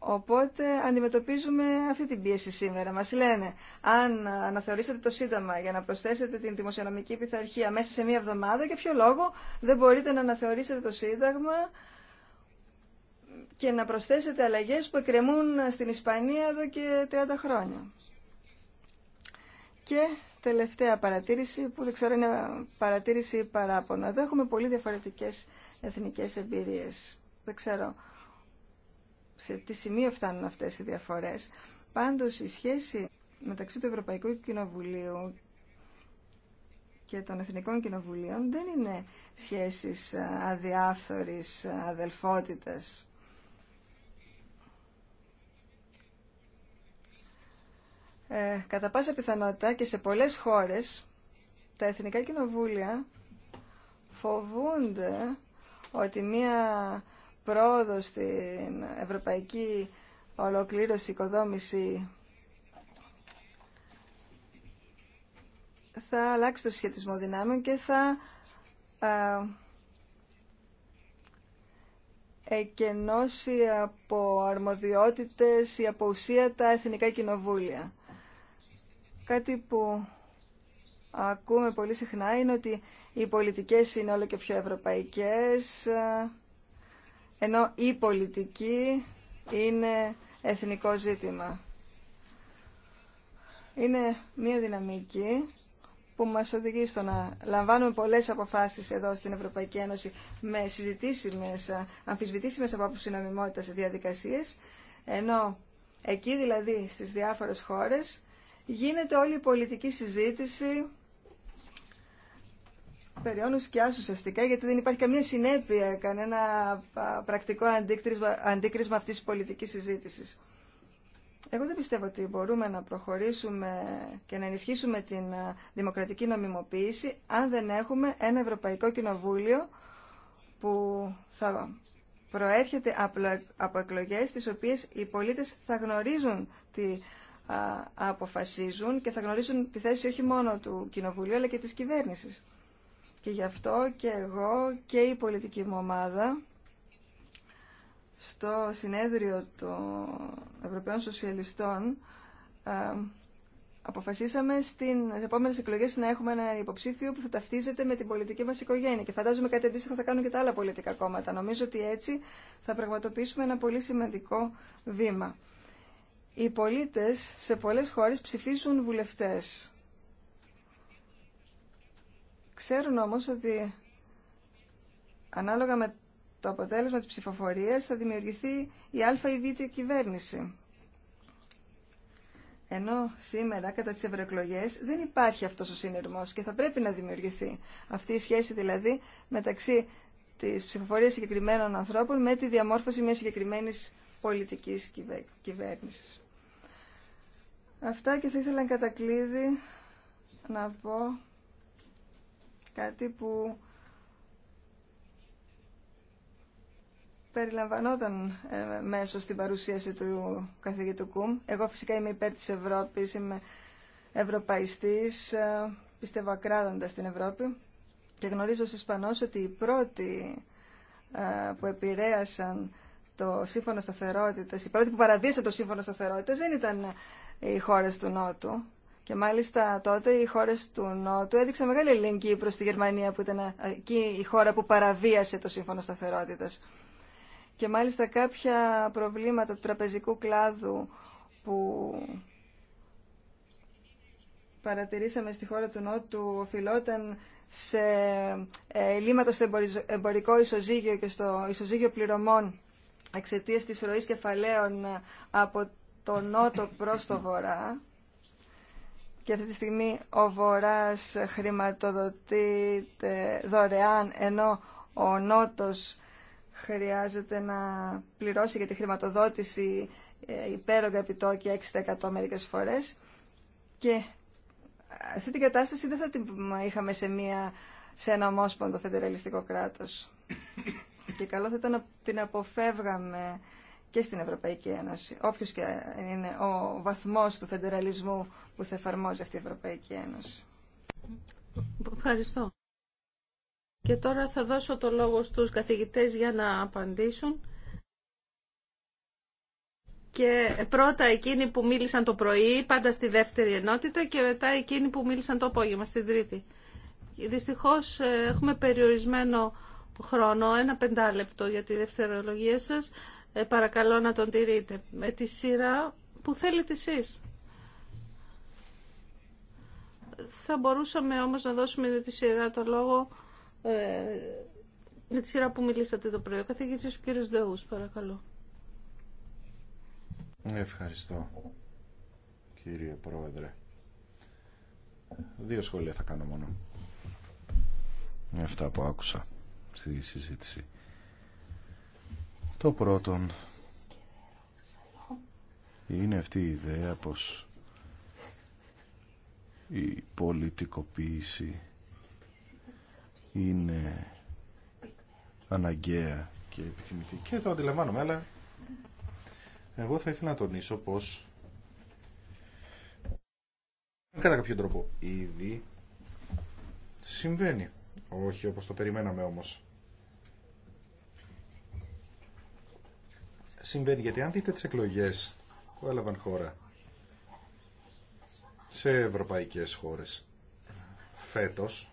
Οπότε αντιμετωπίζουμε αυτή την πίεση σήμερα. Μας λένε, αν αναθεωρήσετε το Σύνταγμα για να προσθέσετε την δημοσιονομική πειθαρχία μέσα σε μία εβδομάδα, για ποιο λόγο δεν μπορείτε να αναθεωρήσετε το Σύνταγμα και να προσθέσετε αλλαγές που εκκρεμούν στην Ισπανία εδώ και 30 χρόνια. Και τελευταία παρατήρηση, που δεν ξέρω είναι παρατήρηση παράπονα. Δεν έχουμε πολύ διαφορετικές εθνικές εμπειρίες. Δεν ξέρω σε τι σημείο φτάνουν αυτές οι διαφορές. Πάντως η σχέση μεταξύ του Ευρωπαϊκού Κοινοβουλίου και των Εθνικών Κοινοβουλίων δεν είναι σχέσεις ε, αδιάφθορης ε, αδελφότητας. Ε, κατά πάσα πιθανότητα και σε πολλές χώρες τα Εθνικά Κοινοβούλια φοβούνται ότι μία πρόοδο στην ευρωπαϊκή ολοκλήρωση, οικοδόμηση θα αλλάξει το σχετισμό δυνάμεων και θα εκενώσει από αρμοδιότητες ή από ουσία τα εθνικά κοινοβούλια. Κάτι που ακούμε πολύ συχνά είναι ότι οι πολιτικές είναι όλο και πιο ευρωπαϊκές, ενώ η πολιτική είναι εθνικό ζήτημα. Είναι μια δυναμική που μας οδηγεί στο να λαμβάνουμε πολλές αποφάσεις εδώ στην Ευρωπαϊκή Ένωση με συζητήσιμες, αμφισβητήσιμες από συνομιμότητα σε διαδικασίες, ενώ εκεί δηλαδή στις διάφορες χώρες γίνεται όλη η πολιτική συζήτηση περιώνουν σκιά ουσιαστικά γιατί δεν υπάρχει καμία συνέπεια, κανένα πρακτικό αντίκρισμα, αντίκρισμα αυτής της πολιτικής συζήτησης. Εγώ δεν πιστεύω ότι μπορούμε να προχωρήσουμε και να ενισχύσουμε την δημοκρατική νομιμοποίηση αν δεν έχουμε ένα Ευρωπαϊκό Κοινοβούλιο που θα προέρχεται από εκλογές τις οποίες οι πολίτες θα γνωρίζουν τι αποφασίζουν και θα γνωρίζουν τη θέση όχι μόνο του Κοινοβουλίου αλλά και της κυβέρνησης. Και γι' αυτό και εγώ και η πολιτική μου ομάδα στο συνέδριο των Ευρωπαίων Σοσιαλιστών ε, αποφασίσαμε στην επόμενε εκλογέ να έχουμε ένα υποψήφιο που θα ταυτίζεται με την πολιτική μα οικογένεια. Και φαντάζομαι κάτι αντίστοιχο θα κάνουν και τα άλλα πολιτικά κόμματα. Νομίζω ότι έτσι θα πραγματοποιήσουμε ένα πολύ σημαντικό βήμα. Οι πολίτες σε πολλές χώρες ψηφίζουν βουλευτές. Ξέρουν όμως ότι ανάλογα με το αποτέλεσμα της ψηφοφορίας θα δημιουργηθεί η α ή β κυβέρνηση. Ενώ σήμερα, κατά τις ευρωεκλογέ, δεν υπάρχει αυτός ο συνειρμός και θα πρέπει να δημιουργηθεί αυτή η σχέση δηλαδή μεταξύ της ψηφοφορίας συγκεκριμένων ανθρώπων με τη διαμόρφωση μιας συγκεκριμένης πολιτικής κυβέρνησης. Αυτά και θα ήθελα να κλείδι να πω Κάτι που περιλαμβανόταν ε, μέσω στην παρουσίαση του καθηγητού Κουμ. Εγώ φυσικά είμαι υπέρ της Ευρώπης, είμαι ευρωπαϊστής, ε, πιστεύω ακράδαντα στην Ευρώπη και γνωρίζω ως Ισπανός ότι οι πρώτοι ε, που επηρέασαν το σύμφωνο σταθερότητας, οι πρώτοι που παραβίασαν το σύμφωνο σταθερότητας δεν ήταν οι χώρες του Νότου, και μάλιστα τότε οι χώρες του Νότου έδειξαν μεγάλη ελληνική προς τη Γερμανία που ήταν εκεί η χώρα που παραβίασε το Σύμφωνο Σταθερότητας. Και μάλιστα κάποια προβλήματα του τραπεζικού κλάδου που παρατηρήσαμε στη χώρα του Νότου οφειλόταν σε ε, ελλείμματα στο εμπορικό ισοζύγιο και στο ισοζύγιο πληρωμών εξαιτία της ροής κεφαλαίων από το Νότο προς το Βορρά και αυτή τη στιγμή ο Βορράς χρηματοδοτείται δωρεάν ενώ ο Νότος χρειάζεται να πληρώσει για τη χρηματοδότηση ε, υπέρογκα επιτόκια 6% μερικές φορές και αυτή την κατάσταση δεν θα την είχαμε σε, μια, σε ένα ομόσπονδο φεντεραλιστικό κράτος. Και καλό θα ήταν να την αποφεύγαμε και στην Ευρωπαϊκή Ένωση, όποιος και είναι ο βαθμός του φεντεραλισμού που θα εφαρμόζει αυτή η Ευρωπαϊκή Ένωση. Ευχαριστώ. Και τώρα θα δώσω το λόγο στους καθηγητές για να απαντήσουν. Και πρώτα εκείνοι που μίλησαν το πρωί, πάντα στη δεύτερη ενότητα και μετά εκείνοι που μίλησαν το απόγευμα, στην τρίτη. Δυστυχώς ε, έχουμε περιορισμένο χρόνο, ένα πεντάλεπτο για τη δευτερολογία σας ε, παρακαλώ να τον τηρείτε με τη σειρά που θέλετε εσείς. Θα μπορούσαμε όμως να δώσουμε με τη σειρά το λόγο ε, με τη σειρά που μιλήσατε το πρωί. Ο καθηγητής ο κύριος Δεούς, παρακαλώ. Ευχαριστώ, κύριε Πρόεδρε. Δύο σχόλια θα κάνω μόνο. Αυτά που άκουσα στη συζήτηση. Το πρώτον είναι αυτή η ιδέα πως η πολιτικοποίηση είναι αναγκαία και επιθυμητή και το αντιλαμβάνομαι αλλά εγώ θα ήθελα να τονίσω πως κατά κάποιο τρόπο ήδη συμβαίνει όχι όπως το περιμέναμε όμως συμβαίνει. Γιατί αν δείτε τις εκλογές που έλαβαν χώρα σε ευρωπαϊκές χώρες φέτος,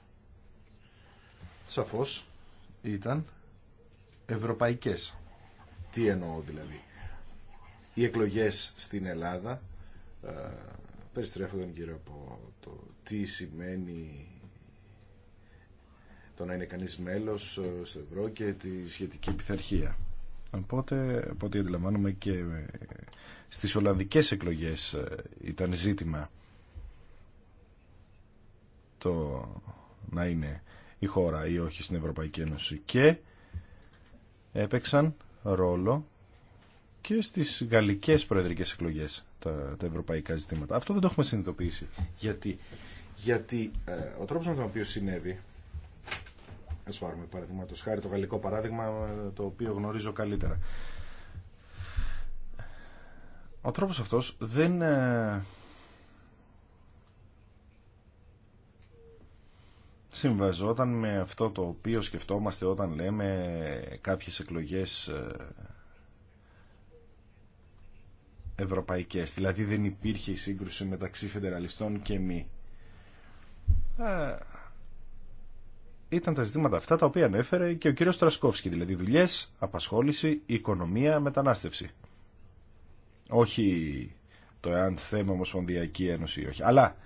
σαφώς ήταν ευρωπαϊκές. Τι εννοώ δηλαδή. Οι εκλογές στην Ελλάδα ε, περιστρέφονταν γύρω από το τι σημαίνει το να είναι κανείς μέλος ε, στο ευρώ και τη σχετική πειθαρχία. Οπότε, από ό,τι αντιλαμβάνομαι και ε, στις Ολλανδικές εκλογές ε, ήταν ζήτημα το να είναι η χώρα ή όχι στην Ευρωπαϊκή Ένωση και έπαιξαν ρόλο και στις γαλλικές προεδρικές εκλογές τα, τα ευρωπαϊκά ζητήματα. Αυτό δεν το έχουμε συνειδητοποιήσει. Γιατί, γιατί ε, ο τρόπος με τον οποίο συνέβη Ας πάρουμε παραδείγματος χάρη το γαλλικό παράδειγμα το οποίο γνωρίζω καλύτερα. Ο τρόπος αυτός δεν ε, συμβαζόταν με αυτό το οποίο σκεφτόμαστε όταν λέμε κάποιες εκλογές ε, ευρωπαϊκές. Δηλαδή δεν υπήρχε η σύγκρουση μεταξύ φεντεραλιστών και μη. Ε, ήταν τα ζητήματα αυτά τα οποία ανέφερε και ο κύριος Τρασκόφσκι, δηλαδή δουλειές, απασχόληση, οικονομία, μετανάστευση. Όχι το εάν θέμα Ομοσπονδιακή Ένωση ή όχι. Αλλά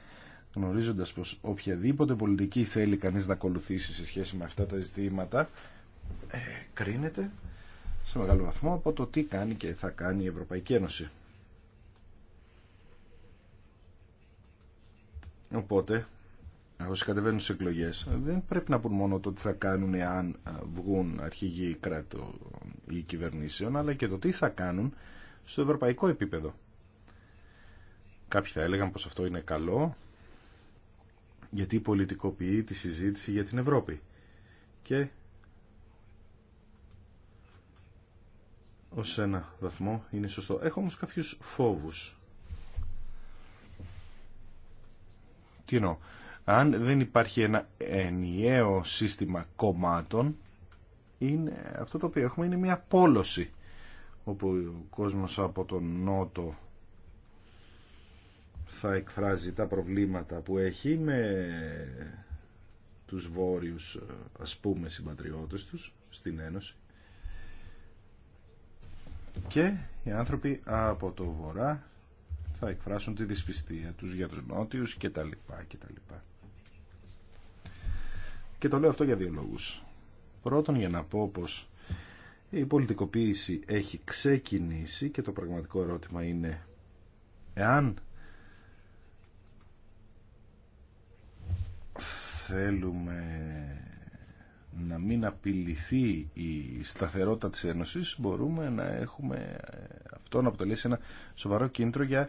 γνωρίζοντας πως οποιαδήποτε πολιτική θέλει κανείς να ακολουθήσει σε σχέση με αυτά τα ζητήματα, ε, κρίνεται σε μεγάλο βαθμό από το τι κάνει και θα κάνει η Ευρωπαϊκή Ένωση. Οπότε, όσοι κατεβαίνουν στι εκλογέ. δεν πρέπει να πούν μόνο το τι θα κάνουν εάν ε, βγουν αρχηγοί κράτου ε, ή κυβερνήσεων αλλά και το τι θα κάνουν στο ευρωπαϊκό επίπεδο. Κάποιοι θα έλεγαν πως αυτό είναι καλό γιατί πολιτικοποιεί τη συζήτηση για την Ευρώπη και ως ένα βαθμό είναι σωστό. Έχω όμως κάποιους φόβους. Τι εννοώ. Αν δεν υπάρχει ένα ενιαίο σύστημα κομμάτων, είναι, αυτό το οποίο έχουμε είναι μια πόλωση, όπου ο κόσμος από τον Νότο θα εκφράζει τα προβλήματα που έχει με τους βόρειους ας πούμε συμπατριώτες τους στην Ένωση και οι άνθρωποι από το βορρά θα εκφράσουν τη δυσπιστία τους για τους νότιους κτλ. κτλ. Και το λέω αυτό για δύο λόγους. Πρώτον για να πω πως η πολιτικοποίηση έχει ξεκινήσει και το πραγματικό ερώτημα είναι εάν θέλουμε να μην απειληθεί η σταθερότητα της Ένωσης μπορούμε να έχουμε αυτό να αποτελέσει ένα σοβαρό κίνητρο για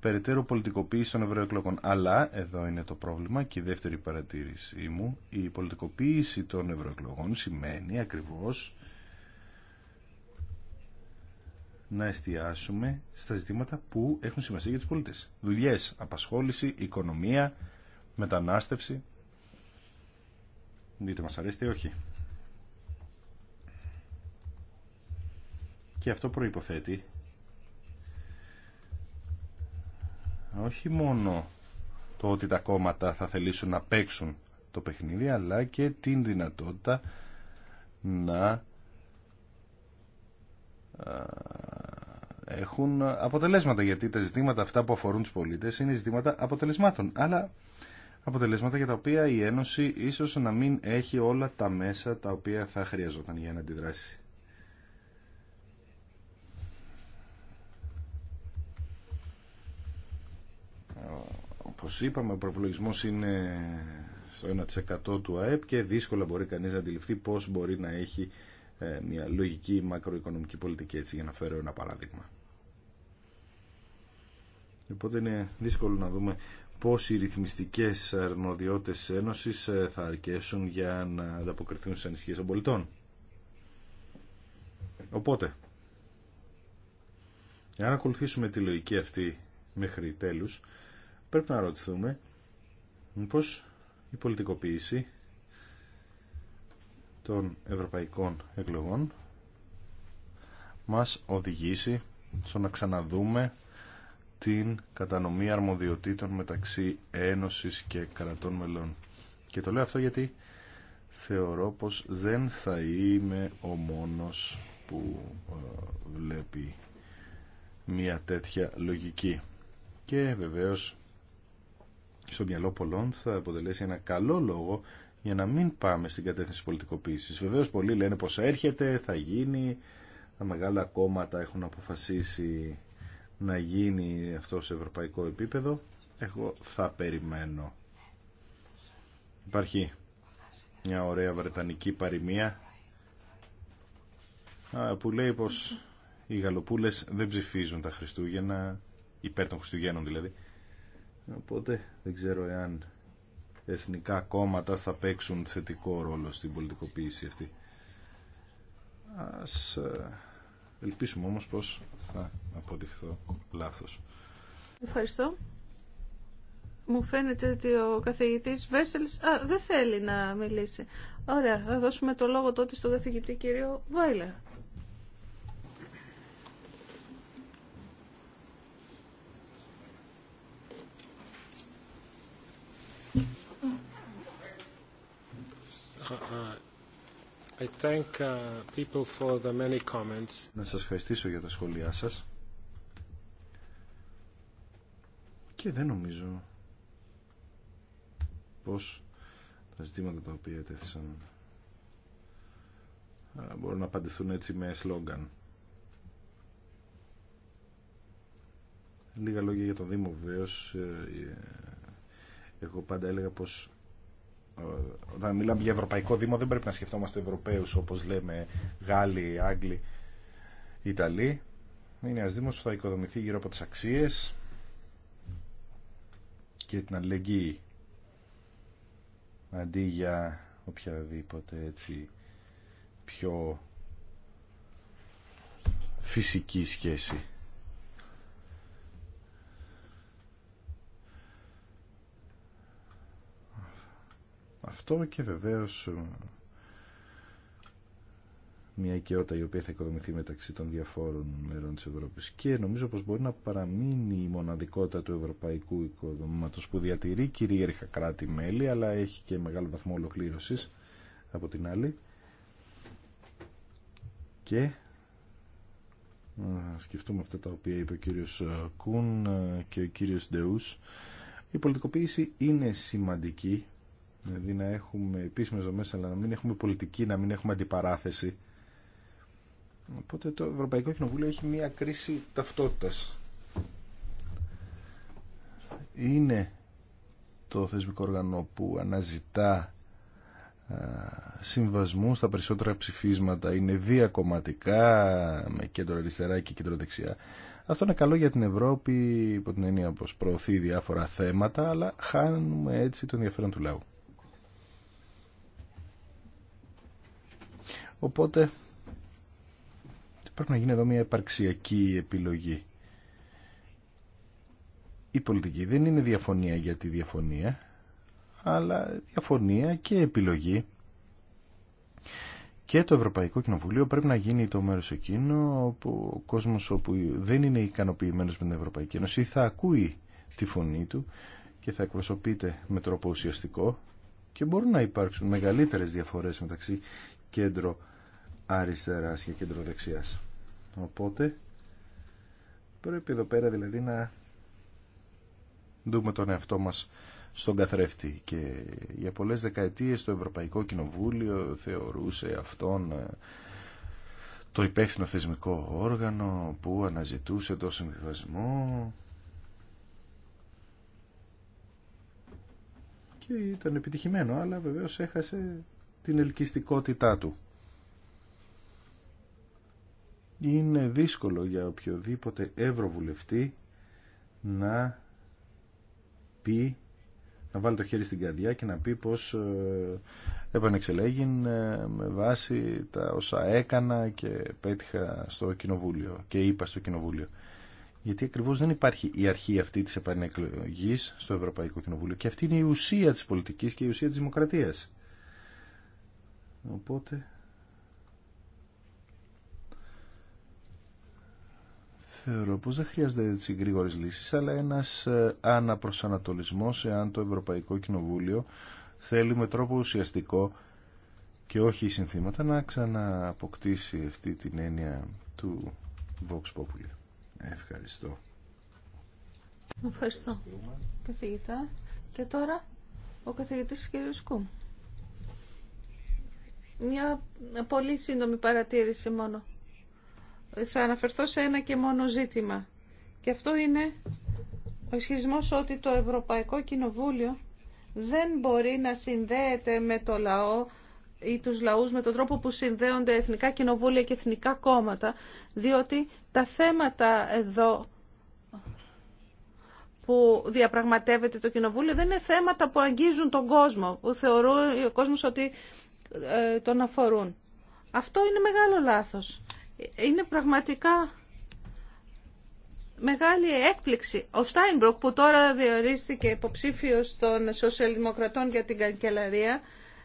περαιτέρω πολιτικοποίηση των ευρωεκλογών. Αλλά, εδώ είναι το πρόβλημα και η δεύτερη παρατήρησή μου, η πολιτικοποίηση των ευρωεκλογών σημαίνει ακριβώς να εστιάσουμε στα ζητήματα που έχουν σημασία για τους πολίτες. Δουλειές, απασχόληση, οικονομία, μετανάστευση. Δείτε μας αρέσει ή όχι. Και αυτό προϋποθέτει όχι μόνο το ότι τα κόμματα θα θελήσουν να παίξουν το παιχνίδι αλλά και την δυνατότητα να έχουν αποτελέσματα γιατί τα ζητήματα αυτά που αφορούν τους πολίτες είναι ζητήματα αποτελεσμάτων αλλά αποτελέσματα για τα οποία η Ένωση ίσως να μην έχει όλα τα μέσα τα οποία θα χρειαζόταν για να αντιδράσει. Όπως είπαμε, ο προπολογισμός είναι στο 1% του ΑΕΠ και δύσκολα μπορεί κανείς να αντιληφθεί πώς μπορεί να έχει ε, μια λογική μακροοικονομική πολιτική, έτσι για να φέρω ένα παράδειγμα. Οπότε είναι δύσκολο να δούμε πώς οι ρυθμιστικές αρμοδιότητες της Ένωσης ε, θα αρκέσουν για να ανταποκριθούν στις ανησυχίες των πολιτών. Οπότε, αν ακολουθήσουμε τη λογική αυτή μέχρι τέλους, πρέπει να ρωτηθούμε μήπως η πολιτικοποίηση των ευρωπαϊκών εκλογών μας οδηγήσει στο να ξαναδούμε την κατανομή αρμοδιοτήτων μεταξύ Ένωσης και κρατών μελών. Και το λέω αυτό γιατί θεωρώ πως δεν θα είμαι ο μόνος που ε, βλέπει μια τέτοια λογική. Και βεβαίως στο μυαλό πολλών θα αποτελέσει ένα καλό λόγο για να μην πάμε στην κατεύθυνση πολιτικοποίηση. Βεβαίω πολλοί λένε πώ έρχεται, θα γίνει, τα μεγάλα κόμματα έχουν αποφασίσει να γίνει αυτό σε ευρωπαϊκό επίπεδο. Εγώ θα περιμένω. Υπάρχει μια ωραία βρετανική παροιμία που λέει πως οι γαλοπούλες δεν ψηφίζουν τα Χριστούγεννα, υπέρ των Χριστουγέννων δηλαδή, Οπότε δεν ξέρω εάν εθνικά κόμματα θα παίξουν θετικό ρόλο στην πολιτικοποίηση αυτή. Ας ε, ελπίσουμε όμως πως θα αποτυχθώ λάθος. Ευχαριστώ. Μου φαίνεται ότι ο καθηγητής Βέσελς α, δεν θέλει να μιλήσει. Ωραία, θα δώσουμε το λόγο τότε στον καθηγητή κύριο Βάιλα. Uh, να σας ευχαριστήσω για τα σχόλιά σας. Και δεν νομίζω πως τα ζητήματα τα οποία έτεθησαν μπορούν να απαντηθούν έτσι με σλόγγαν. Λίγα λόγια για τον Δήμο βεβαίω. Ε, ε, εγώ πάντα έλεγα πως όταν μιλάμε για Ευρωπαϊκό Δήμο δεν πρέπει να σκεφτόμαστε Ευρωπαίους όπως λέμε Γάλλοι, Άγγλοι, Ιταλοί. Είναι ένα Δήμος που θα οικοδομηθεί γύρω από τις αξίες και την αλληλεγγύη αντί για οποιαδήποτε έτσι πιο φυσική σχέση. αυτό και βεβαίως ε, μια οικαιότητα η οποία θα οικοδομηθεί μεταξύ των διαφόρων μερών της Ευρώπης και νομίζω πως μπορεί να παραμείνει η μοναδικότητα του ευρωπαϊκού οικοδομήματος που διατηρεί κυρίαρχα κράτη-μέλη αλλά έχει και μεγάλο βαθμό ολοκλήρωσης από την άλλη και να ε, σκεφτούμε αυτά τα οποία είπε ο κύριος ε, Κούν και ο κύριος Ντεούς η πολιτικοποίηση είναι σημαντική Δηλαδή να έχουμε επίσημες δομές αλλά να μην έχουμε πολιτική, να μην έχουμε αντιπαράθεση. Οπότε το Ευρωπαϊκό Κοινοβούλιο έχει μια κρίση ταυτότητας. Είναι το θεσμικό όργανο που αναζητά συμβασμού στα περισσότερα ψηφίσματα είναι διακομματικά με κέντρο αριστερά και κέντρο δεξιά αυτό είναι καλό για την Ευρώπη υπό την έννοια πως προωθεί διάφορα θέματα αλλά χάνουμε έτσι το ενδιαφέρον του λαού Οπότε πρέπει να γίνει εδώ μια επαρξιακή επιλογή. Η πολιτική δεν είναι διαφωνία για τη διαφωνία, αλλά διαφωνία και επιλογή. Και το Ευρωπαϊκό Κοινοβουλίο πρέπει να γίνει το μέρος εκείνο όπου ο κόσμος όπου δεν είναι ικανοποιημένος με την Ευρωπαϊκή Ένωση θα ακούει τη φωνή του και θα εκπροσωπείται με τρόπο ουσιαστικό και μπορούν να υπάρξουν μεγαλύτερες διαφορές μεταξύ κέντρο αριστεράς και κέντρο δεξιάς. Οπότε πρέπει εδώ πέρα δηλαδή να δούμε τον εαυτό μας στον καθρέφτη και για πολλές δεκαετίες το Ευρωπαϊκό Κοινοβούλιο θεωρούσε αυτόν ε, το υπεύθυνο θεσμικό όργανο που αναζητούσε το συμβιβασμό και ήταν επιτυχημένο αλλά βεβαίως έχασε την ελκυστικότητά του. Είναι δύσκολο για οποιοδήποτε ευρωβουλευτή να πει να βάλει το χέρι στην καρδιά και να πει πως ε, επανεξελέγει ε, με βάση τα όσα έκανα και πέτυχα στο κοινοβούλιο και είπα στο κοινοβούλιο. Γιατί ακριβώς δεν υπάρχει η αρχή αυτή της επανεκλογής στο Ευρωπαϊκό Κοινοβούλιο και αυτή είναι η ουσία της πολιτικής και η ουσία της δημοκρατίας. Οπότε θεωρώ πως δεν χρειάζεται έτσι γρήγορες λύσεις, αλλά ένας ε, αναπροσανατολισμός εάν το Ευρωπαϊκό Κοινοβούλιο θέλει με τρόπο ουσιαστικό και όχι συνθήματα να ξανααποκτήσει αυτή την έννοια του Vox Populi. Ευχαριστώ. Ευχαριστώ. Καθηγητά. Και τώρα ο καθηγητής κ. Σκούμ. Μια πολύ σύντομη παρατήρηση μόνο. Θα αναφερθώ σε ένα και μόνο ζήτημα. Και αυτό είναι ο ισχυρισμό ότι το Ευρωπαϊκό Κοινοβούλιο δεν μπορεί να συνδέεται με το λαό ή τους λαούς με τον τρόπο που συνδέονται εθνικά κοινοβούλια και εθνικά κόμματα, διότι τα θέματα εδώ που διαπραγματεύεται το κοινοβούλιο δεν είναι θέματα που αγγίζουν τον κόσμο, ο κόσμος ότι ε, τον αφορούν. Αυτό είναι μεγάλο λάθος. Είναι πραγματικά μεγάλη έκπληξη. Ο Στάινμπροκ που τώρα διορίστηκε υποψήφιο των σοσιαλδημοκρατών για την καγκελαρία,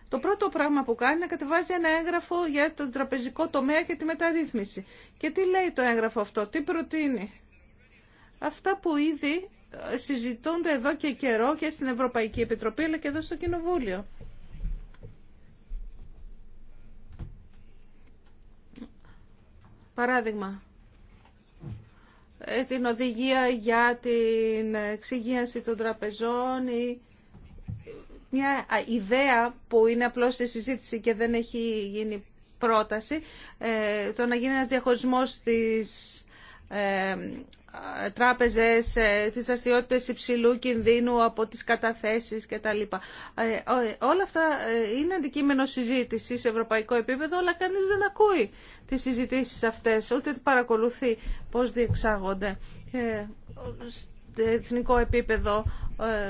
το πρώτο πράγμα που κάνει είναι να κατεβάζει ένα έγγραφο για τον τραπεζικό τομέα και τη μεταρρύθμιση. Και τι λέει το έγγραφο αυτό, τι προτείνει. Αυτά που ήδη συζητούνται εδώ και καιρό και στην Ευρωπαϊκή Επιτροπή αλλά και εδώ στο Κοινοβούλιο. Παράδειγμα, ε, την οδηγία για την εξυγίανση των τραπεζών ή μια ιδέα που είναι απλώς στη συζήτηση και δεν έχει γίνει πρόταση, ε, το να γίνει ένας διαχωρισμός της ε, τράπεζες, ε, τις δραστηριότητε υψηλού κινδύνου από τις καταθέσεις κτλ. Ε, όλα αυτά ε, είναι αντικείμενο συζήτησης σε ευρωπαϊκό επίπεδο, αλλά κανείς δεν ακούει τις συζητήσεις αυτές, ούτε παρακολουθεί πώς διεξάγονται σε εθνικό επίπεδο,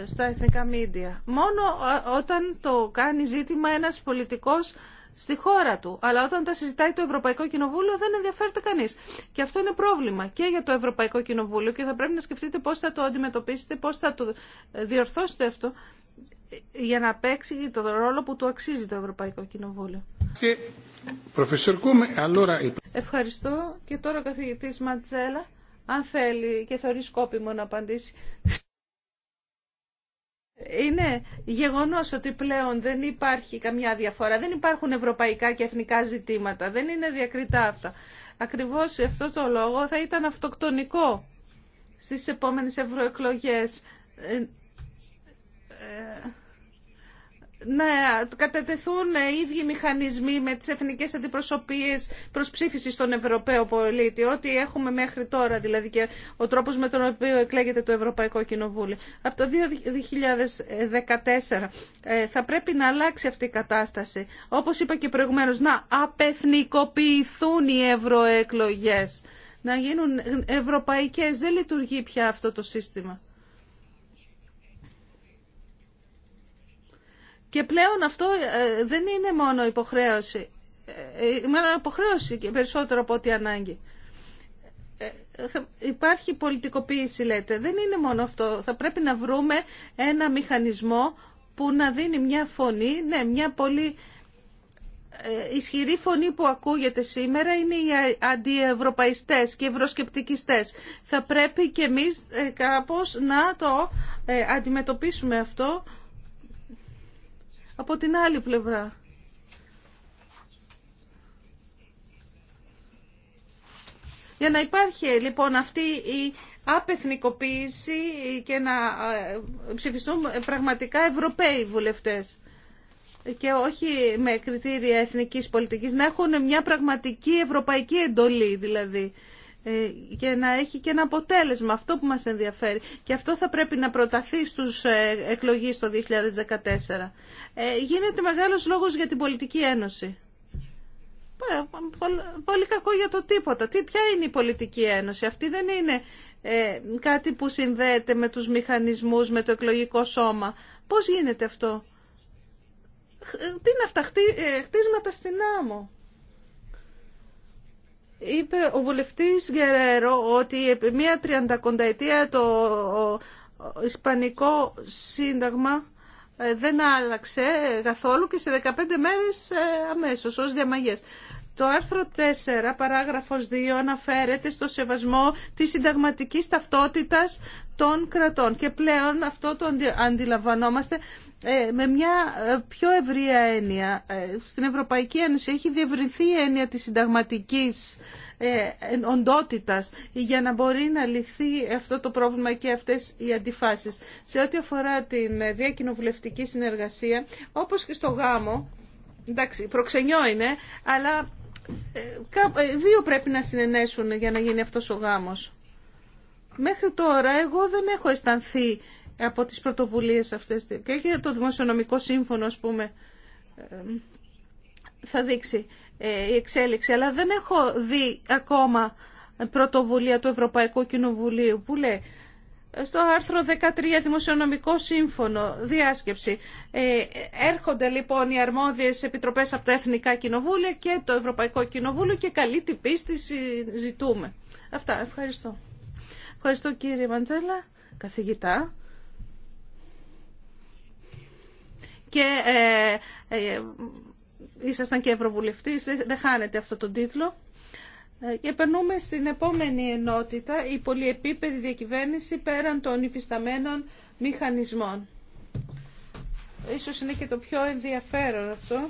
στα εθνικά μίντια. Μόνο όταν το κάνει ζήτημα ένας πολιτικός στη χώρα του. Αλλά όταν τα συζητάει το Ευρωπαϊκό Κοινοβούλιο δεν ενδιαφέρεται κανεί. Και αυτό είναι πρόβλημα και για το Ευρωπαϊκό Κοινοβούλιο και θα πρέπει να σκεφτείτε πώ θα το αντιμετωπίσετε, πώ θα το ε, διορθώσετε αυτό ε, για να παίξει το ρόλο που του αξίζει το Ευρωπαϊκό Κοινοβούλιο. Ευχαριστώ και τώρα ο καθηγητής Ματζέλα, αν θέλει και θεωρεί σκόπιμο να απαντήσει. Είναι γεγονός ότι πλέον δεν υπάρχει καμιά διαφορά, δεν υπάρχουν ευρωπαϊκά και εθνικά ζητήματα, δεν είναι διακριτά αυτά. Ακριβώς αυτό το λόγο θα ήταν αυτοκτονικό στις επόμενες ευρωεκλογές ε, ε, να κατατεθούν ίδιοι μηχανισμοί με τις εθνικές αντιπροσωπείες προς ψήφιση στον Ευρωπαίο πολίτη, ό,τι έχουμε μέχρι τώρα, δηλαδή και ο τρόπος με τον οποίο εκλέγεται το Ευρωπαϊκό Κοινοβούλιο. Από το 2014 ε, θα πρέπει να αλλάξει αυτή η κατάσταση. Όπως είπα και προηγουμένως, να απεθνικοποιηθούν οι ευρωεκλογές, να γίνουν ευρωπαϊκές. Δεν λειτουργεί πια αυτό το σύστημα. Και πλέον αυτό ε, δεν είναι μόνο υποχρέωση, ε, ε, μάλλον υποχρέωση και περισσότερο από ό,τι ανάγκη. Υπάρχει πολιτικοποίηση λέτε. Δεν είναι μόνο αυτό. Θα πρέπει να βρούμε ένα μηχανισμό που να δίνει μια φωνή, ναι, μια πολύ ισχυρή φωνή που ακούγεται σήμερα είναι οι αντιευρωπαϊστές και ευρωσκεπτικιστές. Θα πρέπει και εμείς κάπως να το αντιμετωπίσουμε αυτό από την άλλη πλευρά. Για να υπάρχει λοιπόν αυτή η απεθνικοποίηση και να ε, ψηφιστούν πραγματικά Ευρωπαίοι βουλευτές και όχι με κριτήρια εθνικής πολιτικής, να έχουν μια πραγματική ευρωπαϊκή εντολή δηλαδή ε, και να έχει και ένα αποτέλεσμα αυτό που μας ενδιαφέρει και αυτό θα πρέπει να προταθεί στους ε, εκλογείς το 2014 ε, γίνεται μεγάλος λόγος για την πολιτική ένωση πολύ κακό για το τίποτα Τι, ποια είναι η πολιτική ένωση αυτή δεν είναι κάτι που συνδέεται με τους μηχανισμούς με το εκλογικό σώμα πώς γίνεται αυτό τι είναι αυτά χτίσματα στην άμμο είπε ο βουλευτής Γκερέρο ότι επί μία τριαντακονταετία το Ισπανικό Σύνταγμα ε, δεν άλλαξε καθόλου και σε 15 μέρες ε, αμέσως ως διαμαγές. Το άρθρο 4, παράγραφος 2, αναφέρεται στο σεβασμό της συνταγματικής ταυτότητας των κρατών και πλέον αυτό το αντιλαμβανόμαστε ε, με μια ε, πιο ευρία έννοια. Ε, στην Ευρωπαϊκή Ένωση έχει διευρυνθεί η έννοια της συνταγματικής οντότητας για να μπορεί να λυθεί αυτό το πρόβλημα και αυτές οι αντιφάσεις. Σε ό,τι αφορά την διακοινοβουλευτική συνεργασία, όπως και στο γάμο, εντάξει, προξενιό είναι, αλλά δύο πρέπει να συνενέσουν για να γίνει αυτός ο γάμος. Μέχρι τώρα εγώ δεν έχω αισθανθεί από τις πρωτοβουλίες αυτές και για το Δημοσιονομικό Σύμφωνο ας πούμε θα δείξει ε, η εξέλιξη αλλά δεν έχω δει ακόμα πρωτοβουλία του Ευρωπαϊκού Κοινοβουλίου που λέει στο άρθρο 13 Δημοσιονομικό Σύμφωνο, διάσκεψη. Ε, έρχονται λοιπόν οι αρμόδιες επιτροπές από τα Εθνικά Κοινοβούλια και το Ευρωπαϊκό Κοινοβούλιο και καλή την πίστη ζητούμε. Αυτά, ευχαριστώ. Ευχαριστώ κύριε Μαντζέλα, καθηγητά. και ε, ε, ήσασταν και ευρωβουλευτής, δεν χάνετε αυτό τον τίτλο. Ε, και περνούμε στην επόμενη ενότητα, η πολυεπίπεδη διακυβέρνηση πέραν των υφισταμένων μηχανισμών. Ίσως είναι και το πιο ενδιαφέρον αυτό.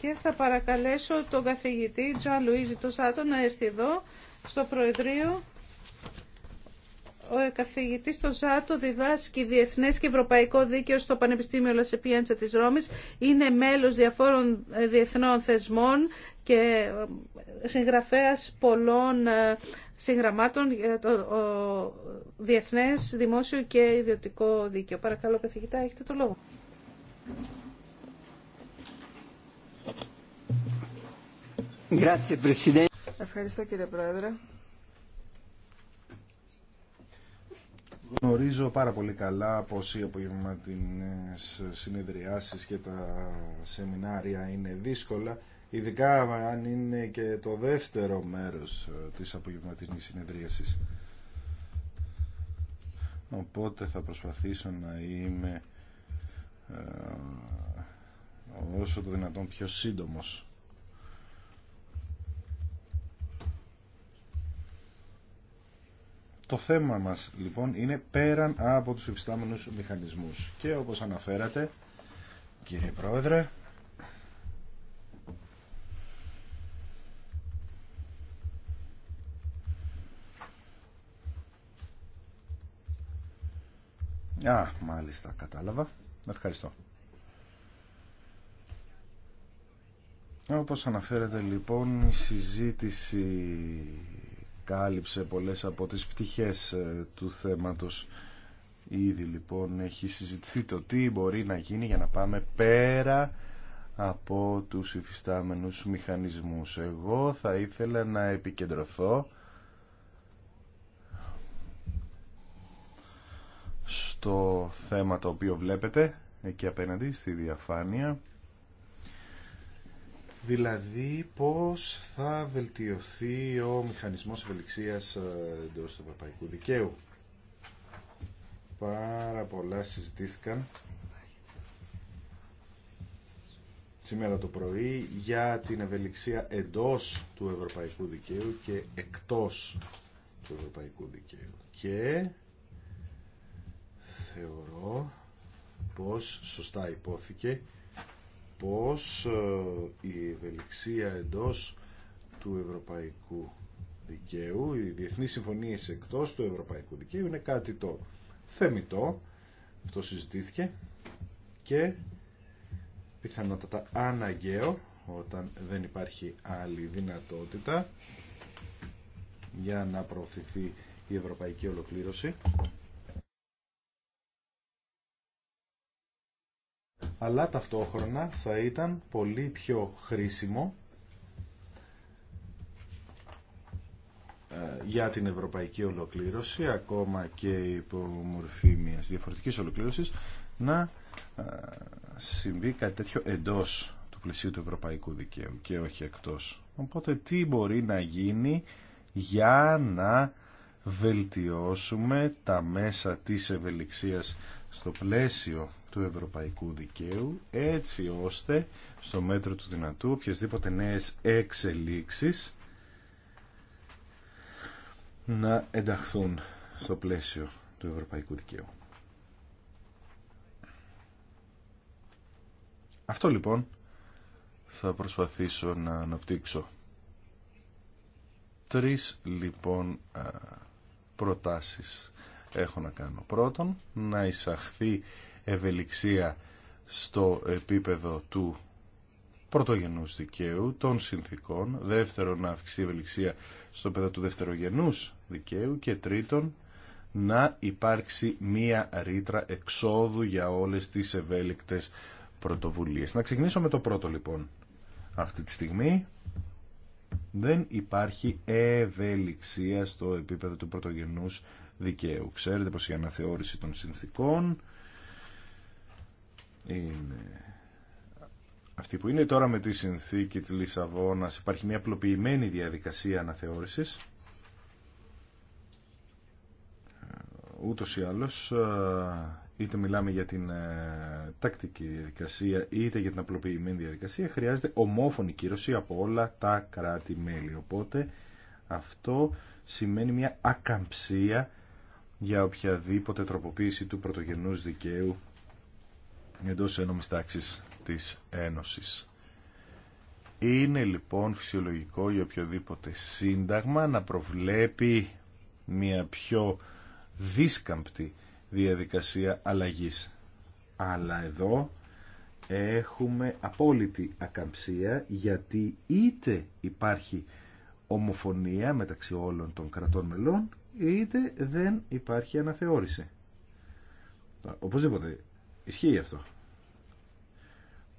Και θα παρακαλέσω τον καθηγητή Τζαν Λουίζη Τοσάτο να έρθει εδώ στο Προεδρείο ο καθηγητής στο ΖΑΤΟ διδάσκει διεθνές και ευρωπαϊκό δίκαιο στο Πανεπιστήμιο Λασεπιέντσα της Ρώμης. Είναι μέλος διαφόρων ε, διεθνών θεσμών και ε, συγγραφέας πολλών ε, συγγραμμάτων για το διεθνές, δημόσιο και ιδιωτικό δίκαιο. Παρακαλώ καθηγητά, έχετε το λόγο. Ευχαριστώ κύριε Πρόεδρε. Γνωρίζω πάρα πολύ καλά πως οι απογευματινές συνεδριάσεις και τα σεμινάρια είναι δύσκολα, ειδικά αν είναι και το δεύτερο μέρος ε, της απογευματινής συνεδρίασης. Οπότε θα προσπαθήσω να είμαι όσο ε, το δυνατόν πιο σύντομος. Το θέμα μας λοιπόν είναι πέραν από τους υφιστάμενους μηχανισμούς και όπως αναφέρατε κύριε Πρόεδρε Α, μάλιστα, κατάλαβα. Ευχαριστώ. Όπως αναφέρατε, λοιπόν η συζήτηση κάλυψε πολλές από τις πτυχές ε, του θέματος. Ήδη λοιπόν έχει συζητηθεί το τι μπορεί να γίνει για να πάμε πέρα από τους υφιστάμενους μηχανισμούς. Εγώ θα ήθελα να επικεντρωθώ στο θέμα το οποίο βλέπετε εκεί απέναντι στη διαφάνεια Δηλαδή πώς θα βελτιωθεί ο μηχανισμός ευελιξίας ε, εντό του ευρωπαϊκού δικαίου. Πάρα πολλά συζητήθηκαν σήμερα το πρωί για την ευελιξία εντός του ευρωπαϊκού δικαίου και εκτός του ευρωπαϊκού δικαίου. Και θεωρώ πως σωστά υπόθηκε πως ε, η ευελιξία εντός του ευρωπαϊκού δικαίου, οι διεθνείς συμφωνίες εκτός του ευρωπαϊκού δικαίου είναι κάτι το θεμητό, αυτό συζητήθηκε και πιθανότατα αναγκαίο όταν δεν υπάρχει άλλη δυνατότητα για να προωθηθεί η ευρωπαϊκή ολοκλήρωση αλλά ταυτόχρονα θα ήταν πολύ πιο χρήσιμο ε, για την ευρωπαϊκή ολοκλήρωση ακόμα και υπό μορφή μιας διαφορετικής ολοκλήρωσης να ε, συμβεί κάτι τέτοιο εντός του πλαισίου του ευρωπαϊκού δικαίου και όχι εκτός. Οπότε τι μπορεί να γίνει για να βελτιώσουμε τα μέσα της ευελιξίας στο πλαίσιο του ευρωπαϊκού δικαίου έτσι ώστε στο μέτρο του δυνατού οποιασδήποτε νέες εξελίξεις να ενταχθούν στο πλαίσιο του ευρωπαϊκού δικαίου. Αυτό λοιπόν θα προσπαθήσω να αναπτύξω. Τρεις λοιπόν προτάσεις έχω να κάνω. Πρώτον, να εισαχθεί ευελιξία στο επίπεδο του πρωτογενούς δικαίου, των συνθήκων, δεύτερον να αυξήσει ευελιξία στο επίπεδο του δευτερογενούς δικαίου και τρίτον να υπάρξει μία ρήτρα εξόδου για όλες τις ευέλικτες πρωτοβουλίες. Να ξεκινήσω με το πρώτο λοιπόν. Αυτή τη στιγμή δεν υπάρχει ευελιξία στο επίπεδο του πρωτογενούς δικαίου. Ξέρετε πως η αναθεώρηση των συνθήκων είναι αυτή που είναι τώρα με τη συνθήκη της Λισαβόνας υπάρχει μια απλοποιημένη διαδικασία αναθεώρησης ούτως ή άλλως είτε μιλάμε για την ε, τακτική διαδικασία είτε για την απλοποιημένη διαδικασία χρειάζεται ομόφωνη κύρωση από όλα τα κράτη-μέλη οπότε αυτό σημαίνει μια ακαμψία για οποιαδήποτε τροποποίηση του πρωτογενούς δικαίου εντός ένωμης τάξης της Ένωσης. Είναι λοιπόν φυσιολογικό για οποιοδήποτε σύνταγμα να προβλέπει μια πιο δίσκαμπτη διαδικασία αλλαγής. Αλλά εδώ έχουμε απόλυτη ακαμψία γιατί είτε υπάρχει ομοφωνία μεταξύ όλων των κρατών μελών είτε δεν υπάρχει αναθεώρηση. Οπωσδήποτε Ισχύει αυτό.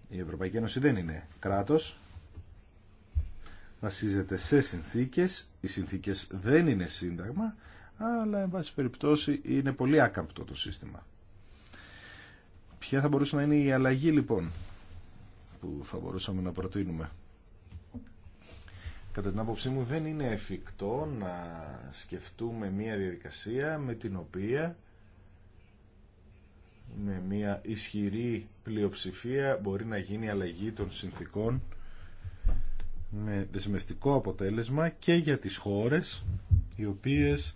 Η Ευρωπαϊκή Ένωση δεν είναι κράτος. Βασίζεται σε συνθήκες. Οι συνθήκες δεν είναι σύνταγμα, αλλά εν πάση περιπτώσει είναι πολύ άκαμπτο το σύστημα. Ποια θα μπορούσε να είναι η αλλαγή λοιπόν που θα μπορούσαμε να προτείνουμε. Κατά την άποψή μου δεν είναι εφικτό να σκεφτούμε μία διαδικασία με την οποία με μια ισχυρή πλειοψηφία μπορεί να γίνει αλλαγή των συνθήκων με δεσμευτικό αποτέλεσμα και για τις χώρες οι οποίες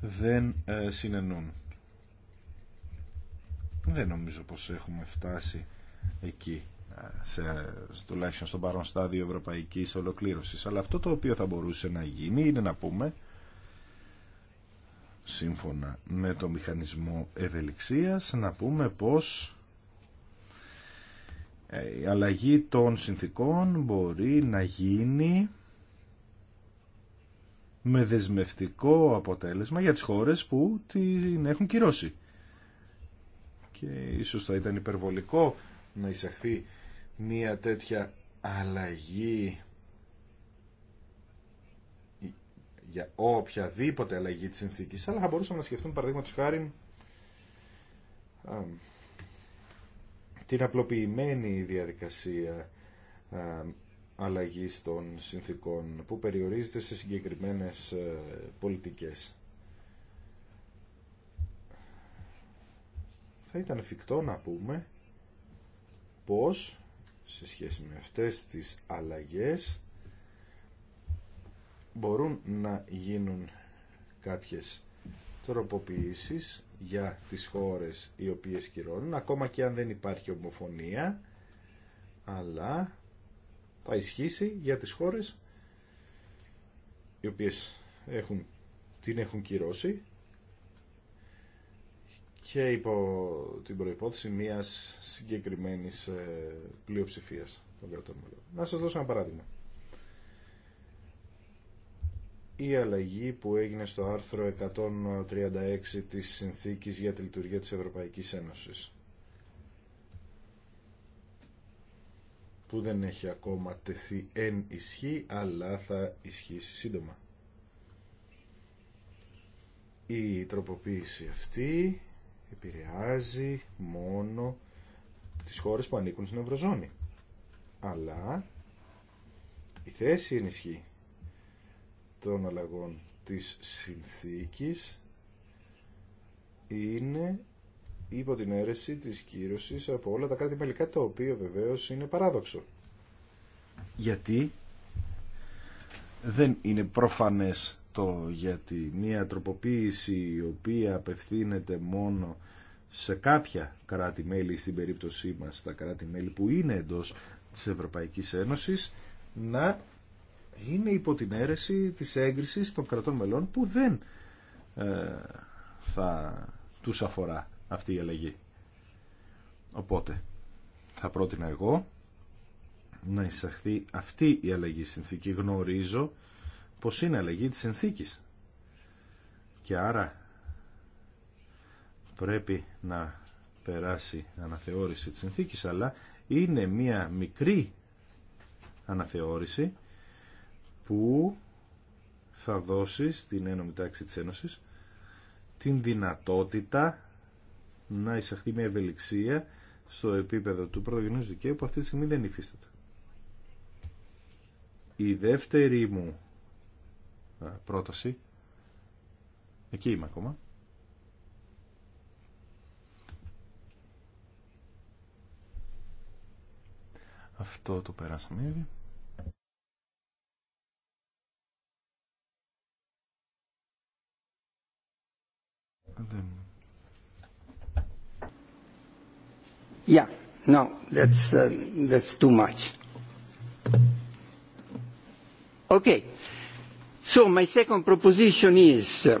δεν ε, συνενούν. Δεν νομίζω πως έχουμε φτάσει εκεί ε, σε, τουλάχιστον στον παρόν στάδιο ευρωπαϊκής ολοκλήρωσης αλλά αυτό το οποίο θα μπορούσε να γίνει είναι να πούμε σύμφωνα με το μηχανισμό ευελιξίας να πούμε πως ε, η αλλαγή των συνθήκων μπορεί να γίνει με δεσμευτικό αποτέλεσμα για τις χώρες που την έχουν κυρώσει. Και ίσως θα ήταν υπερβολικό να εισαχθεί μια τέτοια αλλαγή για οποιαδήποτε αλλαγή τη συνθήκη, αλλά θα μπορούσαμε να σκεφτούμε παραδείγματο χάρη την απλοποιημένη διαδικασία αλλαγής των συνθήκων που περιορίζεται σε συγκεκριμένες ε, πολιτικές. Θα ήταν εφικτό να πούμε πως σε σχέση με αυτές τις αλλαγές μπορούν να γίνουν κάποιες τροποποιήσεις για τις χώρες οι οποίες κυρώνουν, ακόμα και αν δεν υπάρχει ομοφωνία, αλλά θα ισχύσει για τις χώρες οι οποίες έχουν, την έχουν κυρώσει και υπό την προϋπόθεση μιας συγκεκριμένης ε, πλειοψηφίας των κρατών Να σας δώσω ένα παράδειγμα. η αλλαγή που έγινε στο άρθρο 136 της Συνθήκης για τη Λειτουργία της Ευρωπαϊκής Ένωσης που δεν έχει ακόμα τεθεί εν ισχύ αλλά θα ισχύσει σύντομα. Η τροποποίηση αυτή επηρεάζει μόνο τις χώρες που ανήκουν στην Ευρωζώνη αλλά η θέση ενισχύει των αλλαγών της συνθήκης είναι υπό την αίρεση της κύρωσης από όλα τα κράτη μελικά, το οποίο βεβαίως είναι παράδοξο. Γιατί δεν είναι προφανές το γιατί μια τροποποίηση η οποία απευθύνεται μόνο σε κάποια κράτη-μέλη, στην περίπτωσή μας τα κράτη-μέλη που είναι εντός της Ευρωπαϊκής Ένωσης, να είναι υπό την αίρεση της έγκρισης των κρατών μελών που δεν ε, θα τους αφορά αυτή η αλλαγή. Οπότε, θα πρότεινα εγώ να εισαχθεί αυτή η αλλαγή συνθήκη. Γνωρίζω πως είναι αλλαγή της συνθήκης. Και άρα πρέπει να περάσει αναθεώρηση της συνθήκης, αλλά είναι μία μικρή αναθεώρηση που θα δώσει στην ένωμη τάξη της Ένωσης την δυνατότητα να εισαχθεί μια ευελιξία στο επίπεδο του πρωτογενούς δικαίου που αυτή τη στιγμή δεν υφίσταται. Η δεύτερη μου πρόταση, εκεί είμαι ακόμα, αυτό το περάσαμε Yeah, no, that's, uh, that's too much. Okay, so my second proposition is... Uh,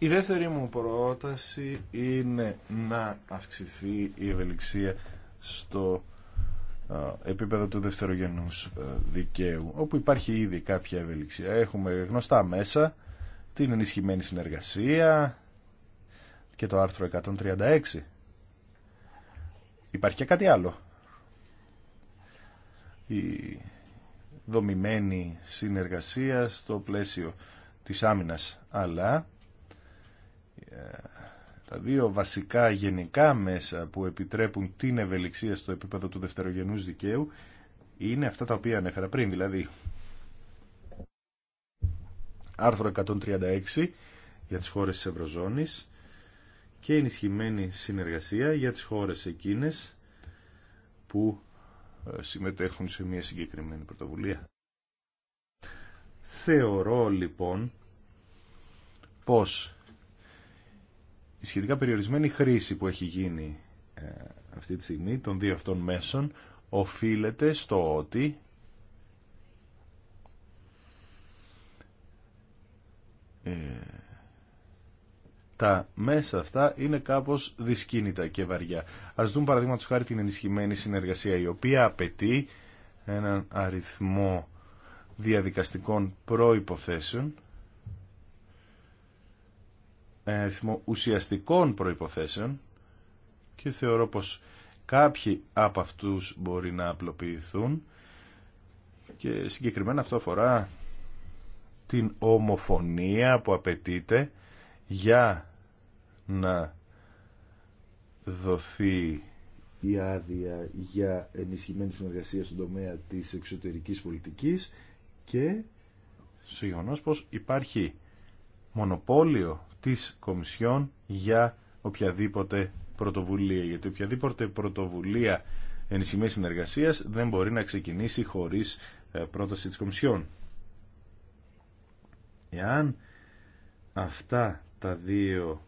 η δεύτερη μου πρόταση είναι να αυξηθεί η ευελιξία στο επίπεδο του δευτερογενούς ε, δικαίου, όπου υπάρχει ήδη κάποια ευελιξία. Έχουμε γνωστά μέσα την ενισχυμένη συνεργασία και το άρθρο 136. Υπάρχει και κάτι άλλο. Η δομημένη συνεργασία στο πλαίσιο της άμυνας, αλλά ε, τα δύο βασικά γενικά μέσα που επιτρέπουν την ευελιξία στο επίπεδο του δευτερογενούς δικαίου είναι αυτά τα οποία ανέφερα πριν, δηλαδή άρθρο 136 για τις χώρες της Ευρωζώνης και ενισχυμένη συνεργασία για τις χώρες εκείνες που ε, συμμετέχουν σε μια συγκεκριμένη πρωτοβουλία. Θεωρώ λοιπόν πως η σχετικά περιορισμένη χρήση που έχει γίνει ε, αυτή τη στιγμή των δύο αυτών μέσων οφείλεται στο ότι Ε, τα μέσα αυτά είναι κάπως δυσκίνητα και βαριά. Ας δούμε παραδείγματος χάρη την ενισχυμένη συνεργασία η οποία απαιτεί έναν αριθμό διαδικαστικών προϋποθέσεων έναν αριθμό ουσιαστικών προϋποθέσεων και θεωρώ πως κάποιοι από αυτούς μπορεί να απλοποιηθούν και συγκεκριμένα αυτό αφορά την ομοφωνία που απαιτείται για να δοθεί η άδεια για ενισχυμένη συνεργασία στον τομέα της εξωτερικής πολιτικής και στο πως υπάρχει μονοπόλιο της Κομισιόν για οποιαδήποτε πρωτοβουλία. Γιατί οποιαδήποτε πρωτοβουλία ενισχυμένης συνεργασίας δεν μπορεί να ξεκινήσει χωρίς ε, πρόταση της Κομισιόν. Εάν αυτά τα δύο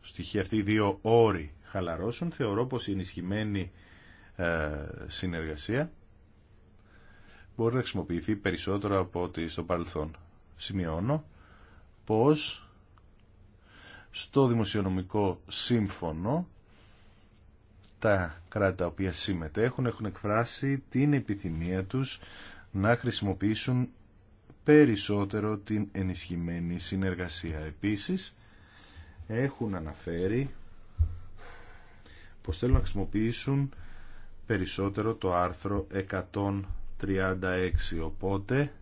στοιχεία, αυτοί οι δύο όροι χαλαρώσουν, θεωρώ πως η ενισχυμένη ε, συνεργασία μπορεί να χρησιμοποιηθεί περισσότερο από ότι στο παρελθόν. Σημειώνω πως στο δημοσιονομικό σύμφωνο τα κράτη τα οποία συμμετέχουν έχουν εκφράσει την επιθυμία τους να χρησιμοποιήσουν περισσότερο την ενισχυμένη συνεργασία. Επίσης, έχουν αναφέρει πως θέλουν να χρησιμοποιήσουν περισσότερο το άρθρο 136. Οπότε,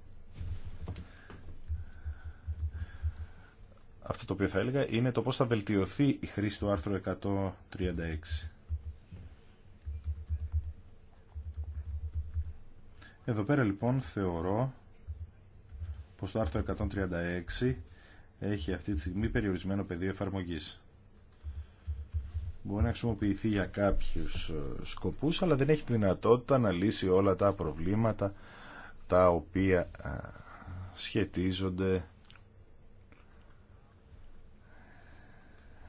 αυτό το οποίο θα έλεγα είναι το πώς θα βελτιωθεί η χρήση του άρθρου 136. Εδώ πέρα λοιπόν θεωρώ πως το άρθρο 136 έχει αυτή τη στιγμή περιορισμένο πεδίο εφαρμογής. Μπορεί να χρησιμοποιηθεί για κάποιους ε, σκοπούς, αλλά δεν έχει τη δυνατότητα να λύσει όλα τα προβλήματα τα οποία ε, σχετίζονται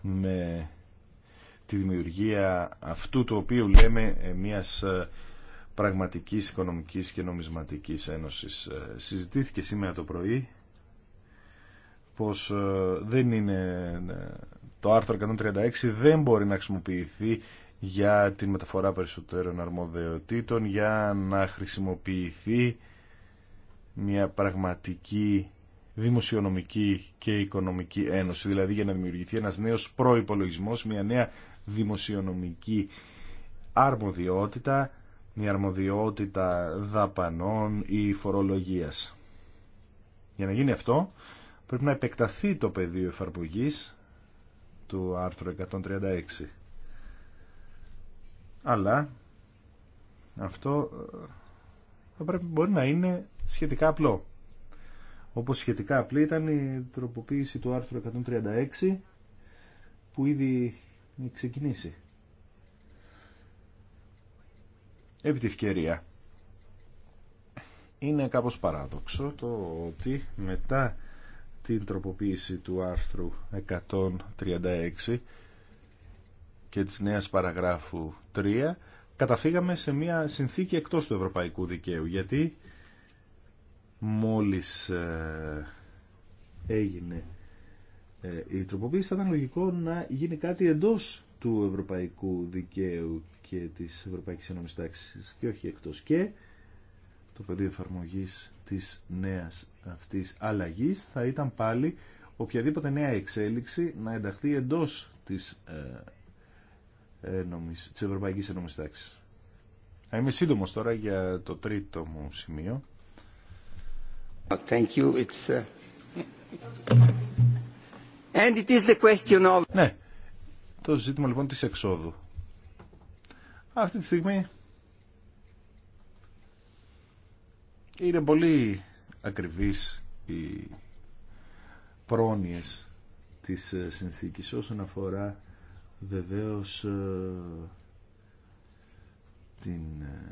με τη δημιουργία αυτού του οποίου λέμε μιας ε, πραγματικής οικονομικής και νομισματικής ένωσης. Ε, συζητήθηκε σήμερα το πρωί πως ε, δεν είναι ε, το άρθρο 136 δεν μπορεί να χρησιμοποιηθεί για τη μεταφορά περισσότερων αρμοδιοτήτων για να χρησιμοποιηθεί μια πραγματική δημοσιονομική και οικονομική ένωση δηλαδή για να δημιουργηθεί ένας νέος προϋπολογισμός μια νέα δημοσιονομική αρμοδιότητα η αρμοδιότητα δαπανών ή φορολογίας. Για να γίνει αυτό πρέπει να επεκταθεί το πεδίο εφαρμογής του άρθρου 136. Αλλά αυτό ε, θα πρέπει, μπορεί να είναι σχετικά απλό. Όπως σχετικά απλή ήταν η τροποποίηση του άρθρου 136 που ήδη ξεκινήσει. επί τη Είναι κάπως παράδοξο το ότι μετά την τροποποίηση του άρθρου 136 και της νέας παραγράφου 3 καταφύγαμε σε μια συνθήκη εκτός του ευρωπαϊκού δικαίου γιατί μόλις ε, έγινε ε, η τροποποίηση θα ήταν λογικό να γίνει κάτι εντός του ευρωπαϊκού δικαίου και της ευρωπαϊκής ενόμης τάξης και όχι εκτός και το πεδίο εφαρμογής της νέας αυτής αλλαγής θα ήταν πάλι οποιαδήποτε νέα εξέλιξη να ενταχθεί εντός της, ε, ένομης, της ευρωπαϊκής τάξης. είμαι σύντομο τώρα για το τρίτο μου σημείο. Thank you. It's... Ε, and it is the question of... Ναι το ζήτημα λοιπόν της εξόδου. Αυτή τη στιγμή είναι πολύ ακριβείς οι πρόνοιες της ε, συνθήκης όσον αφορά βεβαίως ε, την ε,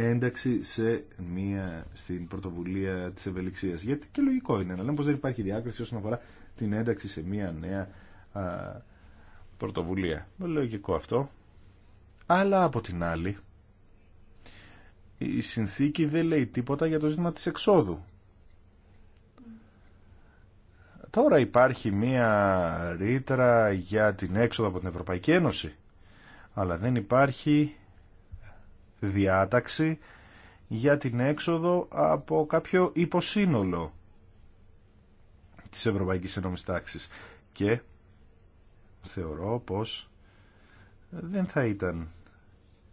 ένταξη σε μία, στην πρωτοβουλία της ευελιξίας. Γιατί και λογικό είναι να λέμε πως δεν υπάρχει διάκριση όσον αφορά την ένταξη σε μία νέα α, πρωτοβουλία. Λογικό αυτό. Αλλά από την άλλη, η συνθήκη δεν λέει τίποτα για το ζήτημα της εξόδου. Τώρα υπάρχει μία ρήτρα για την έξοδο από την Ευρωπαϊκή Ένωση, αλλά δεν υπάρχει διάταξη για την έξοδο από κάποιο υποσύνολο της Ευρωπαϊκής Ενόμης Τάξης. Και θεωρώ πως δεν θα ήταν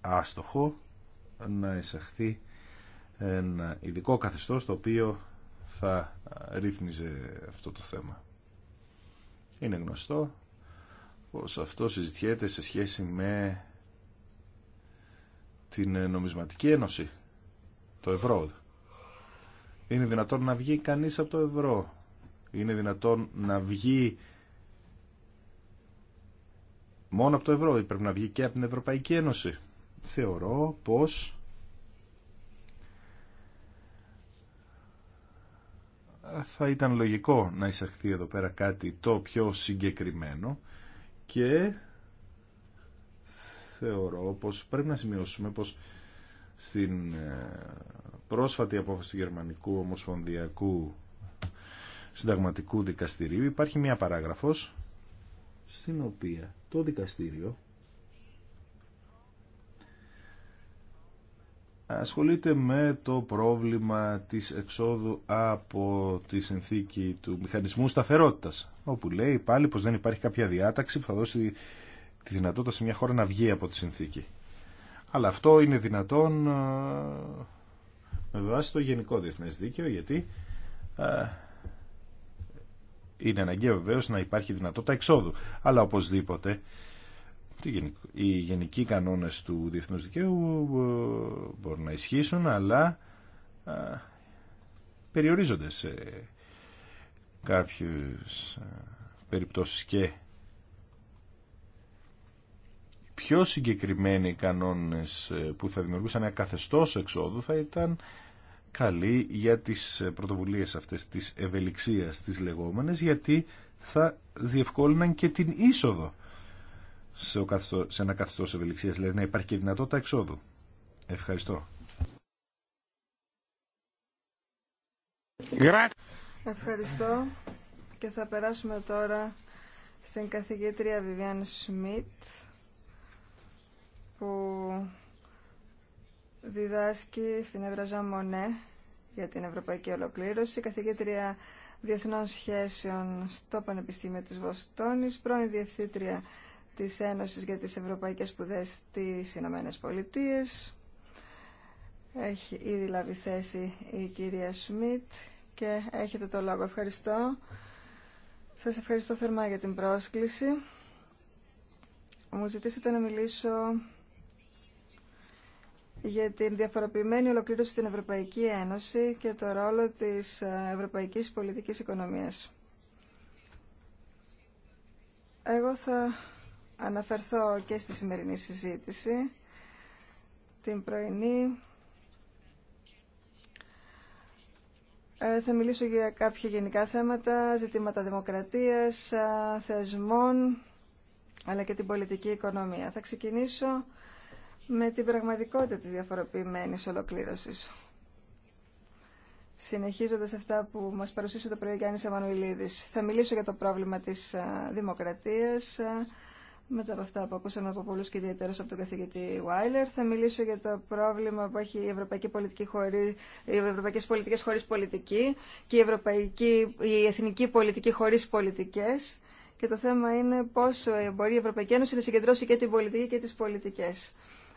άστοχο να εισαχθεί ένα ειδικό καθεστώς το οποίο θα ρύθμιζε αυτό το θέμα. Είναι γνωστό πως αυτό συζητιέται σε σχέση με την ε, νομισματική ένωση, το ευρώ. Είναι δυνατόν να βγει κανείς από το ευρώ. Είναι δυνατόν να βγει μόνο από το ευρώ ή πρέπει να βγει και από την Ευρωπαϊκή Ένωση. Θεωρώ πως θα ήταν λογικό να εισαχθεί εδώ πέρα κάτι το πιο συγκεκριμένο και θεωρώ πως πρέπει να σημειώσουμε πως στην ε, πρόσφατη απόφαση του Γερμανικού Ομοσπονδιακού Συνταγματικού Δικαστηρίου υπάρχει μια παράγραφος στην οποία το δικαστήριο ασχολείται με το πρόβλημα της εξόδου από τη συνθήκη του μηχανισμού σταθερότητας όπου λέει πάλι πως δεν υπάρχει κάποια διάταξη που θα δώσει τη δυνατότητα σε μια χώρα να βγει από τη συνθήκη. Αλλά αυτό είναι δυνατόν ε, με βάση το γενικό διεθνέ δίκαιο γιατί ε, είναι αναγκαίο βεβαίω να υπάρχει δυνατότητα εξόδου. Αλλά οπωσδήποτε οι γενικοί κανόνε του διεθνούς δικαίου ε, μπορούν να ισχύσουν αλλά περιορίζονται σε κάποιους περιπτώσεις και πιο συγκεκριμένοι κανόνες ε, που θα δημιουργούσαν ένα καθεστώς εξόδου θα ήταν καλή για τις πρωτοβουλίες αυτές της ευελιξίας της λεγόμενες γιατί θα διευκόλυναν και την είσοδο σε, σε ένα καθεστώς ευελιξίας δηλαδή να υπάρχει και δυνατότητα εξόδου Ευχαριστώ Ευχαριστώ και θα περάσουμε τώρα στην καθηγήτρια Βιβιάν Σμιτ που διδάσκει στην έδρα Ζαμονέ για την Ευρωπαϊκή Ολοκλήρωση, καθηγήτρια διεθνών σχέσεων στο Πανεπιστήμιο της Βοστόνης, πρώην διευθύντρια της Ένωσης για τις Ευρωπαϊκές Σπουδές στις Ηνωμένε Πολιτείε. Έχει ήδη λάβει θέση η κυρία Σμιτ και έχετε το λόγο. Ευχαριστώ. Σας ευχαριστώ θερμά για την πρόσκληση. Μου ζητήσατε να μιλήσω για την διαφοροποιημένη ολοκλήρωση στην Ευρωπαϊκή Ένωση και το ρόλο της ε, ευρωπαϊκής πολιτικής οικονομίας. Εγώ θα αναφερθώ και στη σημερινή συζήτηση, την πρωινή. Ε, θα μιλήσω για κάποια γενικά θέματα, ζητήματα δημοκρατίας, ε, θεσμών, αλλά και την πολιτική οικονομία. Θα ξεκινήσω με την πραγματικότητα της διαφοροποιημένης ολοκλήρωσης. Συνεχίζοντας αυτά που μας παρουσίασε το πρωί Γιάννης Αμανουηλίδης, θα μιλήσω για το πρόβλημα της δημοκρατίας, μετά από αυτά που ακούσαμε από πολλούς και ιδιαίτερα από τον καθηγητή Βάιλερ, θα μιλήσω για το πρόβλημα που έχει η ευρωπαϊκή πολιτική χωρί, οι ευρωπαϊκές πολιτικές χωρίς πολιτική και η, ευρωπαϊκή, η εθνική πολιτική χωρίς πολιτικές. Και το θέμα είναι πώς ε, μπορεί η Ευρωπαϊκή Ένωση να συγκεντρώσει και την πολιτική και τις πολιτικές.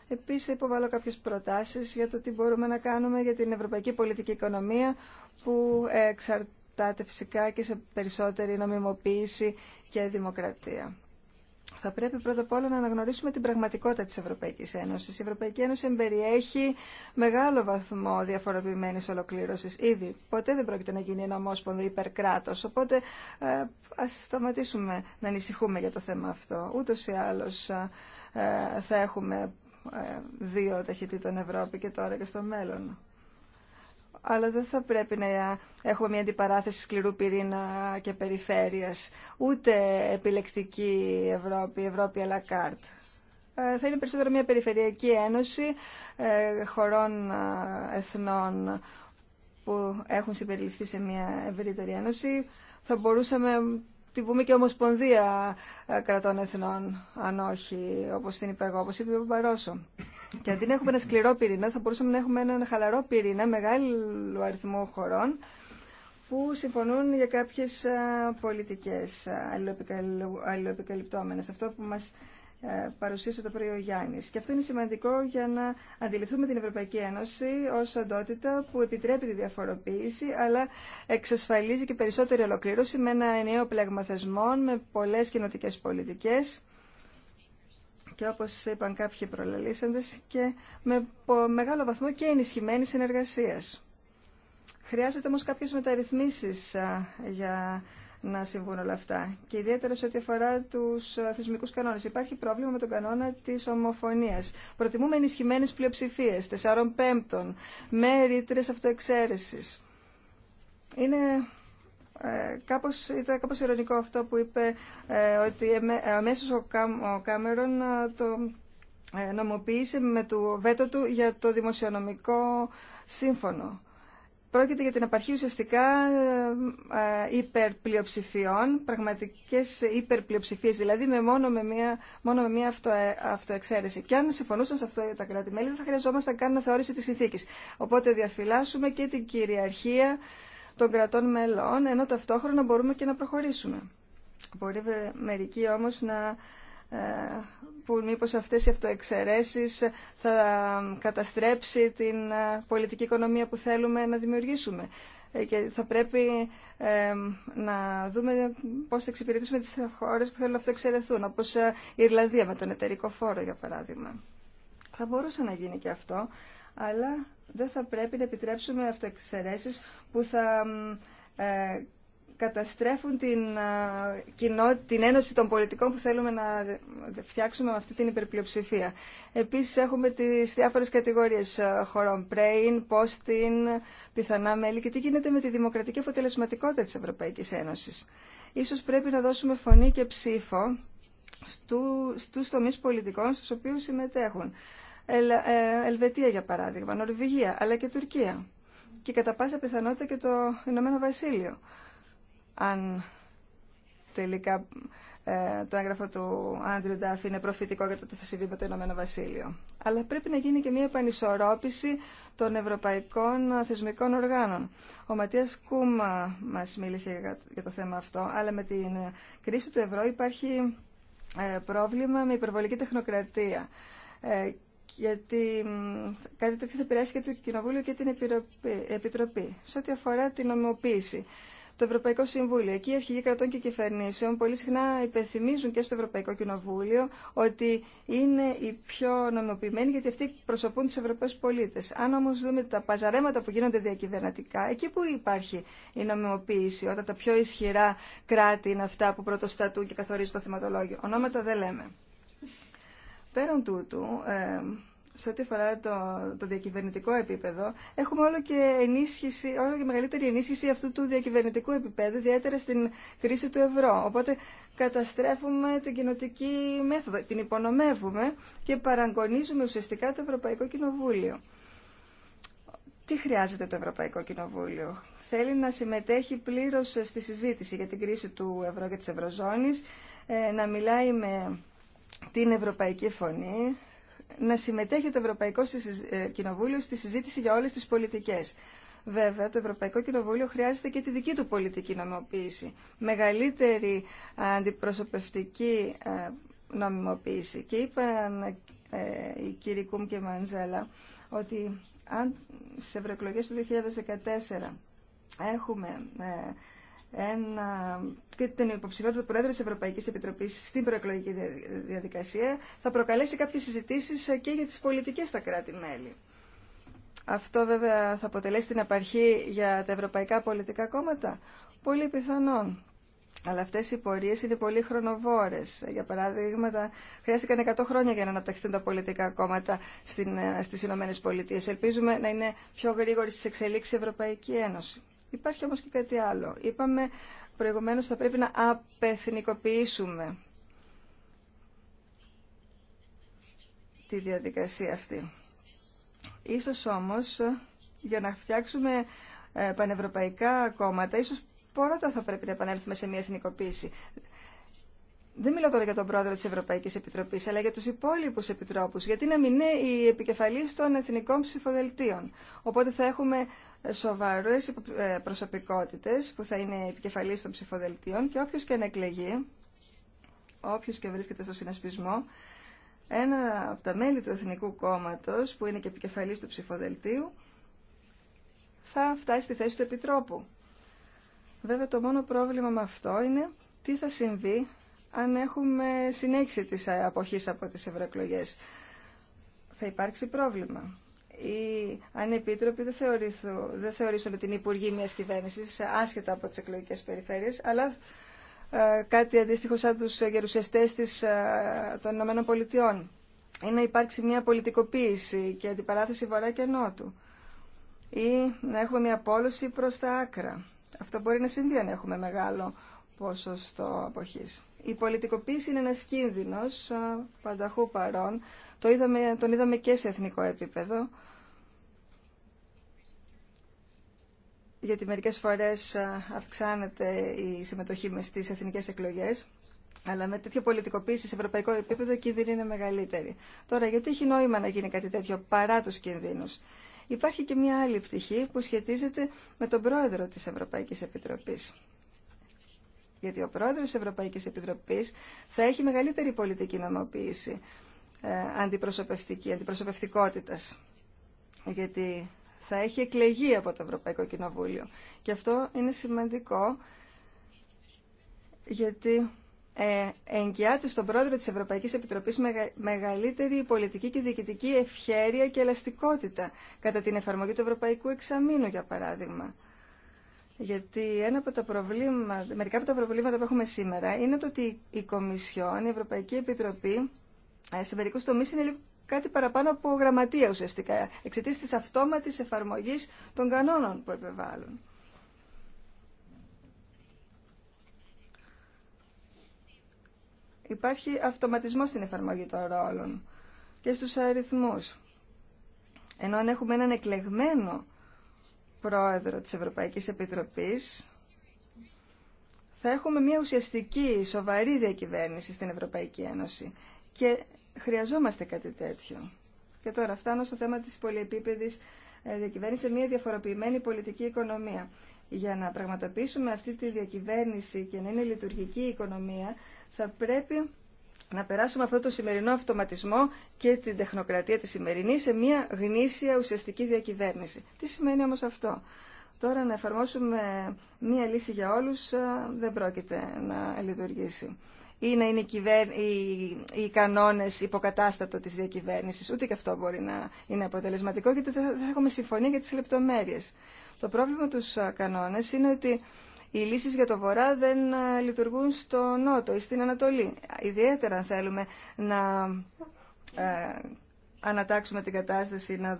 Επίσης θα υποβάλω κάποιες προτάσεις για το τι μπορούμε να κάνουμε για την ευρωπαϊκή πολιτική οικονομία που εξαρτάται φυσικά και σε περισσότερη νομιμοποίηση και δημοκρατία. Θα πρέπει πρώτα απ' όλα να αναγνωρίσουμε την πραγματικότητα της Ευρωπαϊκής Ένωσης. Η Ευρωπαϊκή Ένωση εμπεριέχει μεγάλο βαθμό διαφοροποιημένης ολοκλήρωσης ήδη. Ποτέ δεν πρόκειται να γίνει ένα ομόσπονδο υπερκράτος, οπότε ε, ας σταματήσουμε να ανησυχούμε για το θέμα αυτό. Ούτως ή άλλως ε, θα έχουμε ε, δύο ταχυτήτων Ευρώπη και τώρα και στο μέλλον. Αλλά δεν θα πρέπει να έχουμε μια αντιπαράθεση σκληρού πυρήνα και περιφέρειας, ούτε επιλεκτική Ευρώπη, Ευρώπη à la carte. Ε, θα είναι περισσότερο μια περιφερειακή ένωση ε, χωρών εθνών που έχουν συμπεριληφθεί σε μια ευρύτερη ένωση. Θα μπορούσαμε πούμε και ομοσπονδία ε, κρατών εθνών, αν όχι όπως την είπα εγώ, όπως είπε ο Παρόσο. Και αντί να έχουμε ένα σκληρό πυρήνα, θα μπορούσαμε να έχουμε έναν χαλαρό πυρήνα μεγάλου αριθμού χωρών που συμφωνούν για κάποιες ε, πολιτικές ε, αλληλοεπικαλυπτόμενες. Αυτό που μας ε, παρουσίασε το πρωί ο Γιάννη. Και αυτό είναι σημαντικό για να αντιληφθούμε την Ευρωπαϊκή Ένωση ω οντότητα που επιτρέπει τη διαφοροποίηση, αλλά εξασφαλίζει και περισσότερη ολοκλήρωση με ένα ενιαίο πλέγμα θεσμών, με πολλέ κοινοτικέ πολιτικέ και όπως είπαν κάποιοι προλαλήσαντες και με μεγάλο βαθμό και ενισχυμένη συνεργασία. Χρειάζεται όμως κάποιες μεταρρυθμίσεις για να συμβούν όλα αυτά. Και ιδιαίτερα σε ό,τι αφορά του ε, θεσμικού κανόνε. Υπάρχει πρόβλημα με τον κανόνα τη ομοφωνία. Προτιμούμε ενισχυμένε πλειοψηφίε, 4 πέμπτων, με ρήτρε αυτοεξαίρεση. Είναι ε, κάπως, ήταν κάπως ειρωνικό αυτό που είπε ε, ότι ε, αμέσως ο, ο Κάμερον το νομοποίησε με το βέτο του για το δημοσιονομικό σύμφωνο πρόκειται για την απαρχή ουσιαστικά ε, ε, υπερπλειοψηφιών, πραγματικές υπερπλειοψηφίες, δηλαδή με μόνο με μία, μόνο με μία αυτο, αυτοεξαίρεση. Και αν συμφωνούσαν σε αυτό τα κράτη-μέλη, δεν θα χρειαζόμασταν καν να θεώρηση της συνθήκης. Οπότε διαφυλάσσουμε και την κυριαρχία των κρατών μελών, ενώ ταυτόχρονα μπορούμε και να προχωρήσουμε. Μπορεί μερικοί όμως να ε, που μήπως αυτές οι αυτοεξαιρέσεις θα καταστρέψει την ε, πολιτική οικονομία που θέλουμε να δημιουργήσουμε. Ε, και θα πρέπει να δούμε πώς θα εξυπηρετήσουμε τις χώρες που θέλουν να αυτοεξαιρεθούν, όπως η Ιρλανδία με τον εταιρικό φόρο, για παράδειγμα. Θα μπορούσε να γίνει και αυτό, αλλά δεν θα πρέπει να επιτρέψουμε αυτοεξαιρέσεις που θα καταστρέφουν την, την ένωση των πολιτικών που θέλουμε να φτιάξουμε με αυτή την υπερπλειοψηφία. Επίσης έχουμε τις διάφορες κατηγορίες χωρών πρέιν, πόστιν, πιθανά μέλη και τι γίνεται με τη δημοκρατική αποτελεσματικότητα της Ευρωπαϊκής Ένωσης. Ίσως πρέπει να δώσουμε φωνή και ψήφο στου, στους τομείς πολιτικών στους οποίους συμμετέχουν. Ε, Ελβετία για παράδειγμα, Νορβηγία αλλά και Τουρκία και κατά πάσα πιθανότητα και το Ηνωμένο Βασίλειο αν τελικά ε, το έγγραφο του Άντριου Ντάφ είναι προφητικό για το τι θα συμβεί με το Ηνωμένο Βασίλειο. Αλλά πρέπει να γίνει και μια επανισορρόπηση των ευρωπαϊκών θεσμικών οργάνων. Ο Ματίας Κούμα μας μίλησε για το θέμα αυτό, αλλά με την κρίση του ευρώ υπάρχει ε, πρόβλημα με υπερβολική τεχνοκρατία. Ε, γιατί κάτι τέτοιο θα επηρεάσει και το Κοινοβούλιο και την Επιτροπή. Σε ό,τι αφορά την νομιμοποίηση το Ευρωπαϊκό Συμβούλιο. Εκεί οι αρχηγοί κρατών και κυβερνήσεων πολύ συχνά υπενθυμίζουν και στο Ευρωπαϊκό Κοινοβούλιο ότι είναι οι πιο νομιμοποιημένοι γιατί αυτοί προσωπούν του Ευρωπαίου πολίτε. Αν όμω δούμε τα παζαρέματα που γίνονται διακυβερνατικά, εκεί που υπάρχει η νομιμοποίηση, όταν τα πιο ισχυρά κράτη είναι αυτά που πρωτοστατούν και καθορίζουν το θεματολόγιο. Ονόματα δεν λέμε. Πέραν τούτου, ε, σε ό,τι αφορά το, το διακυβερνητικό επίπεδο, έχουμε όλο και, ενίσχυση, όλο και μεγαλύτερη ενίσχυση αυτού του διακυβερνητικού επίπεδου, ιδιαίτερα στην κρίση του ευρώ. Οπότε καταστρέφουμε την κοινοτική μέθοδο, την υπονομεύουμε και παραγκονίζουμε ουσιαστικά το Ευρωπαϊκό Κοινοβούλιο. Τι χρειάζεται το Ευρωπαϊκό Κοινοβούλιο. Θέλει να συμμετέχει πλήρως στη συζήτηση για την κρίση του ευρώ και της ευρωζώνης, ε, να μιλάει με την ευρωπαϊκή φωνή, να συμμετέχει το Ευρωπαϊκό ε, Κοινοβούλιο στη συζήτηση για όλες τις πολιτικές. Βέβαια, το Ευρωπαϊκό Κοινοβούλιο χρειάζεται και τη δική του πολιτική νομιμοποίηση. Μεγαλύτερη αντιπροσωπευτική ε, νομιμοποίηση. Και είπαν ε, οι κύριοι Κούμ και Μαντζέλα ότι αν στις Ευρωεκλογές του 2014 έχουμε ένα, και την υποψηφιότητα του Πρόεδρου τη Ευρωπαϊκή Επιτροπή στην προεκλογική διαδικασία θα προκαλέσει κάποιε συζητήσει ε, και για τι πολιτικέ στα κράτη-μέλη. Αυτό βέβαια θα αποτελέσει την απαρχή για τα ευρωπαϊκά πολιτικά κόμματα. Πολύ πιθανόν. Αλλά αυτέ οι πορείε είναι πολύ χρονοβόρε. Για παράδειγμα, χρειάστηκαν 100 χρόνια για να αναπτυχθούν τα πολιτικά κόμματα ε, στι Ηνωμένε Πολιτείε. Ελπίζουμε να είναι πιο γρήγορη στι εξελίξει η Ευρωπαϊκή Ένωση. Υπάρχει όμως και κάτι άλλο. Είπαμε προηγουμένως θα πρέπει να απεθνικοποιήσουμε τη διαδικασία αυτή. Ίσως όμως για να φτιάξουμε ε, πανευρωπαϊκά κόμματα, ίσως πρώτα θα πρέπει να επανέλθουμε σε μια εθνικοποίηση. Δεν μιλάω τώρα για τον πρόεδρο τη Ευρωπαϊκή Επιτροπή, αλλά για του υπόλοιπου επιτρόπου. Γιατί να μην είναι οι επικεφαλεί των εθνικών ψηφοδελτίων. Οπότε θα έχουμε σοβαρέ ε, προσωπικότητε που θα είναι οι επικεφαλεί των ψηφοδελτίων και όποιο και αν εκλεγεί, όποιο και βρίσκεται στο συνασπισμό, ένα από τα μέλη του Εθνικού Κόμματο, που είναι και επικεφαλή του ψηφοδελτίου, θα φτάσει στη θέση του επιτρόπου. Βέβαια, το μόνο πρόβλημα με αυτό είναι τι θα συμβεί αν έχουμε συνέχιση της αποχής από τις ευρωεκλογέ. Θα υπάρξει πρόβλημα. Ή αν οι επίτροποι δεν, θεωρήσουν την υπουργή μιας κυβέρνησης, άσχετα από τις εκλογικές περιφέρειες, αλλά ε, κάτι αντίστοιχο σαν τους γερουσιαστές της, ε, των Ηνωμένων Πολιτειών. Ή να υπάρξει μια πολιτικοποίηση και αντιπαράθεση βορρά και νότου. Ή να έχουμε μια πόλωση προς τα άκρα. Αυτό μπορεί να συμβεί αν έχουμε μεγάλο ποσοστό αποχής η πολιτικοποίηση είναι ένας κίνδυνος πανταχού παρών. Το είδαμε, τον είδαμε και σε εθνικό επίπεδο. Γιατί μερικές φορές αυξάνεται η συμμετοχή με στις εθνικές εκλογές. Αλλά με τέτοια πολιτικοποίηση σε ευρωπαϊκό επίπεδο η κίνδυνη είναι μεγαλύτερη. Τώρα, γιατί έχει νόημα να γίνει κάτι τέτοιο παρά τους κινδύνους. Υπάρχει και μια άλλη πτυχή που σχετίζεται με τον πρόεδρο της Ευρωπαϊκής Επιτροπής γιατί ο πρόεδρος της Ευρωπαϊκής Επιτροπής θα έχει μεγαλύτερη πολιτική νομοποίηση ε, αντιπροσωπευτική, αντιπροσωπευτικότητας, γιατί θα έχει εκλεγεί από το Ευρωπαϊκό Κοινοβούλιο. Και αυτό είναι σημαντικό, γιατί ε, στον πρόεδρο της Ευρωπαϊκής Επιτροπής μεγαλύτερη πολιτική και διοικητική ευχέρεια και ελαστικότητα κατά την εφαρμογή του Ευρωπαϊκού Εξαμήνου, για παράδειγμα. Γιατί ένα από τα προβλήματα, μερικά από τα προβλήματα που έχουμε σήμερα είναι το ότι η Κομισιόν, η Ευρωπαϊκή Επιτροπή, ε, σε μερικού τομεί είναι λίγο κάτι παραπάνω από γραμματεία ουσιαστικά, εξαιτία τη αυτόματη εφαρμογή των κανόνων που επιβάλλουν. Υπάρχει αυτοματισμό στην εφαρμογή των ρόλων και στους αριθμούς. Ενώ αν έχουμε έναν εκλεγμένο πρόεδρο της Ευρωπαϊκής Επιτροπής θα έχουμε μια ουσιαστική, σοβαρή διακυβέρνηση στην Ευρωπαϊκή Ένωση και χρειαζόμαστε κάτι τέτοιο. Και τώρα φτάνω στο θέμα της πολυεπίπεδης ε, διακυβέρνησης σε μια διαφοροποιημένη πολιτική οικονομία. Για να πραγματοποιήσουμε αυτή τη διακυβέρνηση και να είναι λειτουργική η οικονομία θα πρέπει να περάσουμε αυτό το σημερινό αυτοματισμό και την τεχνοκρατία τη σημερινή σε μια γνήσια ουσιαστική διακυβέρνηση. Τι σημαίνει όμως αυτό. Τώρα να εφαρμόσουμε μία λύση για όλους ε, δεν πρόκειται να λειτουργήσει. Ή να είναι οι, κυβέρ... κανόνες υποκατάστατο της διακυβέρνησης. Ούτε και αυτό μπορεί να είναι αποτελεσματικό γιατί δεν θα έχουμε συμφωνία για τις λεπτομέρειες. Το πρόβλημα τους ε, κανόνες είναι ότι οι λύσεις για το βορρά δεν ε, λειτουργούν στο νότο ή στην Ανατολή. Ιδιαίτερα θέλουμε να ε, ανατάξουμε την κατάσταση, να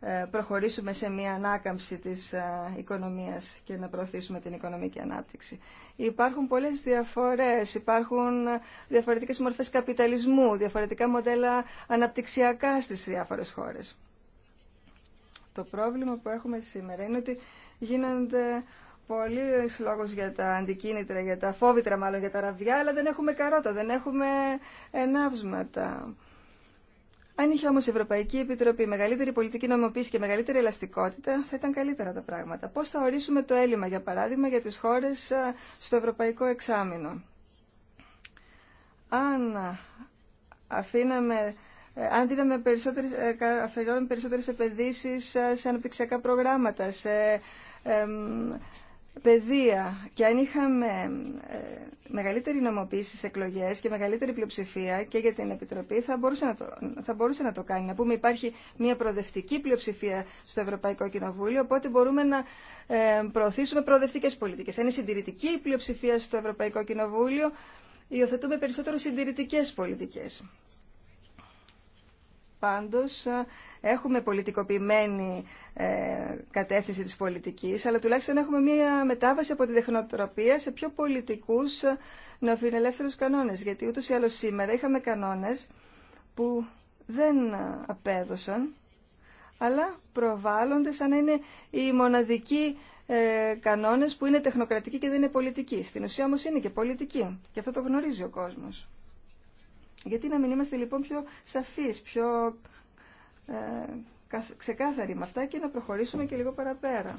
ε, προχωρήσουμε σε μια ανάκαμψη της οικονομίας και να προωθήσουμε την οικονομική ανάπτυξη. Υπάρχουν πολλές διαφορές, υπάρχουν διαφορετικές μορφές καπιταλισμού, διαφορετικά μοντέλα αναπτυξιακά στις διάφορες χώρες. Το πρόβλημα που έχουμε σήμερα είναι ότι γίνονται πολύ λόγο για τα αντικίνητρα, για τα φόβητρα μάλλον, για τα ραβδιά, αλλά δεν έχουμε καρότα, δεν έχουμε ενάψματα. Αν είχε όμω η Ευρωπαϊκή Επιτροπή μεγαλύτερη πολιτική νομοποίηση και μεγαλύτερη ελαστικότητα, θα ήταν καλύτερα τα πράγματα. Πώ θα ορίσουμε το έλλειμμα, για παράδειγμα, για τι χώρε στο Ευρωπαϊκό Εξάμεινο. Αν αφήναμε ε, αν δίναμε περισσότερες, ε, αφαιρώνουμε περισσότερες επενδύσεις ε, σε αναπτυξιακά προγράμματα, σε παιδεία και αν είχαμε ε, μεγαλύτερη νομοποίηση στις εκλογές και μεγαλύτερη πλειοψηφία και για την Επιτροπή θα μπορούσε, να το, θα μπορούσε να το κάνει. Να πούμε υπάρχει μια προοδευτική πλειοψηφία στο Ευρωπαϊκό Κοινοβούλιο οπότε μπορούμε να ε, προωθήσουμε προοδευτικές πολιτικές. Αν είναι συντηρητική η πλειοψηφία στο Ευρωπαϊκό Κοινοβούλιο υιοθετούμε περισσότερο συντηρητικές πολιτικές. Πάντως έχουμε πολιτικοποιημένη ε, κατεύθυνση της πολιτικής, αλλά τουλάχιστον έχουμε μια μετάβαση από την τεχνοτροπία σε πιο πολιτικούς ε, νεοφιλελεύθερους κανόνες. Γιατί ούτως ή άλλως σήμερα είχαμε κανόνες που δεν ε, απέδωσαν, αλλά προβάλλονται σαν να είναι οι μοναδικοί κανόνες που είναι τεχνοκρατικοί και δεν είναι πολιτικοί. Στην ουσία όμως είναι και πολιτικοί και αυτό το γνωρίζει ο κόσμος. Γιατί να μην είμαστε λοιπόν πιο σαφείς, πιο ε, ξεκάθαροι με αυτά και να προχωρήσουμε και λίγο παραπέρα.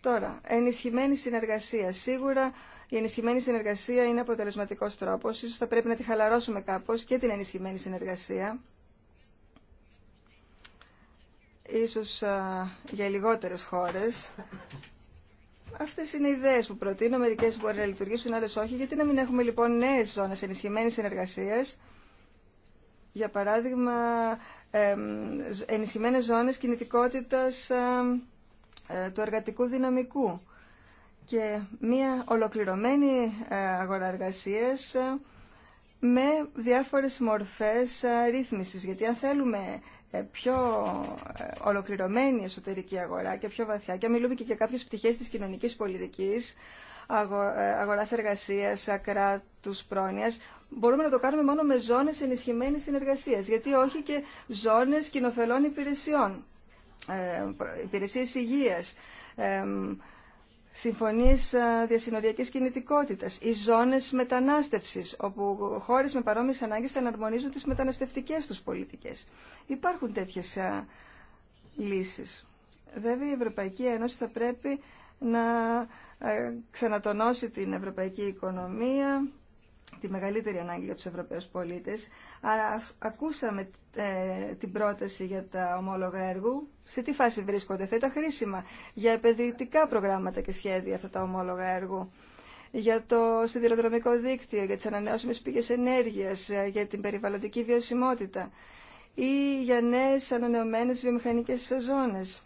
Τώρα, ενισχυμένη συνεργασία. Σίγουρα η ενισχυμένη συνεργασία είναι αποτελεσματικό τρόπο. Ίσως θα πρέπει να τη χαλαρώσουμε κάπως και την ενισχυμένη συνεργασία. Ίσως α, ε, για λιγότερες χώρες Αυτές είναι οι ιδέες που προτείνω, μερικές μπορεί να λειτουργήσουν, άλλες όχι. Γιατί να μην έχουμε λοιπόν νέες ζώνες ενισχυμένης συνεργασίας, για παράδειγμα ενισχυμένες ζώνες κινητικότητας ε, του εργατικού δυναμικού και μια ολοκληρωμένη ε, αγορά εργασίας ε, με διάφορες μορφές ρύθμισης. Γιατί αν θέλουμε ε, πιο ε, ολοκληρωμένη εσωτερική αγορά και πιο βαθιά. Και μιλούμε και για κάποιες πτυχές της κοινωνικής πολιτικής, ε, αγοράς εργασίας, ακράτους πρόνοιας. Μπορούμε να το κάνουμε μόνο με ζώνες ενισχυμένης συνεργασίας, γιατί όχι και ζώνες κοινοφελών υπηρεσιών, υπηρεσίες υγείας, συμφωνίες ε, διασυνοριακής κινητικότητας, οι ζώνες μετανάστευσης, όπου χώρες με παρόμοιες ανάγκες θα αναρμονίζουν τις μεταναστευτικές τους πολιτικές. Υπάρχουν τέτοιες ε, λύσεις. Βέβαια η Ευρωπαϊκή Ένωση θα πρέπει να ε, ξανατονώσει την ευρωπαϊκή οικονομία, τη μεγαλύτερη ανάγκη για τους Ευρωπαίους πολίτες. Άρα ακούσαμε ε, την πρόταση για τα ομόλογα έργου. Σε τι φάση βρίσκονται. Θα ήταν χρήσιμα για επενδυτικά προγράμματα και σχέδια αυτά τα ομόλογα έργου. Για το σιδηροδρομικό δίκτυο, για τις ανανεώσιμες πηγές ενέργειας, ε, για την περιβαλλοντική βιωσιμότητα ή για νέες ανανεωμένες βιομηχανικές ζώνες.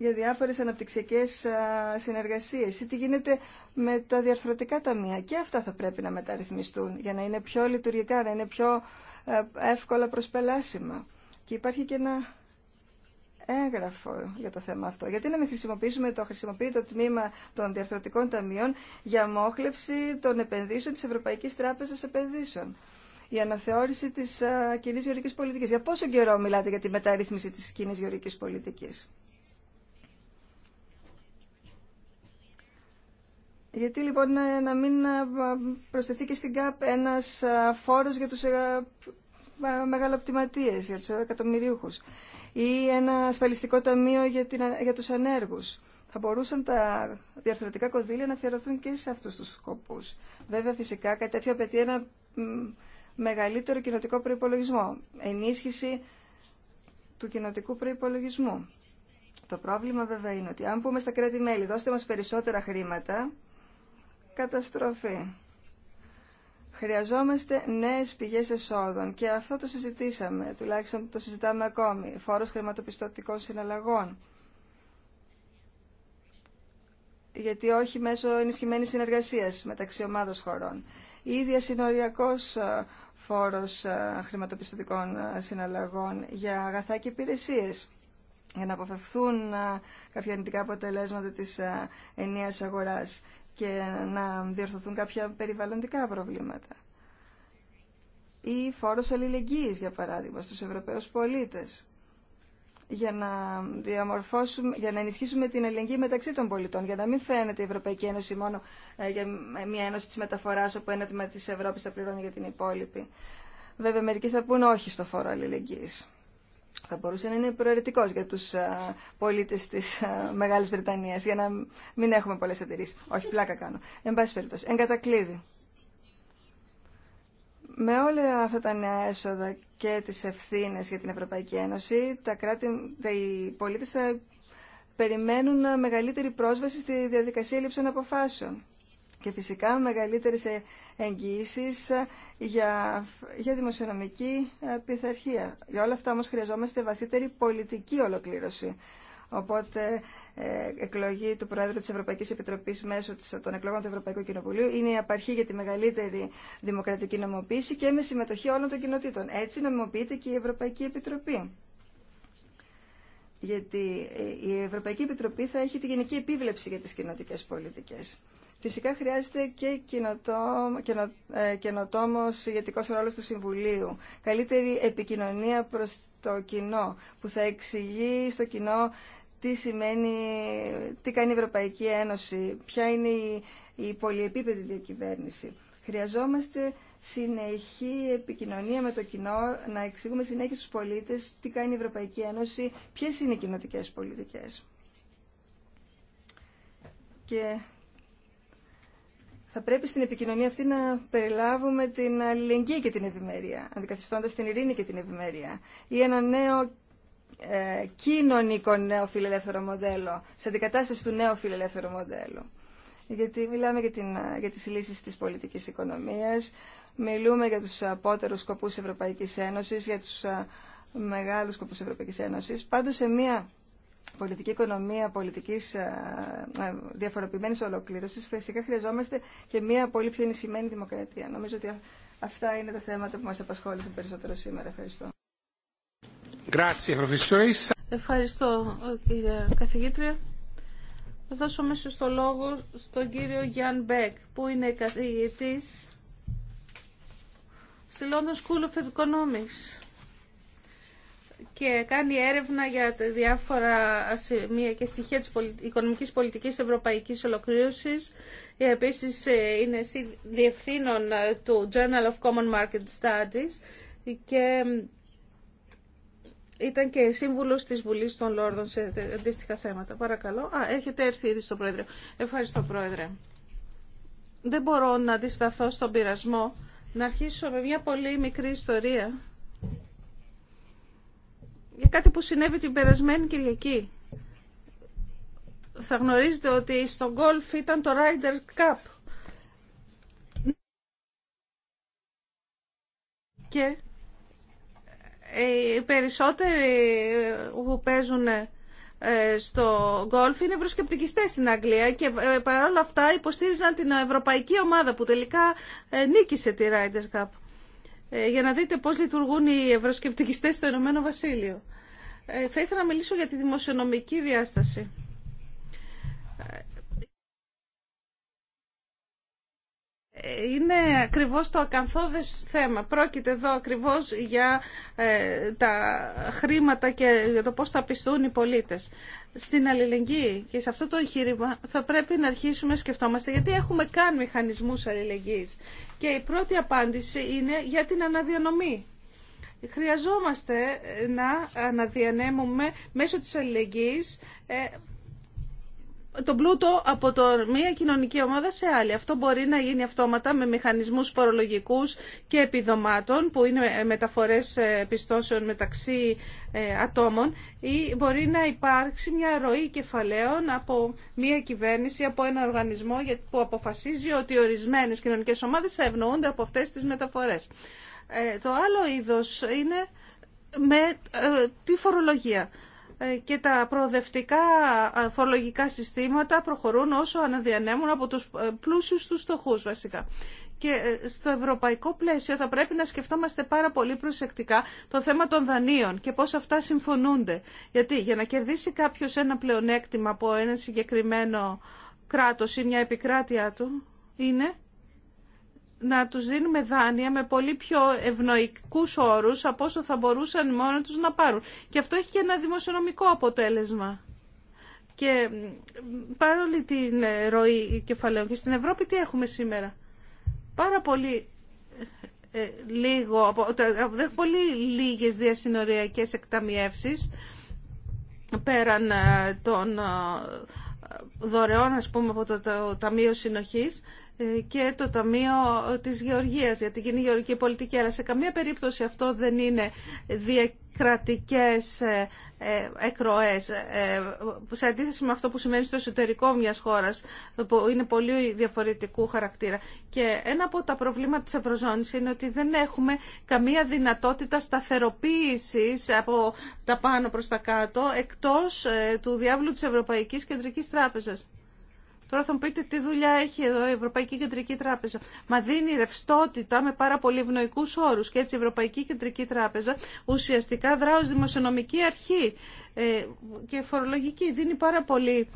για διάφορες αναπτυξιακές συνεργασίες ή τι γίνεται με τα διαρθρωτικά ταμεία. Και αυτά θα πρέπει να μεταρρυθμιστούν για να είναι πιο λειτουργικά, να είναι πιο ε, εύκολα προσπελάσιμα. Και υπάρχει και ένα έγγραφο για το θέμα αυτό. Γιατί να μην χρησιμοποιήσουμε το χρησιμοποιητό τμήμα των διαρθρωτικών ταμείων για μόχλευση των επενδύσεων της Ευρωπαϊκής Τράπεζας Επενδύσεων. Η αναθεώρηση της κοινή γεωρικής πολιτικής. Για πόσο καιρό μιλάτε για τη μεταρρύθμιση της κοινή γεωρικής πολιτικής. Γιατί λοιπόν ε, να μην ε, προσθεθεί και στην ΚΑΠ ένας ε, φόρος για τους μεγαλοπτηματίες, για τους εκατομμυρίουχους ή ένα ασφαλιστικό ταμείο για, την, για τους ανέργους. Θα μπορούσαν τα διαρθρωτικά κονδύλια να αφιερωθούν και σε αυτούς τους σκοπούς. Βέβαια φυσικά κάτι τέτοιο απαιτεί ένα μεγαλύτερο κοινοτικό προϋπολογισμό, ενίσχυση του κοινοτικού προϋπολογισμού. Το πρόβλημα βέβαια είναι ότι αν πούμε στα κράτη-μέλη δώστε μας περισσότερα χρήματα, καταστροφή. Χρειαζόμαστε νέες πηγές εσόδων και αυτό το συζητήσαμε, τουλάχιστον το συζητάμε ακόμη, φόρος χρηματοπιστωτικών συναλλαγών. Γιατί όχι μέσω ενισχυμένη συνεργασίας μεταξύ ομάδων χωρών. Ήδη ασυνοριακό ε, φόρος ε, χρηματοπιστωτικών ε, συναλλαγών για αγαθά και υπηρεσίε για να αποφευθούν κάποια αρνητικά αποτελέσματα της ενίας αγοράς και να διορθωθούν κάποια περιβαλλοντικά προβλήματα. Ή φόρος αλληλεγγύης, για παράδειγμα, στους Ευρωπαίους πολίτες, για να, διαμορφώσουμε, για να ενισχύσουμε την αλληλεγγύη μεταξύ των πολιτών, για να μην φαίνεται η Ευρωπαϊκή Ένωση μόνο ε, για μια ένωση της μεταφοράς, όπου ένα τμήμα της Ευρώπης θα πληρώνει για την υπόλοιπη. Βέβαια, μερικοί θα πούν όχι στο φόρο αλληλεγγύης θα μπορούσε να είναι προαιρετικό για του πολίτε τη Μεγάλη Βρετανία, για να μην έχουμε πολλέ εταιρείε. Όχι, πλάκα κάνω. Εν πάση περιπτώσει, εγκατακλείδη. Με όλα αυτά τα νέα έσοδα και τι ευθύνε για την Ευρωπαϊκή Ένωση, τα κράτη, οι πολίτε θα περιμένουν μεγαλύτερη πρόσβαση στη διαδικασία λήψεων αποφάσεων και φυσικά μεγαλύτερες ε, εγγυήσει για, για δημοσιονομική ε, πειθαρχία. Για όλα αυτά όμως χρειαζόμαστε βαθύτερη πολιτική ολοκλήρωση. Οπότε ε, εκλογή του Πρόεδρου της Ευρωπαϊκής Επιτροπής μέσω των εκλογών του Ευρωπαϊκού Κοινοβουλίου είναι η απαρχή για τη μεγαλύτερη δημοκρατική νομοποίηση και με συμμετοχή όλων των κοινοτήτων. Έτσι νομιμοποιείται και η Ευρωπαϊκή Επιτροπή. Γιατί η Ευρωπαϊκή Επιτροπή θα έχει τη γενική επίβλεψη για τις κοινοτικές πολιτικές. Φυσικά χρειάζεται και ε, καινοτόμο ηγετικό ρόλο του Συμβουλίου. Καλύτερη επικοινωνία προ το κοινό, που θα εξηγεί στο κοινό τι σημαίνει, τι κάνει η Ευρωπαϊκή Ένωση, ποια είναι η, η πολυεπίπεδη διακυβέρνηση. Χρειαζόμαστε συνεχή επικοινωνία με το κοινό, να εξηγούμε συνέχεια στους πολίτες τι κάνει η Ευρωπαϊκή Ένωση, ποιες είναι οι κοινοτικές πολιτικές θα πρέπει στην επικοινωνία αυτή να περιλάβουμε την αλληλεγγύη και την ευημερία, αντικαθιστώντας την ειρήνη και την ευημερία, ή ένα νέο ε, κοινωνικό νέο φιλελεύθερο μοντέλο, σε αντικατάσταση του νέου φιλελεύθερου μοντέλου. Γιατί μιλάμε για, την, για τις λύσεις της πολιτικής οικονομίας, μιλούμε για τους απότερους σκοπούς Ευρωπαϊκής Ένωσης, για τους ε, μεγάλους σκοπούς Ευρωπαϊκής Ένωσης. Πάντως σε μια πολιτική οικονομία πολιτικής ε, ε, διαφοροποιημένη ολοκλήρωσης, φυσικά χρειαζόμαστε και μια πολύ πιο ενισχυμένη δημοκρατία. Νομίζω ότι αυτά είναι τα θέματα που μας απασχόλησαν περισσότερο σήμερα. Ευχαριστώ. Ευχαριστώ, κύριε καθηγήτρια. Θα δώσω μέσα στο λόγο στον κύριο Γιάν Μπέκ, που είναι καθηγητής στη London School of Economics και κάνει έρευνα για διάφορα σημεία και στοιχεία της οικονομικής πολιτικής ευρωπαϊκής ολοκλήρωσης. Ε, επίσης ε, είναι διευθύνων ε, του Journal of Common Market Studies και ήταν και σύμβουλος της Βουλής των Λόρδων σε αντίστοιχα θέματα. Παρακαλώ. Α, έχετε έρθει ήδη στο Πρόεδρε. Ευχαριστώ, Πρόεδρε. Δεν μπορώ να αντισταθώ στον πειρασμό να αρχίσω με μια πολύ μικρή ιστορία για κάτι που συνέβη την περασμένη Κυριακή. Θα γνωρίζετε ότι στο γκολφ ήταν το Ryder Cup. Και ε, οι περισσότεροι που παίζουν ε, στο γκολφ είναι ευρωσκεπτικιστέ στην Αγγλία και ε, παρόλα αυτά υποστήριζαν την ευρωπαϊκή ομάδα που τελικά νίκησε τη Ryder Cup. Ε, για να δείτε πώς λειτουργούν οι ευρωσκεπτικιστές στο Ηνωμένο Βασίλειο. Ε, θα ήθελα να μιλήσω για τη δημοσιονομική διάσταση. Ε, είναι ακριβώς το ακαθόδες θέμα. Πρόκειται εδώ ακριβώς για ε, τα χρήματα και για το πώς θα πιστούν οι πολίτες. Στην αλληλεγγύη και σε αυτό το εγχείρημα θα πρέπει να αρχίσουμε να σκεφτόμαστε γιατί έχουμε καν μηχανισμούς αλληλεγγύης. Και η πρώτη απάντηση είναι για την αναδιανομή. Χρειαζόμαστε να αναδιανέμουμε μέσω της αλληλεγγύης ε, τον πλούτο από το μία κοινωνική ομάδα σε άλλη. Αυτό μπορεί να γίνει αυτόματα με μηχανισμούς φορολογικούς και επιδομάτων που είναι μεταφορές ε, πιστώσεων μεταξύ ε, ατόμων ή μπορεί να υπάρξει μια ροή κεφαλαίων από μια κυβέρνηση, από ένα οργανισμό που αποφασίζει ότι ορισμένες κοινωνικές ομάδες θα ευνοούνται από αυτές τις μεταφορές. Ε, το άλλο είδος είναι με τη φορολογία ε, και τα προοδευτικά φορολογικά συστήματα προχωρούν όσο αναδιανέμουν από τους ε, πλούσιους τους στοχούς βασικά. Και ε, στο ευρωπαϊκό πλαίσιο θα πρέπει να σκεφτόμαστε πάρα πολύ προσεκτικά το θέμα των δανείων και πώς αυτά συμφωνούνται. Γιατί για να κερδίσει κάποιος ένα πλεονέκτημα από ένα συγκεκριμένο κράτος ή μια επικράτεια του είναι να τους δίνουμε δάνεια με πολύ πιο ευνοϊκούς όρους από όσο θα μπορούσαν μόνο τους να πάρουν. Και αυτό έχει και ένα δημοσιονομικό αποτέλεσμα. Και παρόλη την ε, ροή κεφαλαίων και στην Ευρώπη τι έχουμε σήμερα. Πάρα πολύ ε, λίγο, πολύ λίγες διασυνοριακές εκταμιεύσεις πέραν ε, των ε, δωρεών ας πούμε από το Ταμείο Συνοχής ε, και το Ταμείο της Γεωργίας για την κοινή γεωργική πολιτική. Αλλά σε καμία περίπτωση αυτό δεν είναι διακρατικές ε, ε, εκροές. Σε αντίθεση με αυτό που σημαίνει στο εσωτερικό μιας χώρας που είναι πολύ διαφορετικού χαρακτήρα. Και ένα από τα προβλήματα της Ευρωζώνης είναι ότι δεν έχουμε καμία δυνατότητα σταθεροποίησης από τα πάνω προς τα κάτω εκτός του διάβλου της Ευρωπαϊκής Κεντρικής Τράπεζας. Τώρα θα μου πείτε τι δουλειά έχει εδώ η Ευρωπαϊκή Κεντρική Τράπεζα. Μα δίνει ρευστότητα με πάρα πολύ ευνοϊκού όρου και έτσι η Ευρωπαϊκή Κεντρική Τράπεζα ουσιαστικά δρά ω δημοσιονομική αρχή ε, και φορολογική. Δίνει πάρα πολύ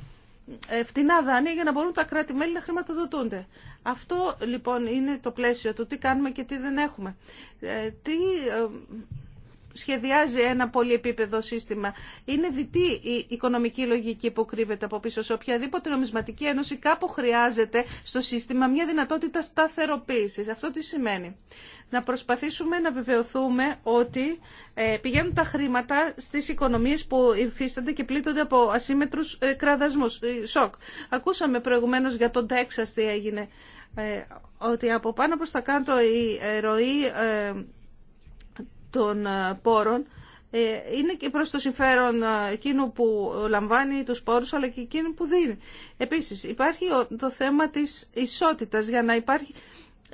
ε, φτηνά δάνεια για να μπορούν τα κράτη-μέλη να χρηματοδοτούνται. Αυτό λοιπόν είναι το πλαίσιο του τι κάνουμε και τι δεν έχουμε. Ε, τι σχεδιάζει ένα πολυεπίπεδο σύστημα. Είναι δυτή η οικονομική λογική που κρύβεται από πίσω. Σε οποιαδήποτε νομισματική ένωση κάπου χρειάζεται στο σύστημα μια δυνατότητα σταθεροποίησης. Αυτό τι σημαίνει. Να προσπαθήσουμε να βεβαιωθούμε ότι ε, πηγαίνουν τα χρήματα στις οικονομίες που υφίστανται και πλήττονται από ασύμετρους ε, κραδασμού ε, σοκ. Ακούσαμε προηγουμένω για τον Τέξα τι έγινε. Ότι από πάνω προς τα κάτω η ροή των ε, πόρων ε, είναι και προς το συμφέρον ε, εκείνου που λαμβάνει τους πόρους αλλά και εκείνου που δίνει. Επίσης υπάρχει το θέμα της ισότητας για να υπάρχει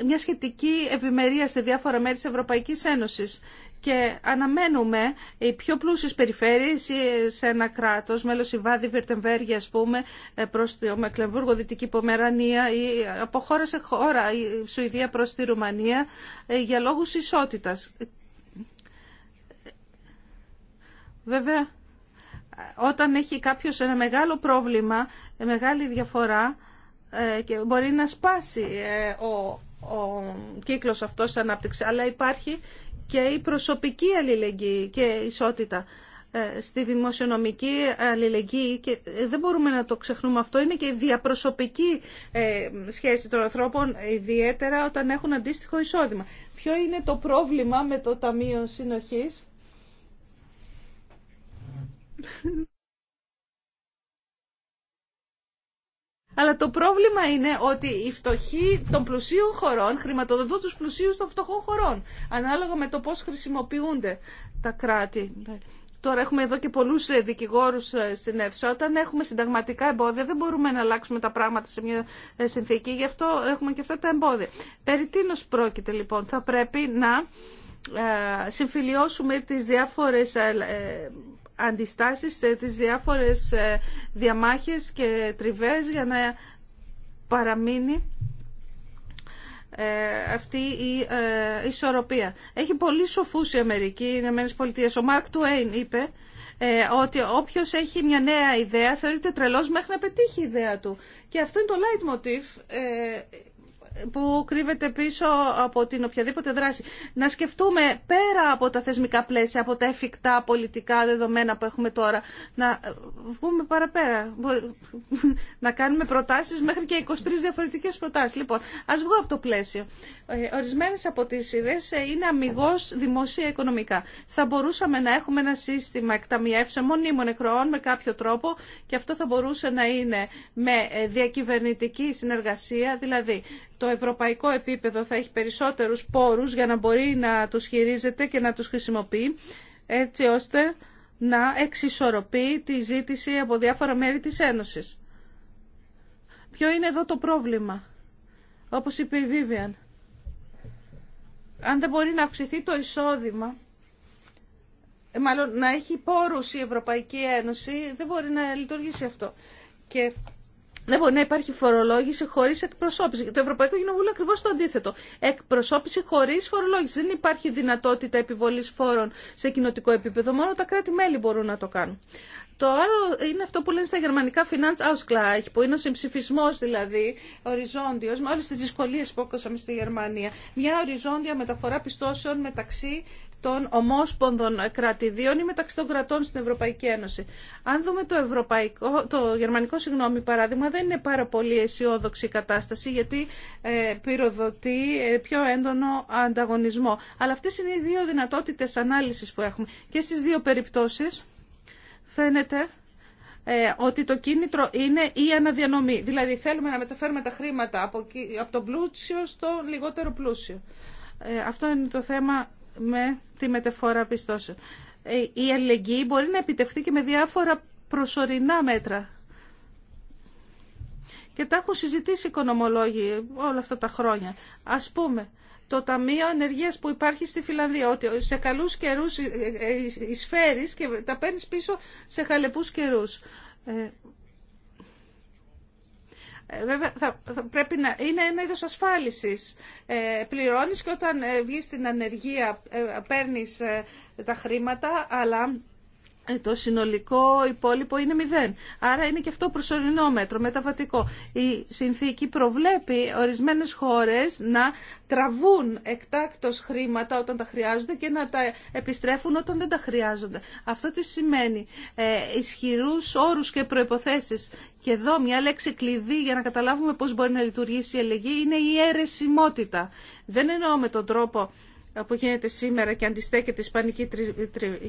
μια σχετική ευημερία σε διάφορα μέρη της Ευρωπαϊκής Ένωσης και αναμένουμε οι πιο πλούσιες περιφέρειες σε ένα κράτος, μέλος η Βάδη Βιρτεμβέργη ας πούμε, προς το Μεκλεμβούργο, Δυτική Πομερανία ή από χώρα σε χώρα, η Σουηδία προς τη Ρουμανία, για λόγους ισότητας. Βέβαια, όταν έχει κάποιος ένα μεγάλο πρόβλημα, μεγάλη διαφορά ε, και μπορεί να σπάσει ε, ο, ο κύκλος αυτός της ανάπτυξης, αλλά υπάρχει και η προσωπική αλληλεγγύη και ισότητα ε, στη δημοσιονομική αλληλεγγύη και δεν μπορούμε να το ξεχνούμε αυτό είναι και η διαπροσωπική σχέση των ανθρώπων ιδιαίτερα όταν έχουν αντίστοιχο εισόδημα. Ποιο είναι το πρόβλημα με το Ταμείο Συνοχής αλλά το πρόβλημα είναι ότι η φτωχοί των πλουσίων χωρών χρηματοδοτούν τους πλουσίους των φτωχών χωρών, ανάλογα με το πώς χρησιμοποιούνται τα κράτη. Τώρα έχουμε εδώ και πολλούς ε, δικηγόρους ε, στην αίθουσα. Όταν έχουμε συνταγματικά εμπόδια δεν μπορούμε να αλλάξουμε τα πράγματα σε μια ε, συνθήκη, γι' αυτό έχουμε και αυτά τα εμπόδια. Περί τίνος πρόκειται λοιπόν, θα πρέπει να συμφιλιώσουμε τις διάφορες αντιστάσεις σε τις διάφορες ε, διαμάχες και τριβές για να παραμείνει ε, αυτή η ε, ισορροπία. Έχει πολύ σοφούς η Αμερική, οι Ηνωμένες Πολιτείες. Ο Μάρκ Τουέιν είπε ότι όποιος έχει μια νέα ιδέα θεωρείται τρελός μέχρι να πετύχει η ιδέα του. Και αυτό είναι το leitmotiv που κρύβεται πίσω από την οποιαδήποτε δράση. Να σκεφτούμε πέρα από τα θεσμικά πλαίσια, από τα εφικτά πολιτικά δεδομένα που έχουμε τώρα, να βγούμε παραπέρα, *laughs* να κάνουμε προτάσεις μέχρι και 23 διαφορετικές προτάσεις. Λοιπόν, ας βγω από το πλαίσιο. Ε, ορισμένες από τις ιδέες ε, είναι αμυγός δημόσια οικονομικά. Θα μπορούσαμε να έχουμε ένα σύστημα εκταμιεύσεων μονίμων νεκρών με κάποιο τρόπο και αυτό θα μπορούσε να είναι με ε, διακυβερνητική συνεργασία, δηλαδή το ευρωπαϊκό επίπεδο θα έχει περισσότερους πόρους για να μπορεί να τους χειρίζεται και να τους χρησιμοποιεί έτσι ώστε να εξισορροπεί τη ζήτηση από διάφορα μέρη της Ένωσης. Ποιο είναι εδώ το πρόβλημα, όπως είπε η Βίβιαν. Αν δεν μπορεί να αυξηθεί το εισόδημα, ε, μάλλον να έχει πόρους η Ευρωπαϊκή Ένωση, δεν μπορεί να λειτουργήσει αυτό. Και δεν μπορεί να υπάρχει φορολόγηση χωρί εκπροσώπηση. το Ευρωπαϊκό Κοινοβούλιο ακριβώ το αντίθετο. Εκπροσώπηση χωρί φορολόγηση. Δεν υπάρχει δυνατότητα επιβολή φόρων σε κοινοτικό επίπεδο. Μόνο τα κράτη-μέλη μπορούν να το κάνουν. Το άλλο είναι αυτό που λένε στα γερμανικά Finanzausgleich, που είναι ο συμψηφισμό δηλαδή οριζόντιο, με όλε τι δυσκολίε που έκοσαμε στη Γερμανία. Μια οριζόντια μεταφορά πιστώσεων μεταξύ των ομόσπονδων κρατηδίων ή μεταξύ των κρατών στην Ευρωπαϊκή Ένωση. Αν δούμε το, ευρωπαϊκό, το γερμανικό συγγνώμη, παράδειγμα, δεν είναι πάρα πολύ αισιόδοξη η κατάσταση γιατί ε, πυροδοτεί ε, πιο έντονο ανταγωνισμό. Αλλά αυτές είναι οι δύο δυνατότητες ανάλυσης που έχουμε. Και στις δύο περιπτώσεις φαίνεται ε, ότι το κίνητρο είναι η αναδιανομή. Δηλαδή θέλουμε να μεταφέρουμε τα χρήματα από, από τον πλούσιο στο λιγότερο πλούσιο. Ε, αυτό είναι το θέμα με τη μεταφορά πιστώσεων. Ε, η αλληλεγγύη μπορεί να επιτευχθεί και με διάφορα προσωρινά μέτρα. Και τα έχουν συζητήσει οι οικονομολόγοι όλα αυτά τα χρόνια. Ας πούμε, το Ταμείο Ενεργείας που υπάρχει στη Φιλανδία, ότι σε καλούς καιρούς ε, ε, εισφέρεις και τα παίρνεις πίσω σε χαλεπούς καιρούς. Ε, βέβαια, θα, πρέπει να είναι ένα είδος ασφάλισης. Ε, πληρώνεις και όταν ε, βγεις στην ανεργία ε, παίρνεις ε, τα χρήματα, αλλά ε, το συνολικό υπόλοιπο είναι μηδέν. Άρα είναι και αυτό προσωρινό μέτρο, μεταβατικό. Η συνθήκη προβλέπει ορισμένες χώρες να τραβούν εκτάκτως χρήματα όταν τα χρειάζονται και να τα επιστρέφουν όταν δεν τα χρειάζονται. Αυτό τι σημαίνει ε, ισχυρούς όρους και προϋποθέσεις. Και εδώ μια λέξη κλειδί για να καταλάβουμε πώς μπορεί να λειτουργήσει η αλληλεγγύη είναι η αιρεσιμότητα. Δεν εννοώ με τον τρόπο που γίνεται σήμερα και αντιστέκεται η Ισπανική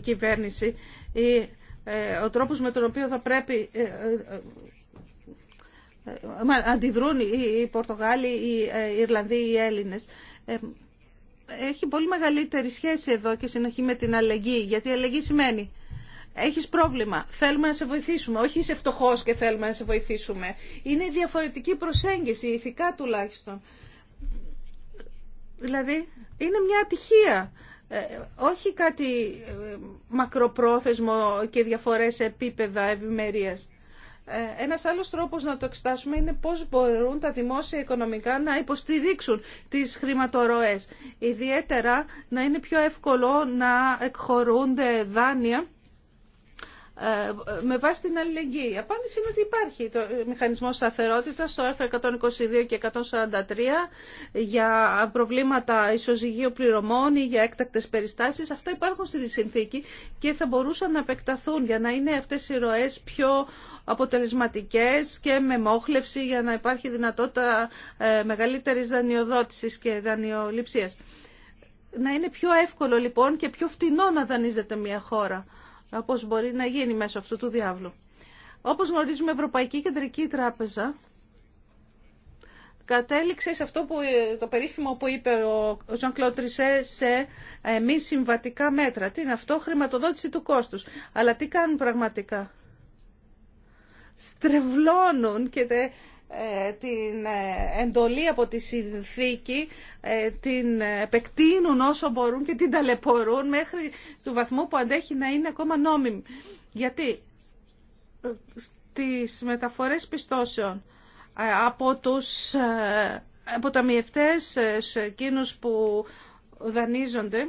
κυβέρνηση ή ε, ο τρόπος με τον οποίο θα πρέπει ε, ε, αντιδρούν οι Πορτογάλοι, οι Ιρλανδοί, οι Έλληνες. Έχει πολύ μεγαλύτερη σχέση εδώ και συνοχή με την αλληλεγγύη, γιατί η αλληλεγγύη σημαίνει έχεις πρόβλημα, θέλουμε να σε βοηθήσουμε, όχι είσαι φτωχός και θέλουμε να σε βοηθήσουμε. Είναι διαφορετική προσέγγιση, ηθικά τουλάχιστον. Δηλαδή είναι μια ατυχία, ε, όχι κάτι ε, μακροπρόθεσμο και διαφορές επίπεδα ευημερίας. Ε, ένας άλλος τρόπος να το εξετάσουμε είναι πώς μπορούν τα δημόσια οικονομικά να υποστηρίξουν τις χρηματορροές. Ιδιαίτερα να είναι πιο εύκολο να εκχωρούνται δάνεια ε, με βάση την αλληλεγγύη. Η απάντηση είναι ότι υπάρχει το μηχανισμό σταθερότητα στο άρθρο 122 και 143 για προβλήματα ισοζυγίου πληρωμών ή για έκτακτε περιστάσει. Αυτά υπάρχουν στη συνθήκη και θα μπορούσαν να επεκταθούν για να είναι αυτέ οι ροέ πιο αποτελεσματικές και με μόχλευση για να υπάρχει δυνατότητα ε, μεγαλύτερης δανειοδότησης και δανειοληψίας. Να είναι πιο εύκολο λοιπόν και πιο φτηνό να δανείζεται μια χώρα. Όπω μπορεί να γίνει μέσω αυτού του διάβλου. Όπως γνωρίζουμε, η Ευρωπαϊκή Κεντρική Τράπεζα κατέληξε σε αυτό που, το περίφημο που είπε ο Ζαν Κλώτρισε σε ε, μη συμβατικά μέτρα. Τι είναι αυτό, χρηματοδότηση του κόστους. Αλλά τι κάνουν πραγματικά. Στρεβλώνουν και ε, την ε, εντολή από τη συνθήκη, ε, την επεκτείνουν όσο μπορούν και την ταλαιπωρούν μέχρι του βαθμού που αντέχει να είναι ακόμα νόμιμη. Γιατί στις μεταφορές πιστώσεων από τους αποταμιευτές σε εκείνους που δανείζονται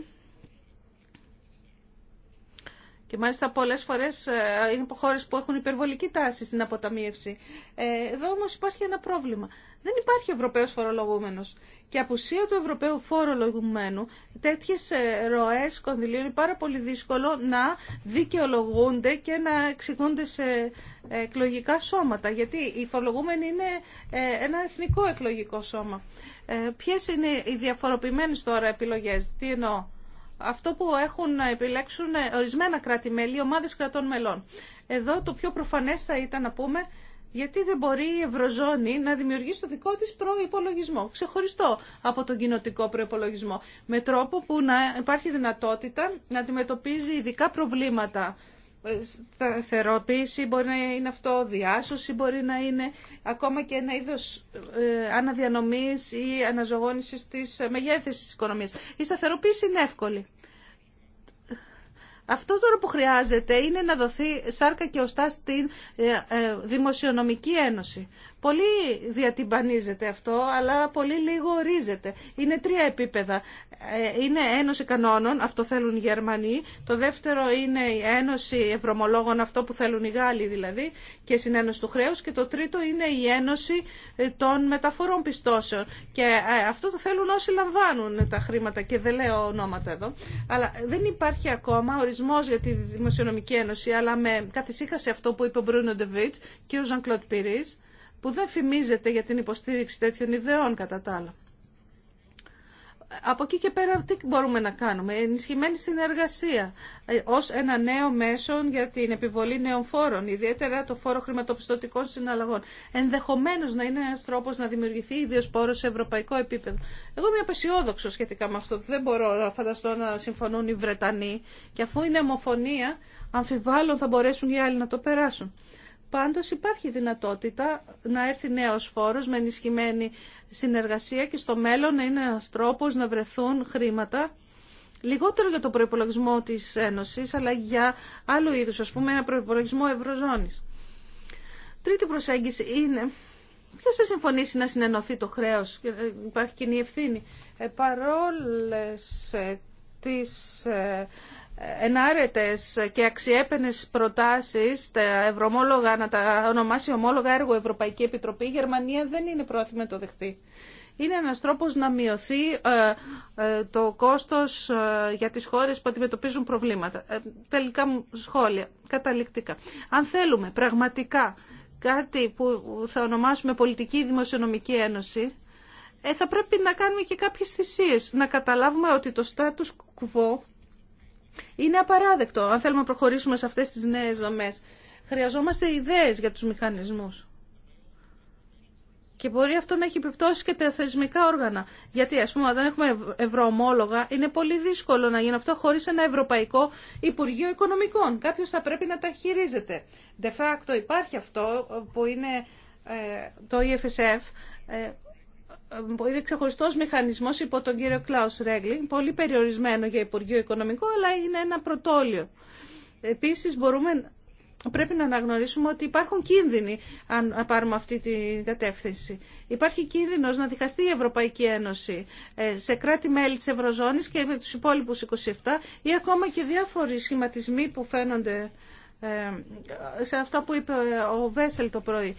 και μάλιστα πολλέ φορέ ε, είναι από χώρε που έχουν υπερβολική τάση στην αποταμίευση. Ε, εδώ όμω υπάρχει ένα πρόβλημα. Δεν υπάρχει Ευρωπαίος φορολογούμενος. Και απουσία του Ευρωπαίου φορολογουμένου τέτοιε ε, ροέ κονδυλίων είναι πάρα πολύ δύσκολο να δικαιολογούνται και να εξηγούνται σε εκλογικά σώματα. Γιατί οι φορολογούμενοι είναι ένα εθνικό εκλογικό σώμα. Ποιε είναι οι διαφοροποιημένε τώρα επιλογέ, Τι εννοώ αυτό που έχουν να επιλέξουν ορισμένα κράτη-μέλη, ομάδες κρατών μελών. Εδώ το πιο προφανές θα ήταν να πούμε γιατί δεν μπορεί η Ευρωζώνη να δημιουργήσει το δικό της προϋπολογισμό, ξεχωριστό από τον κοινοτικό προϋπολογισμό, με τρόπο που να υπάρχει δυνατότητα να αντιμετωπίζει ειδικά προβλήματα σταθεροποίηση, μπορεί να είναι αυτό διάσωση, μπορεί να είναι ακόμα και ένα είδος ε, αναδιανομής ή αναζωγόνησης της μεγέθυνσης της οικονομίας. Η σταθεροποίηση είναι εύκολη. Αυτό τώρα που χρειάζεται είναι να δοθεί σάρκα και οστά στην ε, ε, Δημοσιονομική Ένωση. Πολύ διατυμπανίζεται αυτό, αλλά πολύ λίγο ορίζεται. Είναι τρία επίπεδα. Ε, είναι Ένωση Κανόνων, αυτό θέλουν οι Γερμανοί. Το δεύτερο είναι η Ένωση Ευρωμολόγων, αυτό που θέλουν οι Γάλλοι δηλαδή, και συνένωση του χρέους. Και το τρίτο είναι η Ένωση ε, των Μεταφορών Πιστώσεων. Και ε, αυτό το θέλουν όσοι λαμβάνουν τα χρήματα και δεν λέω ονόματα εδώ. Αλλά δεν υπάρχει ακόμα ορισμός για τη Δημοσιονομική Ένωση, αλλά με καθησύχασε αυτό που είπε ο Μπρούνο Ντεβίτ και ο Ζαν που δεν φημίζεται για την υποστήριξη τέτοιων ιδεών κατά τα άλλα. Από εκεί και πέρα τι μπορούμε να κάνουμε. Ενισχυμένη συνεργασία ε, ως ένα νέο μέσο για την επιβολή νέων φόρων, ιδιαίτερα το φόρο χρηματοπιστωτικών συναλλαγών. Ενδεχομένως να είναι ένας τρόπος να δημιουργηθεί ιδίως πόρος σε ευρωπαϊκό επίπεδο. Εγώ είμαι απεσιόδοξο σχετικά με αυτό. Δεν μπορώ να φανταστώ να συμφωνούν οι Βρετανοί και αφού είναι ομοφωνία, αμφιβάλλον θα μπορέσουν οι άλλοι να το περάσουν. Πάντως υπάρχει δυνατότητα να έρθει νέος φόρος με ενισχυμένη συνεργασία και στο μέλλον να είναι ένας τρόπος να βρεθούν χρήματα λιγότερο για το προϋπολογισμό της Ένωσης αλλά για άλλου είδους, ας πούμε ένα προϋπολογισμό Ευρωζώνης. Τρίτη προσέγγιση είναι ποιο θα συμφωνήσει να συνενωθεί το χρέος, ε, υπάρχει κοινή ευθύνη. Ε, παρόλες ε, ενάρετες και αξιέπαινες προτάσεις τα ευρωμόλογα, να τα ονομάσει ομόλογα έργο Ευρωπαϊκή Επιτροπή, η Γερμανία δεν είναι πρόθυμη το δεχτεί. Είναι ένας τρόπος να μειωθεί ε, ε, το κόστος ε, για τις χώρες που αντιμετωπίζουν προβλήματα. Τελικά σχόλια, καταληκτικά. Αν θέλουμε πραγματικά κάτι που θα ονομάσουμε πολιτική δημοσιονομική ένωση, θα πρέπει να κάνουμε και κάποιες θυσίες. Να καταλάβουμε ότι το status quo είναι απαράδεκτο αν θέλουμε να προχωρήσουμε σε αυτές τις νέες δομές. Χρειαζόμαστε ιδέες για τους μηχανισμούς. Και μπορεί αυτό να έχει επιπτώσει και τα θεσμικά όργανα. Γιατί, α πούμε, όταν έχουμε ευρωομόλογα, είναι πολύ δύσκολο να γίνει αυτό χωρί ένα Ευρωπαϊκό Υπουργείο Οικονομικών. Κάποιο θα πρέπει να τα χειρίζεται. De facto υπάρχει αυτό ε, που είναι ε, το EFSF ε, είναι ξεχωριστό μηχανισμό υπό τον κύριο Κλάου Ρέγκλινγκ, πολύ περιορισμένο για Υπουργείο Οικονομικό, αλλά είναι ένα πρωτόλιο. Επίση, πρέπει να αναγνωρίσουμε ότι υπάρχουν κίνδυνοι αν πάρουμε αυτή την κατεύθυνση. Υπάρχει κίνδυνο να διχαστεί η Ευρωπαϊκή Ένωση ε, σε κράτη-μέλη τη Ευρωζώνης και με τους υπόλοιπου 27 ή ακόμα και διάφοροι σχηματισμοί που φαίνονται ε, σε αυτά που είπε ο Βέσελ το πρωί,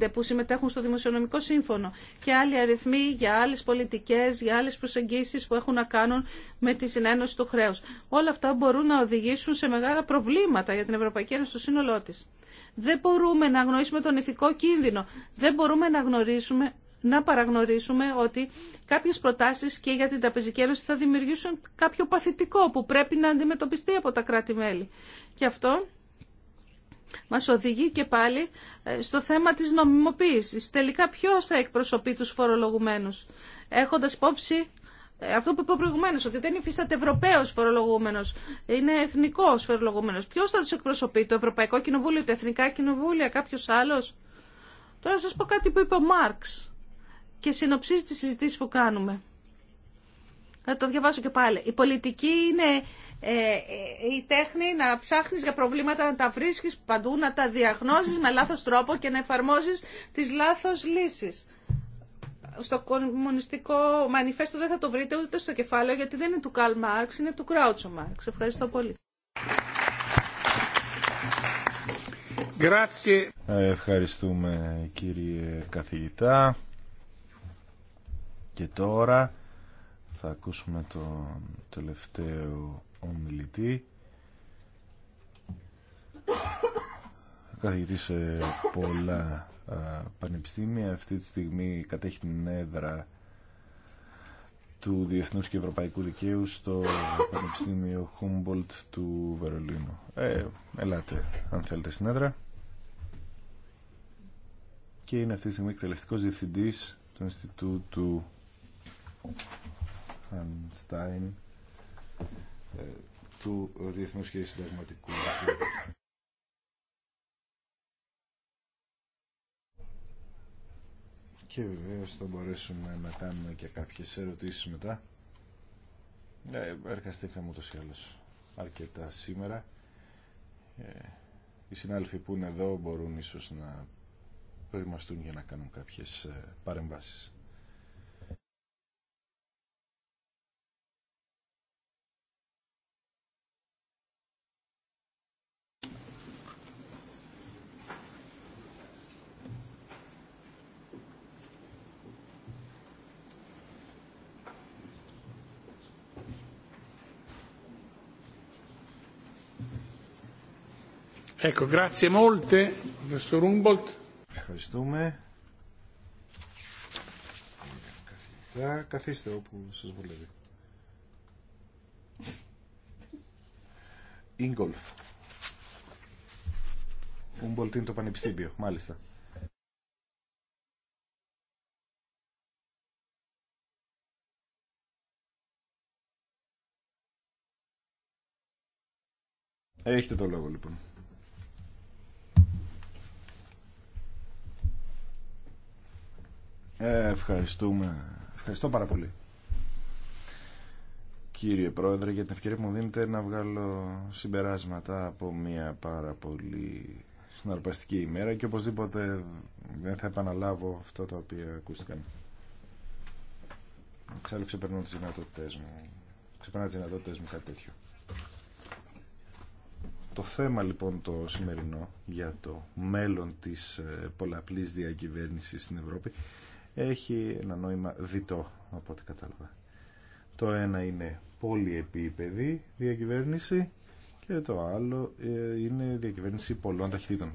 25 που συμμετέχουν στο Δημοσιονομικό Σύμφωνο και άλλοι αριθμοί για άλλες πολιτικές, για άλλες προσεγγίσεις που έχουν να κάνουν με τη συνένωση του χρέους. Όλα αυτά μπορούν να οδηγήσουν σε μεγάλα προβλήματα για την Ευρωπαϊκή Ένωση στο σύνολό της. Δεν μπορούμε να γνωρίσουμε τον ηθικό κίνδυνο. Δεν μπορούμε να γνωρίσουμε να παραγνωρίσουμε ότι κάποιες προτάσεις και για την Τραπεζική Ένωση θα δημιουργήσουν κάποιο παθητικό που πρέπει να αντιμετωπιστεί από τα κράτη-μέλη. Και αυτό μας οδηγεί και πάλι ε, στο θέμα της νομιμοποίησης. Τελικά ποιος θα εκπροσωπεί τους φορολογουμένους, έχοντας υπόψη ε, αυτό που είπα προηγουμένω, ότι δεν υφίσταται Ευρωπαίο φορολογούμενο, είναι εθνικό φορολογούμενο. Ποιο θα του εκπροσωπεί, το Ευρωπαϊκό Κοινοβούλιο, τα Εθνικά Κοινοβούλια, κάποιο άλλο. Τώρα σα πω κάτι που είπε ο Μάρξ και συνοψίζει τις συζητήσεις που κάνουμε. Θα το διαβάσω και πάλι. Η πολιτική είναι ε, ε, η τέχνη να ψάχνεις για προβλήματα, να τα βρίσκεις παντού, να τα διαγνώσεις με λάθος τρόπο και να εφαρμόζεις τις λάθος λύσεις. Στο κομμουνιστικό μανιφέστο δεν θα το βρείτε ούτε στο κεφάλαιο γιατί δεν είναι του Καλ Μάρξ, είναι του Κράουτσο Μάρξ. Ευχαριστώ πολύ. Ευχαριστούμε κύριε καθηγητά. Και τώρα θα ακούσουμε τον τελευταίο ομιλητή καθηγητή σε πολλά πανεπιστήμια. Αυτή τη στιγμή κατέχει την έδρα του Διεθνούς και Ευρωπαϊκού Δικαίου στο Πανεπιστήμιο Humboldt του Βερολίνου. Ε, ελάτε, αν θέλετε, στην έδρα. Και είναι αυτή τη στιγμή εκτελεστικός διευθυντής του Ινστιτούτου ε, του Διεθνούς και Συνταγματικού και βεβαίως θα μπορέσουμε να κάνουμε και κάποιες ερωτήσεις μετά ε, ναι, εργαστήκαμε το ή άλλως αρκετά σήμερα ε, οι συνάδελφοι που είναι εδώ μπορούν ίσως να προημαστούν για να κάνουν κάποιες ε, παρεμβάσεις Ευχαριστούμε. καθίστε όπου σας βολεύει. Ίγκολφ. Ούμπολτ είναι το πανεπιστήμιο, μάλιστα. Έχετε το λόγο λοιπόν. Ε, ευχαριστούμε. Ευχαριστώ πάρα πολύ. Κύριε Πρόεδρε, για την ευκαιρία που μου δίνετε να βγάλω συμπεράσματα από μια πάρα πολύ συναρπαστική ημέρα και οπωσδήποτε δεν θα επαναλάβω αυτό το οποίο ακούστηκαν. Ξέρω ξεπερνώ τις δυνατότητες μου. Ξεπερνά τις δυνατότητες μου κάτι τέτοιο. Το θέμα λοιπόν το σημερινό για το μέλλον της ε, πολλαπλής διακυβέρνησης στην Ευρώπη έχει ένα νόημα διτό από ό,τι κατάλαβα. Το ένα είναι πολυεπίπεδη διακυβέρνηση και το άλλο ε, είναι διακυβέρνηση πολλών ταχυτήτων.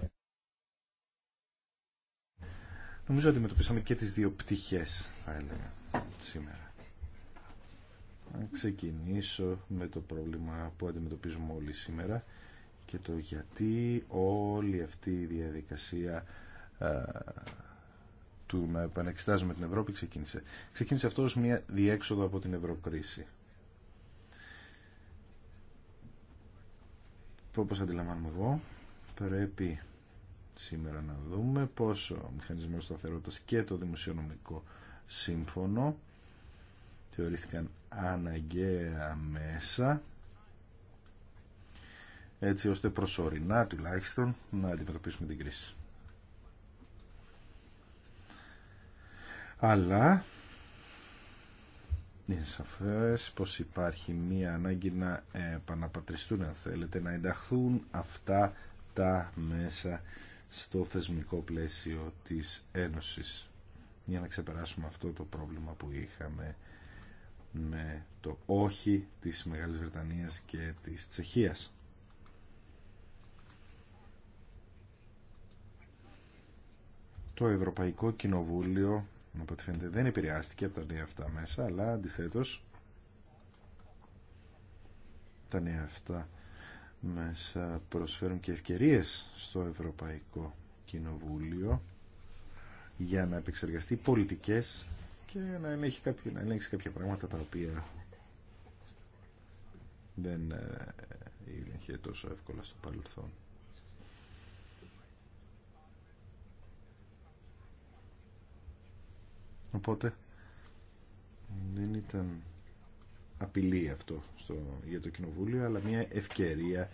Νομίζω ότι αντιμετωπίσαμε και τις δύο πτυχές, θα έλεγα, σήμερα. Να ξεκινήσω με το πρόβλημα που αντιμετωπίζουμε όλοι σήμερα και το γιατί όλη αυτή η διαδικασία του να επανεξετάζουμε την Ευρώπη ξεκίνησε. Ξεκίνησε αυτό μια διέξοδο από την Ευρωκρίση. Όπως αντιλαμβάνομαι εγώ, πρέπει σήμερα να δούμε πώς ο μηχανισμός σταθερότητας και το δημοσιονομικό σύμφωνο θεωρήθηκαν αναγκαία μέσα έτσι ώστε προσωρινά τουλάχιστον να αντιμετωπίσουμε την κρίση. αλλά είναι σαφές πως υπάρχει μία ανάγκη να επαναπατριστούν αν θέλετε, να ενταχθούν αυτά τα μέσα στο θεσμικό πλαίσιο της Ένωσης για να ξεπεράσουμε αυτό το πρόβλημα που είχαμε με το όχι της Μεγάλης Βρετανίας και της Τσεχίας. Το Ευρωπαϊκό Κοινοβούλιο από ό,τι φαίνεται δεν επηρεάστηκε από τα νέα αυτά μέσα, αλλά αντιθέτω, τα νέα αυτά μέσα προσφέρουν και ευκαιρίες στο Ευρωπαϊκό Κοινοβούλιο για να επεξεργαστεί πολιτικές και να ελέγξει κάποια, να κάποια πράγματα τα οποία δεν είχε τόσο εύκολα στο παρελθόν. Οπότε δεν ήταν απειλή αυτό στο, για το Κοινοβούλιο, αλλά μια ευκαιρία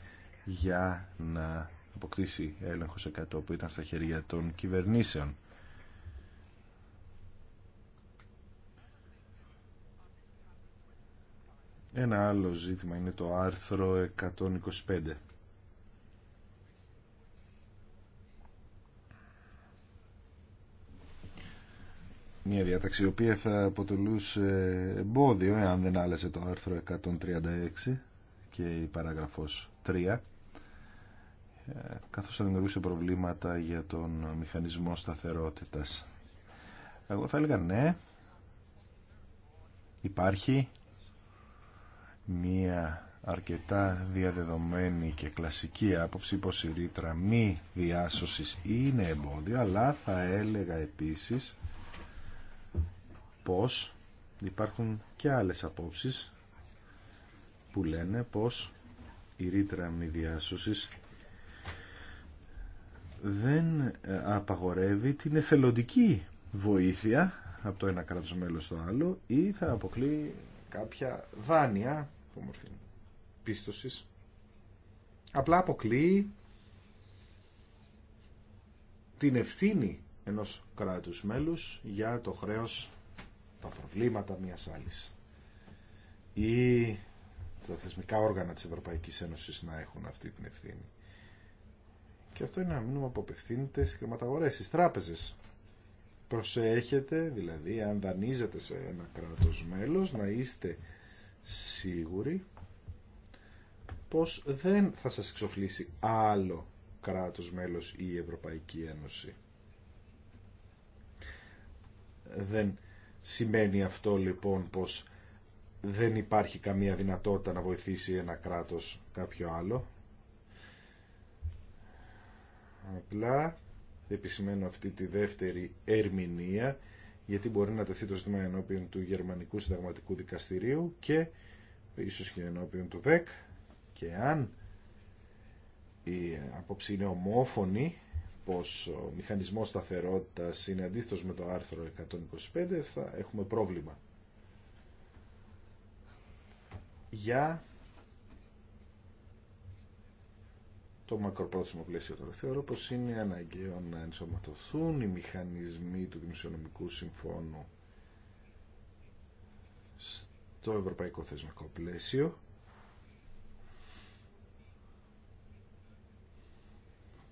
για να αποκτήσει έλεγχο σε που ήταν στα χέρια των κυβερνήσεων. Ένα άλλο ζήτημα είναι το άρθρο 125 μια διάταξη η οποία θα αποτελούσε εμπόδιο εάν δεν άλλαζε το άρθρο 136 και η παραγραφός 3 ε, καθώς θα δημιουργούσε προβλήματα για τον μηχανισμό σταθερότητας. Εγώ θα έλεγα ναι, υπάρχει μία αρκετά διαδεδομένη και κλασική άποψη πως η ρήτρα μη διάσωσης είναι εμπόδιο, αλλά θα έλεγα επίσης πως υπάρχουν και άλλες απόψεις που λένε πως η ρήτρα μη δεν ε, απαγορεύει την εθελοντική βοήθεια από το ένα κράτος μέλος στο άλλο ή θα αποκλεί κάποια δάνεια πίστοσης απλά αποκλεί την ευθύνη ενός κράτους μέλους για το χρέος τα προβλήματα μιας άλλης ή τα θεσμικά όργανα της Ευρωπαϊκής Ένωσης να έχουν αυτή την ευθύνη. Και αυτό είναι ένα μήνυμα που απευθύνεται στις χρηματαγορές, στις τράπεζες. Προσέχετε, δηλαδή, αν δανείζετε σε ένα κράτος μέλος, να είστε σίγουροι πως δεν θα σας εξοφλήσει άλλο κράτος μέλος ή η Ευρωπαϊκή Ένωση. Δεν Σημαίνει αυτό λοιπόν πως δεν υπάρχει καμία δυνατότητα να βοηθήσει ένα κράτος κάποιο άλλο. Απλά επισημαίνω αυτή τη δεύτερη ερμηνεία γιατί μπορεί να τεθεί το ζήτημα ενώπιον του Γερμανικού Συνταγματικού Δικαστηρίου και ίσως και ενώπιον του ΔΕΚ και αν η απόψη είναι ομόφωνη πως ο μηχανισμός σταθερότητας είναι αντίθετος με το άρθρο 125 θα έχουμε πρόβλημα. Για το μακροπρόθεσμο πλαίσιο τώρα. Θεωρώ πως είναι αναγκαίο να ενσωματωθούν οι μηχανισμοί του Δημοσιονομικού Συμφώνου στο Ευρωπαϊκό Θεσμικό Πλαίσιο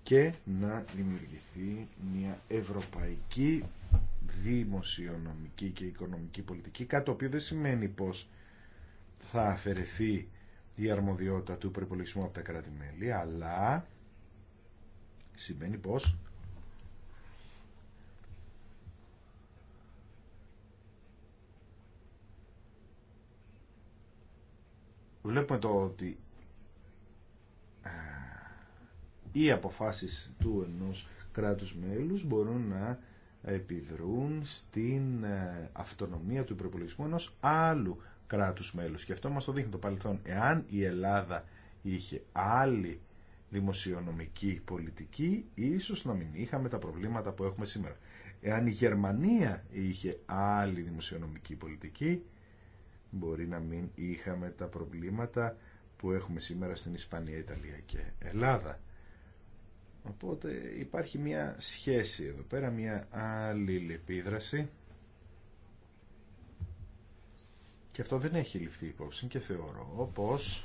και να δημιουργηθεί μια ευρωπαϊκή δημοσιονομική και οικονομική πολιτική, κάτι το οποίο δεν σημαίνει πως θα αφαιρεθεί η αρμοδιότητα του προπολογισμού από τα κράτη-μέλη, αλλά σημαίνει πως βλέπουμε το ότι οι αποφάσεις του ενός κράτους μέλους μπορούν να επιδρούν στην ε, αυτονομία του προπολογισμού ενός άλλου κράτους μέλους. Και αυτό μας το δείχνει το παρελθόν. Εάν η Ελλάδα είχε άλλη δημοσιονομική πολιτική, ίσως να μην είχαμε τα προβλήματα που έχουμε σήμερα. Εάν η Γερμανία είχε άλλη δημοσιονομική πολιτική, μπορεί να μην είχαμε τα προβλήματα που έχουμε σήμερα στην Ισπανία, Ιταλία και Ελλάδα. Οπότε υπάρχει μια σχέση εδώ πέρα, μια αλληλεπίδραση και αυτό δεν έχει ληφθεί υπόψη και θεωρώ πως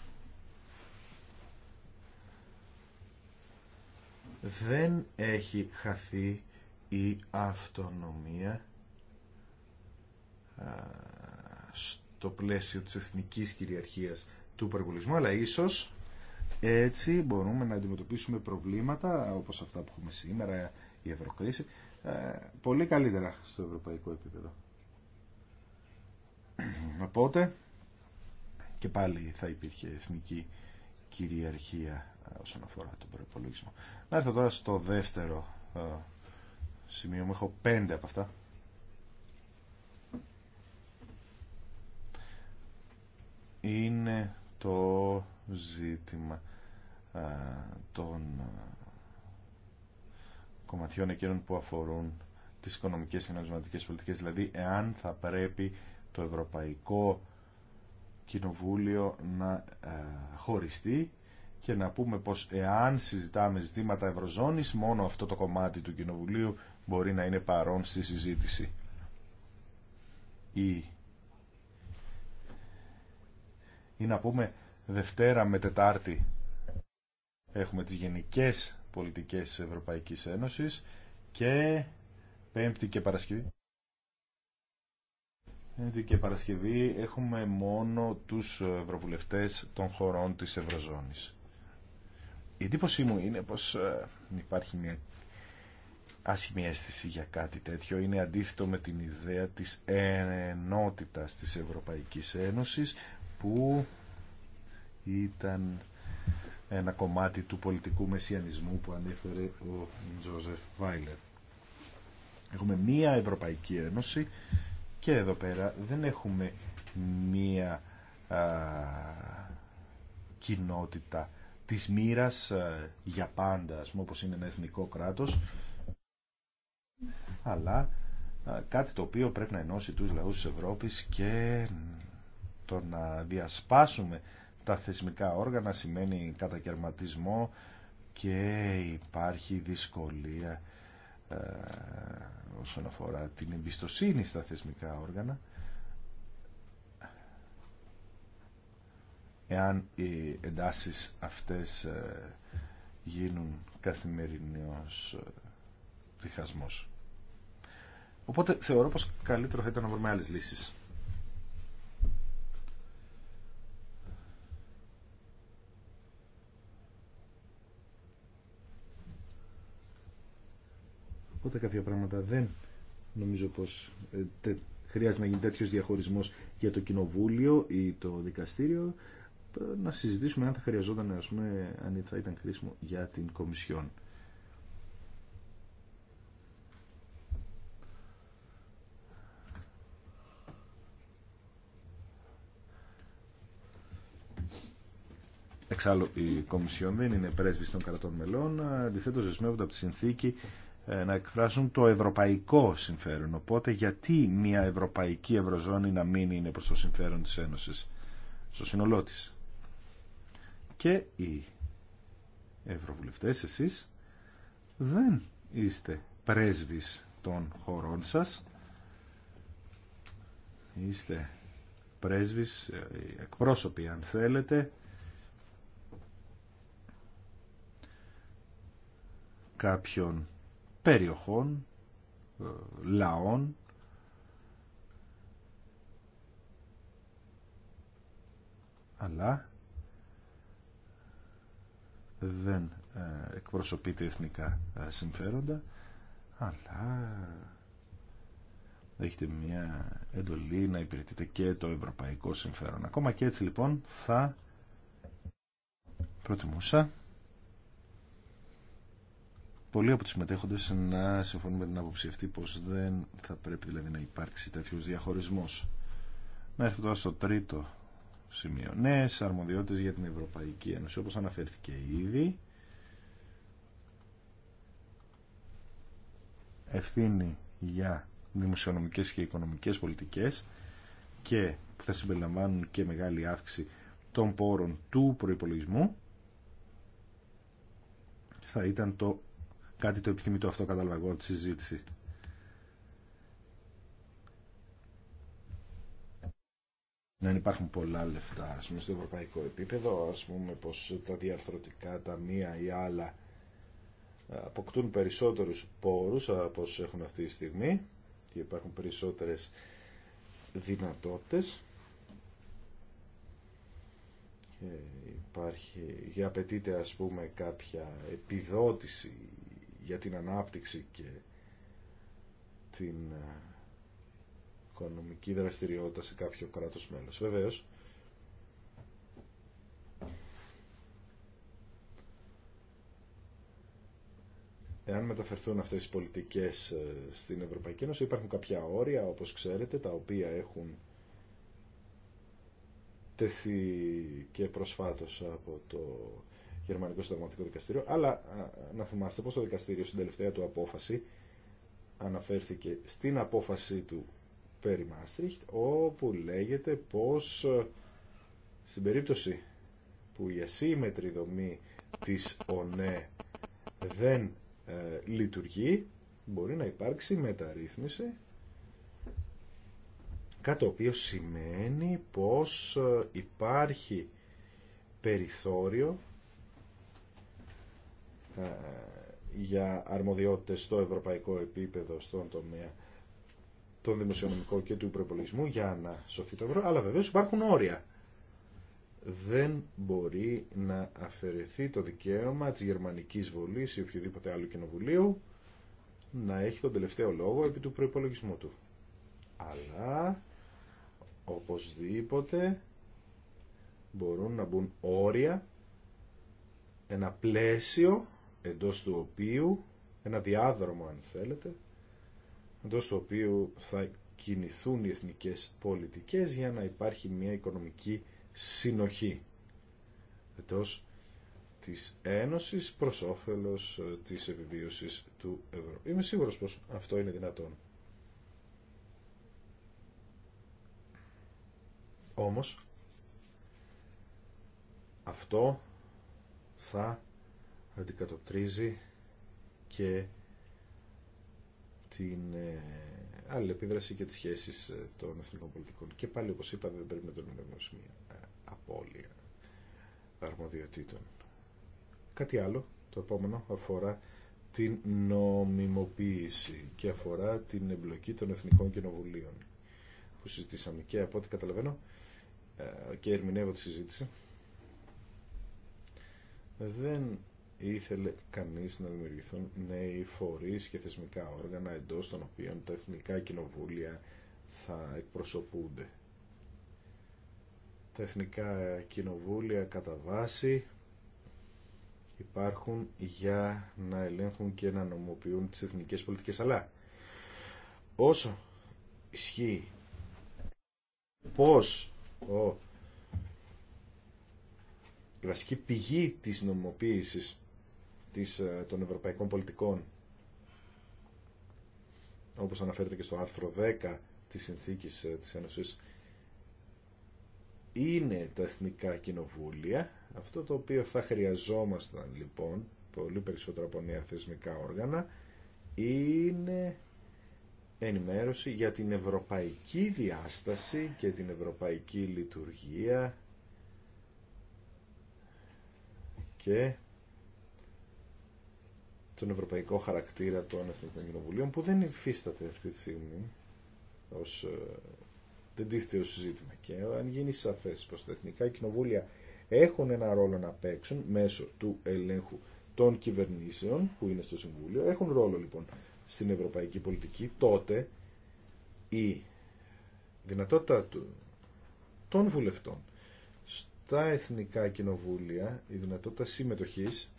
δεν έχει χαθεί η αυτονομία στο πλαίσιο της εθνικής κυριαρχίας του υπερβολισμού, αλλά ίσως έτσι μπορούμε να αντιμετωπίσουμε προβλήματα όπως αυτά που έχουμε σήμερα, η ευρωκρίση, ε, πολύ καλύτερα στο ευρωπαϊκό επίπεδο. Οπότε και πάλι θα υπήρχε εθνική κυριαρχία ε, όσον αφορά τον προπολογισμό. Να έρθω τώρα στο δεύτερο ε, σημείο. Έχω πέντε από αυτά. Είναι το ζήτημα των κομματιών εκείνων που αφορούν τις οικονομικές και πολιτικές. Δηλαδή, εάν θα πρέπει το Ευρωπαϊκό Κοινοβούλιο να χωριστεί και να πούμε πως εάν συζητάμε ζητήματα Ευρωζώνης, μόνο αυτό το κομμάτι του Κοινοβουλίου μπορεί να είναι παρόν στη συζήτηση. Ή, ή να πούμε Δευτέρα με Τετάρτη έχουμε τις γενικές πολιτικές της Ευρωπαϊκής Ένωσης και Πέμπτη και Παρασκευή. Πέμπτη και Παρασκευή έχουμε μόνο τους ευρωβουλευτές των χωρών της Ευρωζώνης. Η εντύπωσή μου είναι πως ε, υπάρχει μια άσχημη αίσθηση για κάτι τέτοιο. Είναι αντίθετο με την ιδέα της ενότητας της Ευρωπαϊκής Ένωσης που ήταν ένα κομμάτι του πολιτικού μεσιανισμού που ανέφερε ο Τζόζεφ Βάιλερ. Έχουμε μία Ευρωπαϊκή Ένωση και εδώ πέρα δεν έχουμε μία κοινότητα της μοίρα για πάντα, ας πούμε, όπως είναι ένα εθνικό κράτος, αλλά κάτι το οποίο πρέπει να ενώσει τους λαούς της Ευρώπης και το να διασπάσουμε τα θεσμικά όργανα σημαίνει κατακαιρματισμό και υπάρχει δυσκολία ε, όσον αφορά την εμπιστοσύνη στα θεσμικά όργανα εάν οι εντάσεις αυτές ε, γίνουν καθημερινός ε, διχασμός. Οπότε θεωρώ πως καλύτερο θα ήταν να βρούμε άλλες λύσεις. Οπότε κάποια πράγματα δεν νομίζω πως ε, χρειάζεται να γίνει τέτοιος διαχωρισμός για το κοινοβούλιο ή το δικαστήριο ε, να συζητήσουμε αν θα χρειαζόταν ας πούμε, αν θα ήταν χρήσιμο για την Κομισιόν. Εξάλλου, η Κομισιόν δεν είναι πρέσβη των κρατών μελών. Αντιθέτω, δεσμεύονται από τη συνθήκη ε, να εκφράσουν το ευρωπαϊκό συμφέρον. Οπότε γιατί μια ευρωπαϊκή ευρωζώνη να μην είναι προς το συμφέρον της Ένωσης στο σύνολό τη. Και οι ευρωβουλευτές εσείς δεν είστε πρέσβεις των χωρών σας. Είστε πρέσβεις, ε, εκπρόσωποι αν θέλετε, κάποιων περιοχών, ε, λαών αλλά δεν ε, εκπροσωπείται εθνικά ε, συμφέροντα αλλά έχετε μια εντολή να υπηρετείτε και το ευρωπαϊκό συμφέρον. Ακόμα και έτσι λοιπόν θα προτιμούσα πολλοί από του συμμετέχοντε να συμφωνούν με την άποψη αυτή πως δεν θα πρέπει δηλαδή να υπάρξει τέτοιο διαχωρισμός. Να έρθω τώρα στο τρίτο σημείο. νέε. αρμοδιότητε για την Ευρωπαϊκή Ένωση όπως αναφέρθηκε ήδη. Ευθύνη για δημοσιονομικές και οικονομικές πολιτικές και που θα συμπεριλαμβάνουν και μεγάλη αύξηση των πόρων του προϋπολογισμού θα ήταν το κάτι το επιθυμητό αυτό κατάλαβα εγώ τη συζήτηση. Δεν υπάρχουν πολλά λεφτά στο ευρωπαϊκό επίπεδο, ας πούμε πως τα διαρθρωτικά τα μία ή άλλα αποκτούν περισσότερους πόρους από όσους έχουν αυτή τη στιγμή και υπάρχουν περισσότερες δυνατότητες υπάρχει, για απαιτείται ας πούμε κάποια επιδότηση για την ανάπτυξη και την ε, οικονομική δραστηριότητα σε κάποιο κράτος μέλος. Βεβαίως, εάν μεταφερθούν αυτές οι πολιτικές ε, στην Ευρωπαϊκή Ένωση υπάρχουν κάποια όρια όπως ξέρετε τα οποία έχουν τεθεί και προσφάτως από το Γερμανικό Συνταγματικό Δικαστήριο, αλλά να θυμάστε πως το δικαστήριο στην τελευταία του απόφαση αναφέρθηκε στην απόφαση του περί Μάστριχτ, όπου λέγεται πως ε, στην περίπτωση που η ασύμμετρη δομή της ΟΝΕ δεν ε, λειτουργεί, μπορεί να υπάρξει μεταρρύθμιση, κάτι το οποίο σημαίνει πως ε, υπάρχει περιθώριο ε, για αρμοδιότητες στο ευρωπαϊκό επίπεδο στον τομέα των δημοσιονομικών και του προπολογισμού για να σωθεί το ευρώ, αλλά βεβαίως υπάρχουν όρια. Δεν μπορεί να αφαιρεθεί το δικαίωμα της γερμανικής βολής ή οποιοδήποτε άλλου κοινοβουλίου να έχει τον τελευταίο λόγο επί του προϋπολογισμού του. Αλλά οπωσδήποτε μπορούν να μπουν όρια, ένα πλαίσιο εντός του οποίου, ένα διάδρομο αν θέλετε, εντός του οποίου θα κινηθούν οι εθνικές πολιτικές για να υπάρχει μια οικονομική συνοχή εντός της Ένωσης προς όφελος ε, της επιβίωσης του ευρώ. Είμαι σίγουρος πως αυτό είναι δυνατόν. Όμως, αυτό θα αντικατοπτρίζει και την ε, επίδραση και τις σχέσεις ε, των εθνικών πολιτικών. Και πάλι, όπως είπα, δεν πρέπει να τον γνωρίσουμε μια απώλεια αρμοδιοτήτων. Κάτι άλλο, το επόμενο, αφορά την νομιμοποίηση και αφορά την εμπλοκή των εθνικών κοινοβουλίων που συζητήσαμε και από ό,τι καταλαβαίνω ε, και ερμηνεύω τη συζήτηση δεν ήθελε κανείς να δημιουργηθούν νέοι φορείς και θεσμικά όργανα εντός των οποίων τα εθνικά κοινοβούλια θα εκπροσωπούνται. Τα εθνικά κοινοβούλια κατά βάση υπάρχουν για να ελέγχουν και να νομοποιούν τις εθνικές πολιτικές. Αλλά όσο ισχύει πώς ο, η βασική πηγή της νομοποίησης της, ε, των ευρωπαϊκών πολιτικών όπως αναφέρεται και στο άρθρο 10 της συνθήκης ε, της Ένωσης είναι τα εθνικά κοινοβούλια αυτό το οποίο θα χρειαζόμασταν λοιπόν πολύ περισσότερο από νέα θεσμικά όργανα είναι ενημέρωση για την ευρωπαϊκή διάσταση και την ευρωπαϊκή λειτουργία και τον ευρωπαϊκό χαρακτήρα των Εθνικών Κοινοβουλίων που δεν υφίσταται αυτή τη στιγμή ως ε, δεν τίθεται ως συζήτημα και αν γίνει σαφές πως τα Εθνικά Κοινοβούλια έχουν ένα ρόλο να παίξουν μέσω του ελέγχου των κυβερνήσεων που είναι στο Συμβούλιο έχουν ρόλο λοιπόν στην ευρωπαϊκή πολιτική τότε η δυνατότητα του, των βουλευτών στα Εθνικά Κοινοβούλια η δυνατότητα συμμετοχής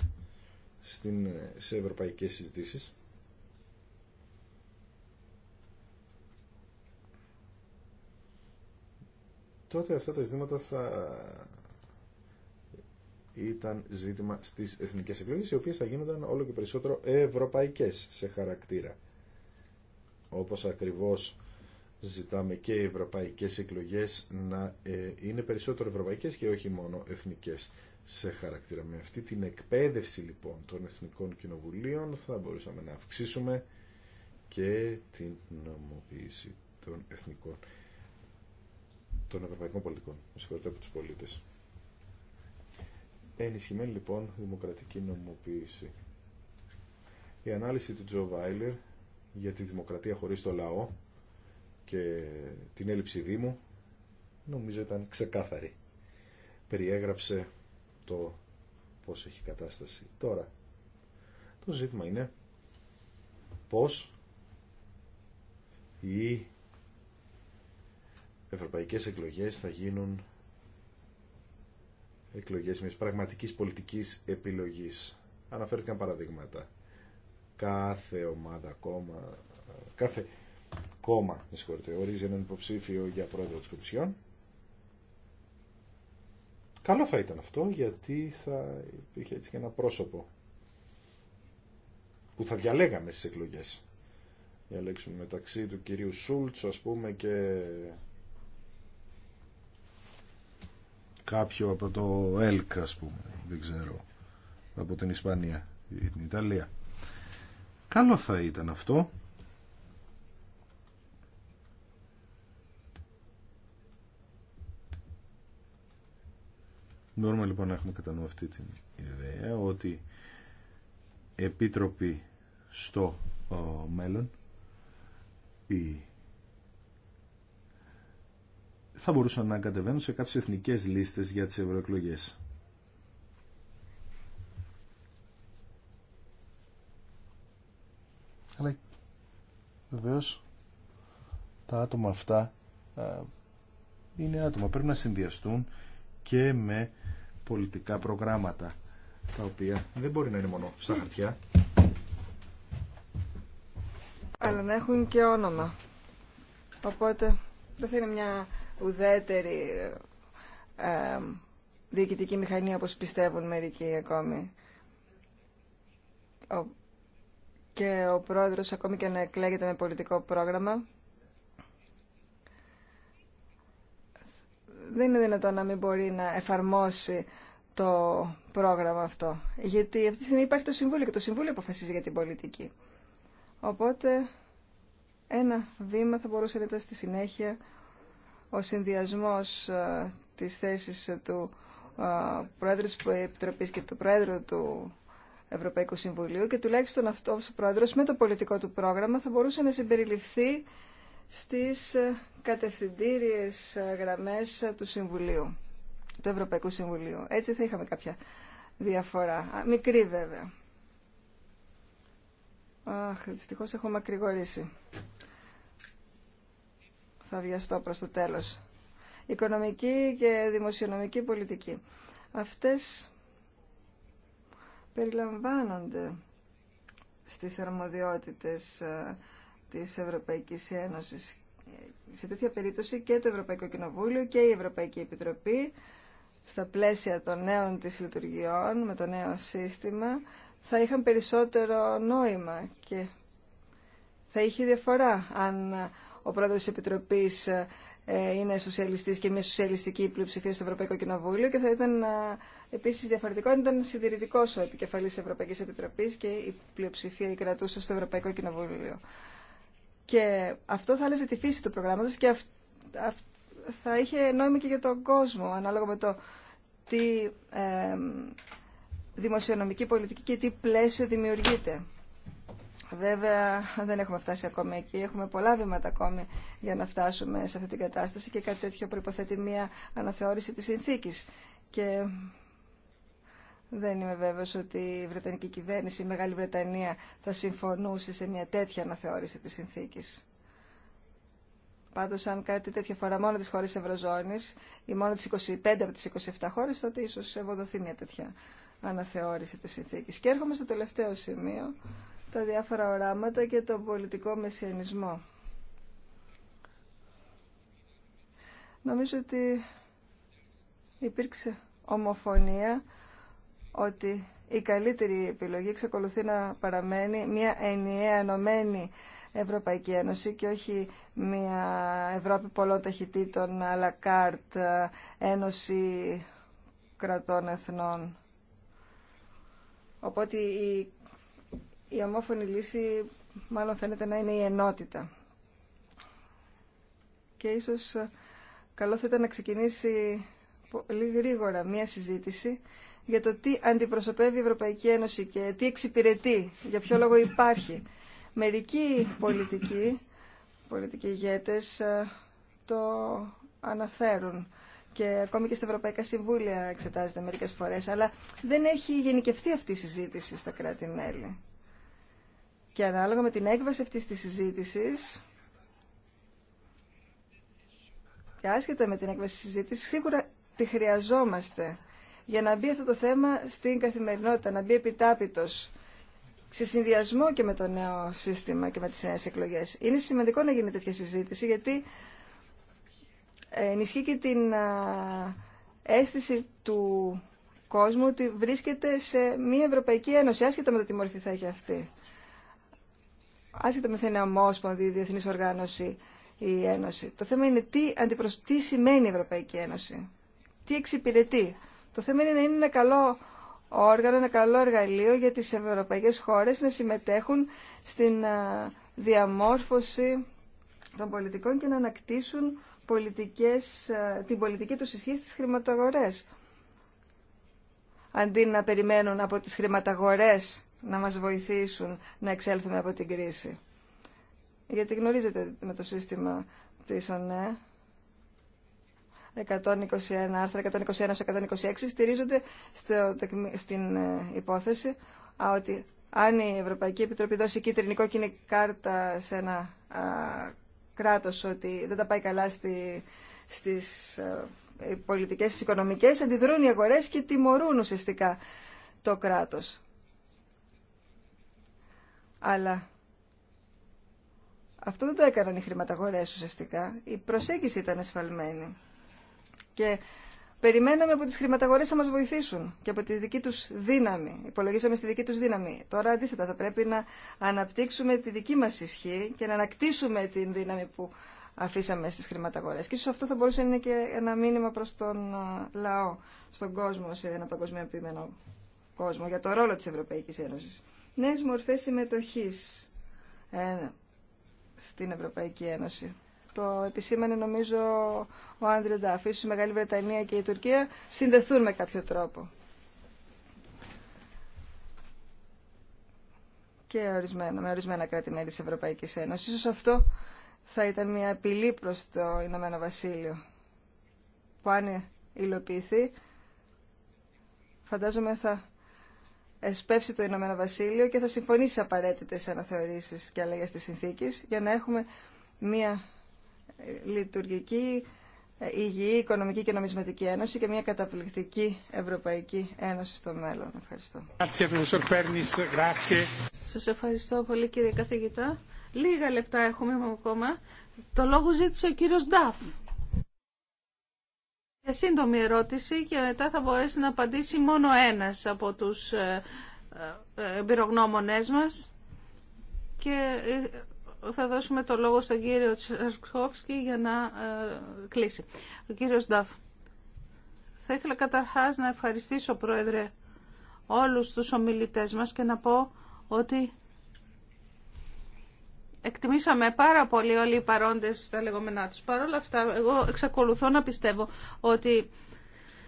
στην, σε ευρωπαϊκές συζητήσεις. Τότε αυτά τα ζητήματα θα ήταν ζήτημα στις εθνικές εκλογές, οι οποίες θα γίνονταν όλο και περισσότερο ευρωπαϊκές σε χαρακτήρα. Όπως ακριβώς ζητάμε και οι ευρωπαϊκές εκλογές να ε, είναι περισσότερο ευρωπαϊκές και όχι μόνο εθνικές σε χαρακτήρα. Με αυτή την εκπαίδευση λοιπόν των Εθνικών Κοινοβουλίων θα μπορούσαμε να αυξήσουμε και την νομοποίηση των εθνικών των ευρωπαϊκών πολιτικών, με συγχωρείτε από τους πολίτες. Ενισχυμένη λοιπόν δημοκρατική νομοποίηση. Η ανάλυση του Τζο Βάιλερ για τη δημοκρατία χωρίς το λαό και την έλλειψη Δήμου νομίζω ήταν ξεκάθαρη. Περιέγραψε το πώς έχει κατάσταση τώρα. Το ζήτημα είναι πώς οι ευρωπαϊκές εκλογές θα γίνουν εκλογές μιας πραγματικής πολιτικής επιλογής. Αναφέρθηκαν παραδείγματα. Κάθε ομάδα κόμμα, κάθε κόμμα, με συγχωρείτε, ορίζει έναν υποψήφιο για πρόεδρο της Κομισιόν Καλό θα ήταν αυτό γιατί θα υπήρχε έτσι και ένα πρόσωπο που θα διαλέγαμε στις εκλογές. Διαλέξουμε μεταξύ του κυρίου Σούλτς ας πούμε και κάποιο από το ΕΛΚ ας πούμε, δεν ξέρω, από την Ισπανία ή την Ιταλία. Καλό θα ήταν αυτό. Μπορούμε λοιπόν να έχουμε κατά νου αυτή την ιδέα ότι επίτροποι στο μέλλον θα μπορούσαν να κατεβαίνουν σε κάποιες εθνικές λίστες για τις ευρωεκλογέ. Αλλά βεβαίω τα άτομα αυτά ε, είναι άτομα. Πρέπει να συνδυαστούν και με πολιτικά προγράμματα τα οποία δεν μπορεί να είναι μόνο στα χαρτιά αλλά να έχουν και όνομα οπότε δεν θα είναι μια ουδέτερη ε, διοικητική μηχανή όπως πιστεύουν μερικοί ακόμη και ο πρόεδρος ακόμη και να εκλέγεται με πολιτικό πρόγραμμα δεν είναι δυνατόν να μην μπορεί να εφαρμόσει το πρόγραμμα αυτό. Γιατί αυτή τη στιγμή υπάρχει το Συμβούλιο και το Συμβούλιο αποφασίζει για την πολιτική. Οπότε ένα βήμα θα μπορούσε να ήταν στη συνέχεια ο συνδυασμός ε, της θέσης του ε, Πρόεδρου της Επιτροπής και του Πρόεδρου του Ευρωπαϊκού Συμβουλίου και τουλάχιστον αυτός ο Πρόεδρος με το πολιτικό του πρόγραμμα θα μπορούσε να συμπεριληφθεί στις ε, κατευθυντήριες ε, γραμμές ε, του Συμβουλίου, του Ευρωπαϊκού Συμβουλίου. Έτσι θα είχαμε κάποια διαφορά. Μικρή βέβαια. Αχ, δυστυχώς έχω μακρηγορήσει. Θα βιαστώ προς το τέλος. Οικονομική και δημοσιονομική πολιτική. Αυτές περιλαμβάνονται στις αρμοδιότητες της Ευρωπαϊκής Ένωσης. Σε τέτοια περίπτωση και το Ευρωπαϊκό Κοινοβούλιο και η Ευρωπαϊκή Επιτροπή στα πλαίσια των νέων της λειτουργιών με το νέο σύστημα θα είχαν περισσότερο νόημα και θα είχε διαφορά αν ο πρόεδρος της Επιτροπής ε, είναι σοσιαλιστής και μια σοσιαλιστική πλειοψηφία στο Ευρωπαϊκό Κοινοβούλιο και θα ήταν ε, επίσης διαφορετικό αν ήταν συντηρητικός ο επικεφαλής της Ευρωπαϊκής Επιτροπής και η πλειοψηφία η κρατούσα στο Ευρωπαϊκό Κοινοβούλιο. Και αυτό θα άλλαζε τη φύση του προγράμματο και αυ, θα είχε νόημα και για τον κόσμο, ανάλογα με το τι δημοσιονομική πολιτική και τι πλαίσιο δημιουργείται. Βέβαια δεν έχουμε φτάσει ακόμη εκεί, έχουμε πολλά βήματα ακόμη για να φτάσουμε σε αυτή την κατάσταση και κάτι τέτοιο προποθέτει μια αναθεώρηση τη συνθήκης. Και δεν είμαι βέβαιος ότι η Βρετανική κυβέρνηση, η Μεγάλη Βρετανία θα συμφωνούσε σε μια τέτοια αναθεώρηση της συνθήκης. Πάντως αν κάτι τέτοια φορά μόνο τις χώρες Ευρωζώνης ή μόνο τις 25 από τις 27 χώρες, τότε ίσως ευοδοθεί μια τέτοια αναθεώρηση της συνθήκης. Και έρχομαι στο τελευταίο σημείο, τα διάφορα οράματα και τον πολιτικό μεσιανισμό. Νομίζω ότι υπήρξε ομοφωνία ότι η καλύτερη επιλογή εξακολουθεί να παραμένει μια ενιαία ενωμένη Ευρωπαϊκή Ένωση και όχι μια Ευρώπη πολλών ταχυτήτων αλλά ένωση κρατών εθνών. Οπότε η, η ομόφωνη λύση μάλλον φαίνεται να είναι η ενότητα. Και ίσως καλό θα ήταν να ξεκινήσει πολύ γρήγορα μια συζήτηση για το τι αντιπροσωπεύει η Ευρωπαϊκή Ένωση και τι εξυπηρετεί, για ποιο λόγο υπάρχει. Μερικοί πολιτικοί, πολιτικοί ηγέτες, ε, το αναφέρουν και ακόμη και στα Ευρωπαϊκά Συμβούλια εξετάζεται μερικές φορές, αλλά δεν έχει γενικευτεί αυτή η συζήτηση στα κράτη-μέλη. Και ανάλογα με την έκβαση αυτής της συζήτησης, και άσχετα με την έκβαση συζήτηση, σίγουρα τη χρειαζόμαστε για να μπει αυτό το θέμα στην καθημερινότητα, να μπει επιτάπητος σε συνδυασμό και με το νέο σύστημα και με τις νέες εκλογές. Είναι σημαντικό να γίνει τέτοια συζήτηση γιατί ε, ενισχύει και την αίσθηση του κόσμου ότι βρίσκεται σε μια Ευρωπαϊκή Ένωση, άσχετα με το τι μορφή θα έχει αυτή. Άσχετα με θα είναι ομόσπονδη, διεθνή οργάνωση, η Ένωση. Το θέμα είναι τι, τι σημαίνει η Ευρωπαϊκή Ένωση. Τι εξυπηρετεί. Το θέμα είναι να είναι ένα καλό όργανο, ένα καλό εργαλείο για τις ευρωπαϊκές χώρες να συμμετέχουν στην διαμόρφωση των πολιτικών και να ανακτήσουν πολιτικές, την πολιτική του ισχύ στις χρηματαγορές. Αντί να περιμένουν από τις χρηματαγορές να μας βοηθήσουν να εξέλθουμε από την κρίση. Γιατί γνωρίζετε με το σύστημα της ΟΝΕ 121 άρθρα 121-126 στηρίζονται στην ε, υπόθεση α, ότι αν η Ευρωπαϊκή Επιτροπή δώσει κίτρινη κόκκινη κάρτα σε ένα α, κράτος ότι δεν τα πάει καλά στη, στις α, ε, πολιτικές, στις οικονομικές, αντιδρούν οι αγορές και τιμωρούν ουσιαστικά το κράτος. Αλλά αυτό δεν το έκαναν οι χρηματαγορές ουσιαστικά. Η προσέγγιση ήταν ασφαλμένη. Και περιμέναμε από τις χρηματαγορές να μας βοηθήσουν και από τη δική τους δύναμη. Υπολογίσαμε στη δική τους δύναμη. Τώρα αντίθετα θα πρέπει να αναπτύξουμε τη δική μας ισχύ και να ανακτήσουμε την δύναμη που αφήσαμε στις χρηματαγορές. Και ίσως αυτό θα μπορούσε να είναι και ένα μήνυμα προς τον λαό, στον κόσμο, σε ένα παγκοσμιοποιημένο κόσμο, για το ρόλο της Ευρωπαϊκής Ένωσης. Νέες μορφές συμμετοχής ε, στην Ευρωπαϊκή Ένωση. Το επισήμανε νομίζω ο Άντριο Ντάφ. η Μεγάλη Βρετανία και η Τουρκία συνδεθούν με κάποιο τρόπο. Και ορισμένα, με ορισμένα κράτη-μέλη της Ευρωπαϊκής Ένωσης. Ίσως αυτό θα ήταν μια απειλή προς το Ηνωμένο Βασίλειο. Που αν υλοποιηθεί, φαντάζομαι θα εσπεύσει το Ηνωμένο Βασίλειο και θα συμφωνήσει απαραίτητε αναθεωρήσει και αλλαγέ τη συνθήκη για να έχουμε μία λειτουργική υγιή οικονομική και νομισματική ένωση και μια καταπληκτική Ευρωπαϊκή Ένωση στο μέλλον. Ευχαριστώ. Σα ευχαριστώ πολύ κύριε καθηγητά. Λίγα λεπτά έχουμε ακόμα. Το λόγο ζήτησε ο κύριος Νταφ. Για σύντομη ερώτηση και μετά θα μπορέσει να απαντήσει μόνο ένας από τους ε, ε, εμπειρογνώμονές μας και ε, θα δώσουμε το λόγο στον κύριο Τσαρκόφσκι για να ε, κλείσει. Ο κύριος Νταφ. Θα ήθελα καταρχάς να ευχαριστήσω, Πρόεδρε, όλους τους ομιλητές μας και να πω ότι εκτιμήσαμε πάρα πολύ όλοι οι παρόντες στα λεγόμενά τους. Παρ' όλα αυτά, εγώ εξακολουθώ να πιστεύω ότι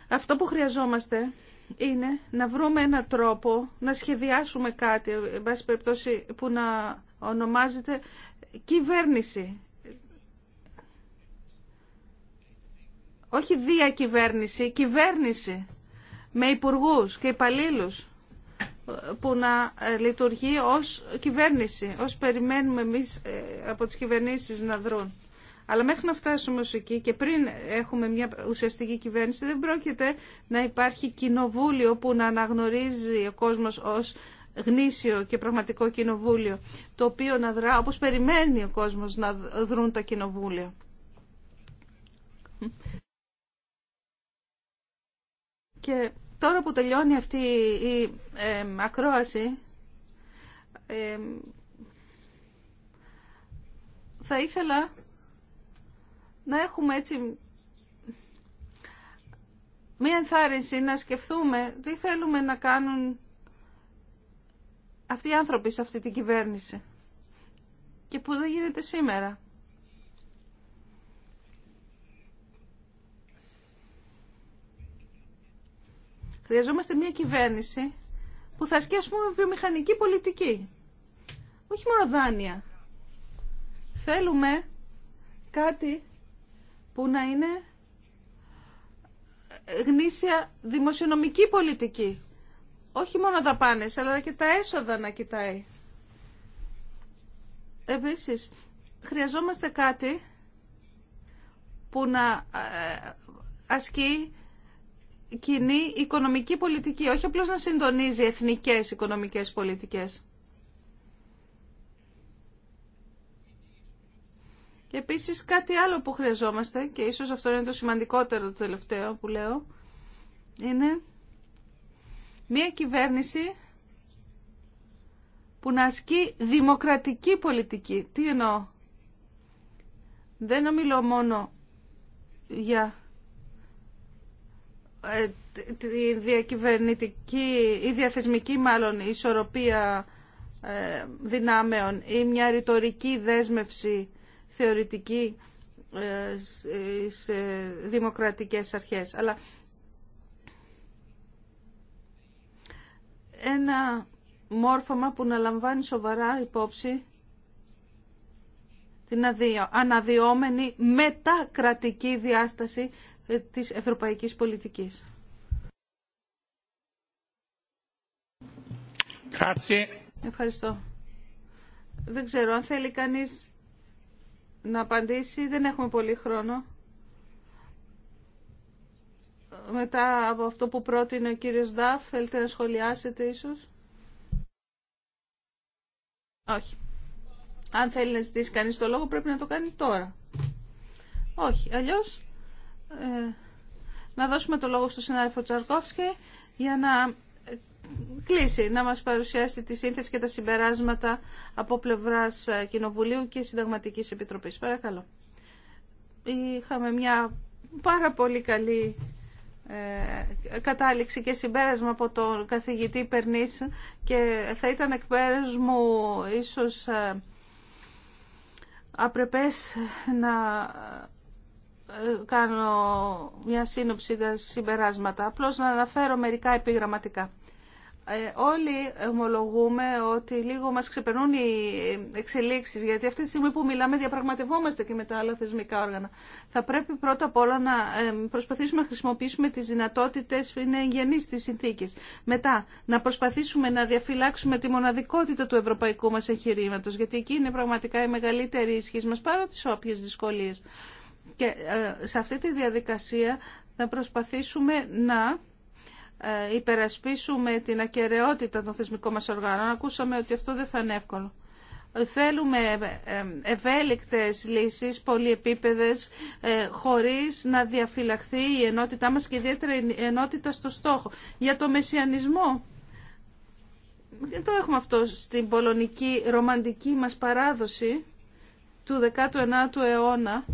αυτό που χρειαζόμαστε είναι να βρούμε έναν τρόπο να σχεδιάσουμε κάτι, εν περιπτώσει, που να ονομάζεται κυβέρνηση. Όχι διακυβέρνηση, κυβέρνηση με υπουργούς και υπαλλήλου που να ε, λειτουργεί ως κυβέρνηση, ως περιμένουμε εμείς ε, από τις κυβερνήσεις να δρουν. Αλλά μέχρι να φτάσουμε ως εκεί και πριν έχουμε μια ουσιαστική κυβέρνηση δεν πρόκειται να υπάρχει κοινοβούλιο που να αναγνωρίζει ο κόσμος ως γνήσιο και πραγματικό κοινοβούλιο, το οποίο να δρά όπως περιμένει ο κόσμος να δρουν τα κοινοβούλια. Και τώρα που τελειώνει αυτή η ακρόαση, θα ήθελα να έχουμε έτσι μία ενθάρρυνση να σκεφτούμε τι θέλουμε να κάνουν αυτοί οι άνθρωποι σε αυτή την κυβέρνηση και που δεν γίνεται σήμερα. Χρειαζόμαστε μια κυβέρνηση που θα ασκεί ας πούμε βιομηχανική πολιτική. Όχι μόνο δάνεια. Θέλουμε κάτι που να είναι γνήσια δημοσιονομική πολιτική όχι μόνο δαπάνες, αλλά και τα έσοδα να κοιτάει. Επίσης, χρειαζόμαστε κάτι που να ε, ασκεί κοινή οικονομική πολιτική, όχι απλώς να συντονίζει εθνικές οικονομικές πολιτικές. Και επίσης κάτι άλλο που χρειαζόμαστε, και ίσως αυτό είναι το σημαντικότερο το τελευταίο που λέω, είναι Μία κυβέρνηση που να ασκεί δημοκρατική πολιτική. Τι εννοώ. Δεν ομιλώ μόνο για ε, τη διακυβερνητική ή διαθεσμική μάλλον ισορροπία ε, δυνάμεων ή μια ρητορική δέσμευση θεωρητική ε, σε δημοκρατικές αρχές. Αλλά ένα μόρφωμα που να λαμβάνει σοβαρά υπόψη την αναδυόμενη μετακρατική διάσταση ε, της ευρωπαϊκής πολιτικής. Ευχαριστώ. Δεν ξέρω αν θέλει κανείς να απαντήσει. Δεν έχουμε πολύ χρόνο μετά από αυτό που πρότεινε ο κύριος Δαφ, θέλετε να σχολιάσετε ίσως. Όχι. Αν θέλει να ζητήσει κανείς το λόγο πρέπει να το κάνει τώρα. Όχι. Αλλιώς ε, να δώσουμε το λόγο στον συνάδελφο Τσαρκόφσκι για να κλείσει, να μας παρουσιάσει τη σύνθεση και τα συμπεράσματα από πλευράς ε, Κοινοβουλίου και Συνταγματικής Επιτροπής. Παρακαλώ. Είχαμε μια πάρα πολύ καλή ε, κατάληξη και συμπέρασμα από τον καθηγητή Περνής και θα ήταν εκ μου ίσως ε, απρεπές να ε, κάνω μια σύνοψη τα συμπεράσματα. Απλώς να αναφέρω μερικά επιγραμματικά. Ε, όλοι ομολογούμε ότι λίγο μας ξεπερνούν οι εξελίξεις, γιατί αυτή τη στιγμή που μιλάμε διαπραγματευόμαστε και με τα άλλα θεσμικά όργανα. Θα πρέπει πρώτα απ' όλα να προσπαθήσουμε να χρησιμοποιήσουμε τις δυνατότητες που είναι εγγενείς στις συνθήκες. Μετά, να προσπαθήσουμε να διαφυλάξουμε τη μοναδικότητα του ευρωπαϊκού μας εγχειρήματο, γιατί εκεί είναι πραγματικά η μεγαλύτερη ισχύ μας παρά τις όποιες δυσκολίες. Και ε, σε αυτή τη διαδικασία να προσπαθήσουμε να ε, υπερασπίσουμε την ακαιρεότητα των θεσμικών μας οργάνων. Ακούσαμε ότι αυτό δεν θα είναι εύκολο. Θέλουμε ε, ε, ευέλικτες λύσεις, πολυεπίπεδες, χωρίς να διαφυλαχθεί η ενότητά μας και ιδιαίτερα η ενότητα στο στόχο. Για το μεσιανισμό, δεν το έχουμε αυτό στην πολωνική ρομαντική μας παράδοση του 19ου αιώνα,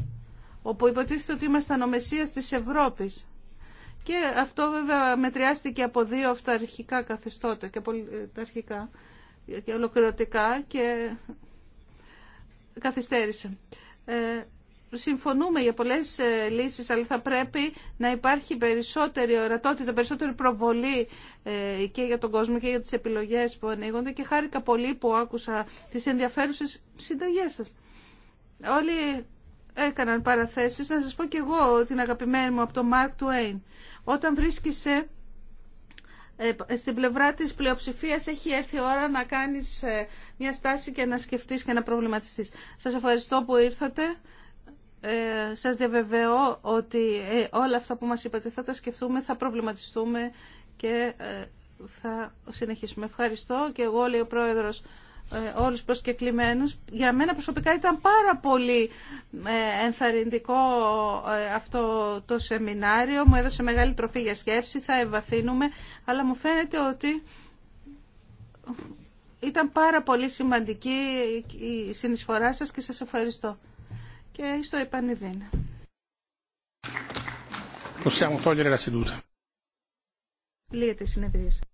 όπου υποτίθεται ότι ήμασταν ο Μεσσίας της Ευρώπης. Και αυτό βέβαια μετριάστηκε από δύο αυταρχικά καθεστώτα και ε, αρχικά και ολοκληρωτικά και καθυστέρησε. Ε, συμφωνούμε για πολλές ε, λύσεις, αλλά θα πρέπει να υπάρχει περισσότερη ορατότητα, περισσότερη προβολή και για τον κόσμο και για τις επιλογές που ανοίγονται και χάρηκα πολύ που άκουσα τις ενδιαφέρουσες συνταγές σας. Όλοι έκαναν παραθέσεις. Να σας πω και εγώ την αγαπημένη μου από τον Μάρκ Τουέιν. Όταν βρίσκεσαι ε, στην πλευρά της πλειοψηφίας έχει έρθει η ώρα να κάνεις ε, μια στάση και να σκεφτείς και να προβληματιστείς. Σας ευχαριστώ που ήρθατε. Ε, σας διαβεβαιώ ότι ε, όλα αυτά που μας είπατε θα τα σκεφτούμε, θα προβληματιστούμε και θα συνεχίσουμε. Ευχαριστώ και εγώ, λέει ο Πρόεδρος. Ε, όλους προσκεκλημένους. Για μένα προσωπικά ήταν πάρα πολύ ε, ενθαρρυντικό ε, αυτό το σεμινάριο. Μου έδωσε μεγάλη τροφή για σκέψη, θα ευαθύνουμε, αλλά μου φαίνεται ότι ήταν πάρα πολύ σημαντική η συνεισφορά σας και σας ευχαριστώ. Και στο επανειδύνα. Possiamo togliere la seduta. Λίγεται η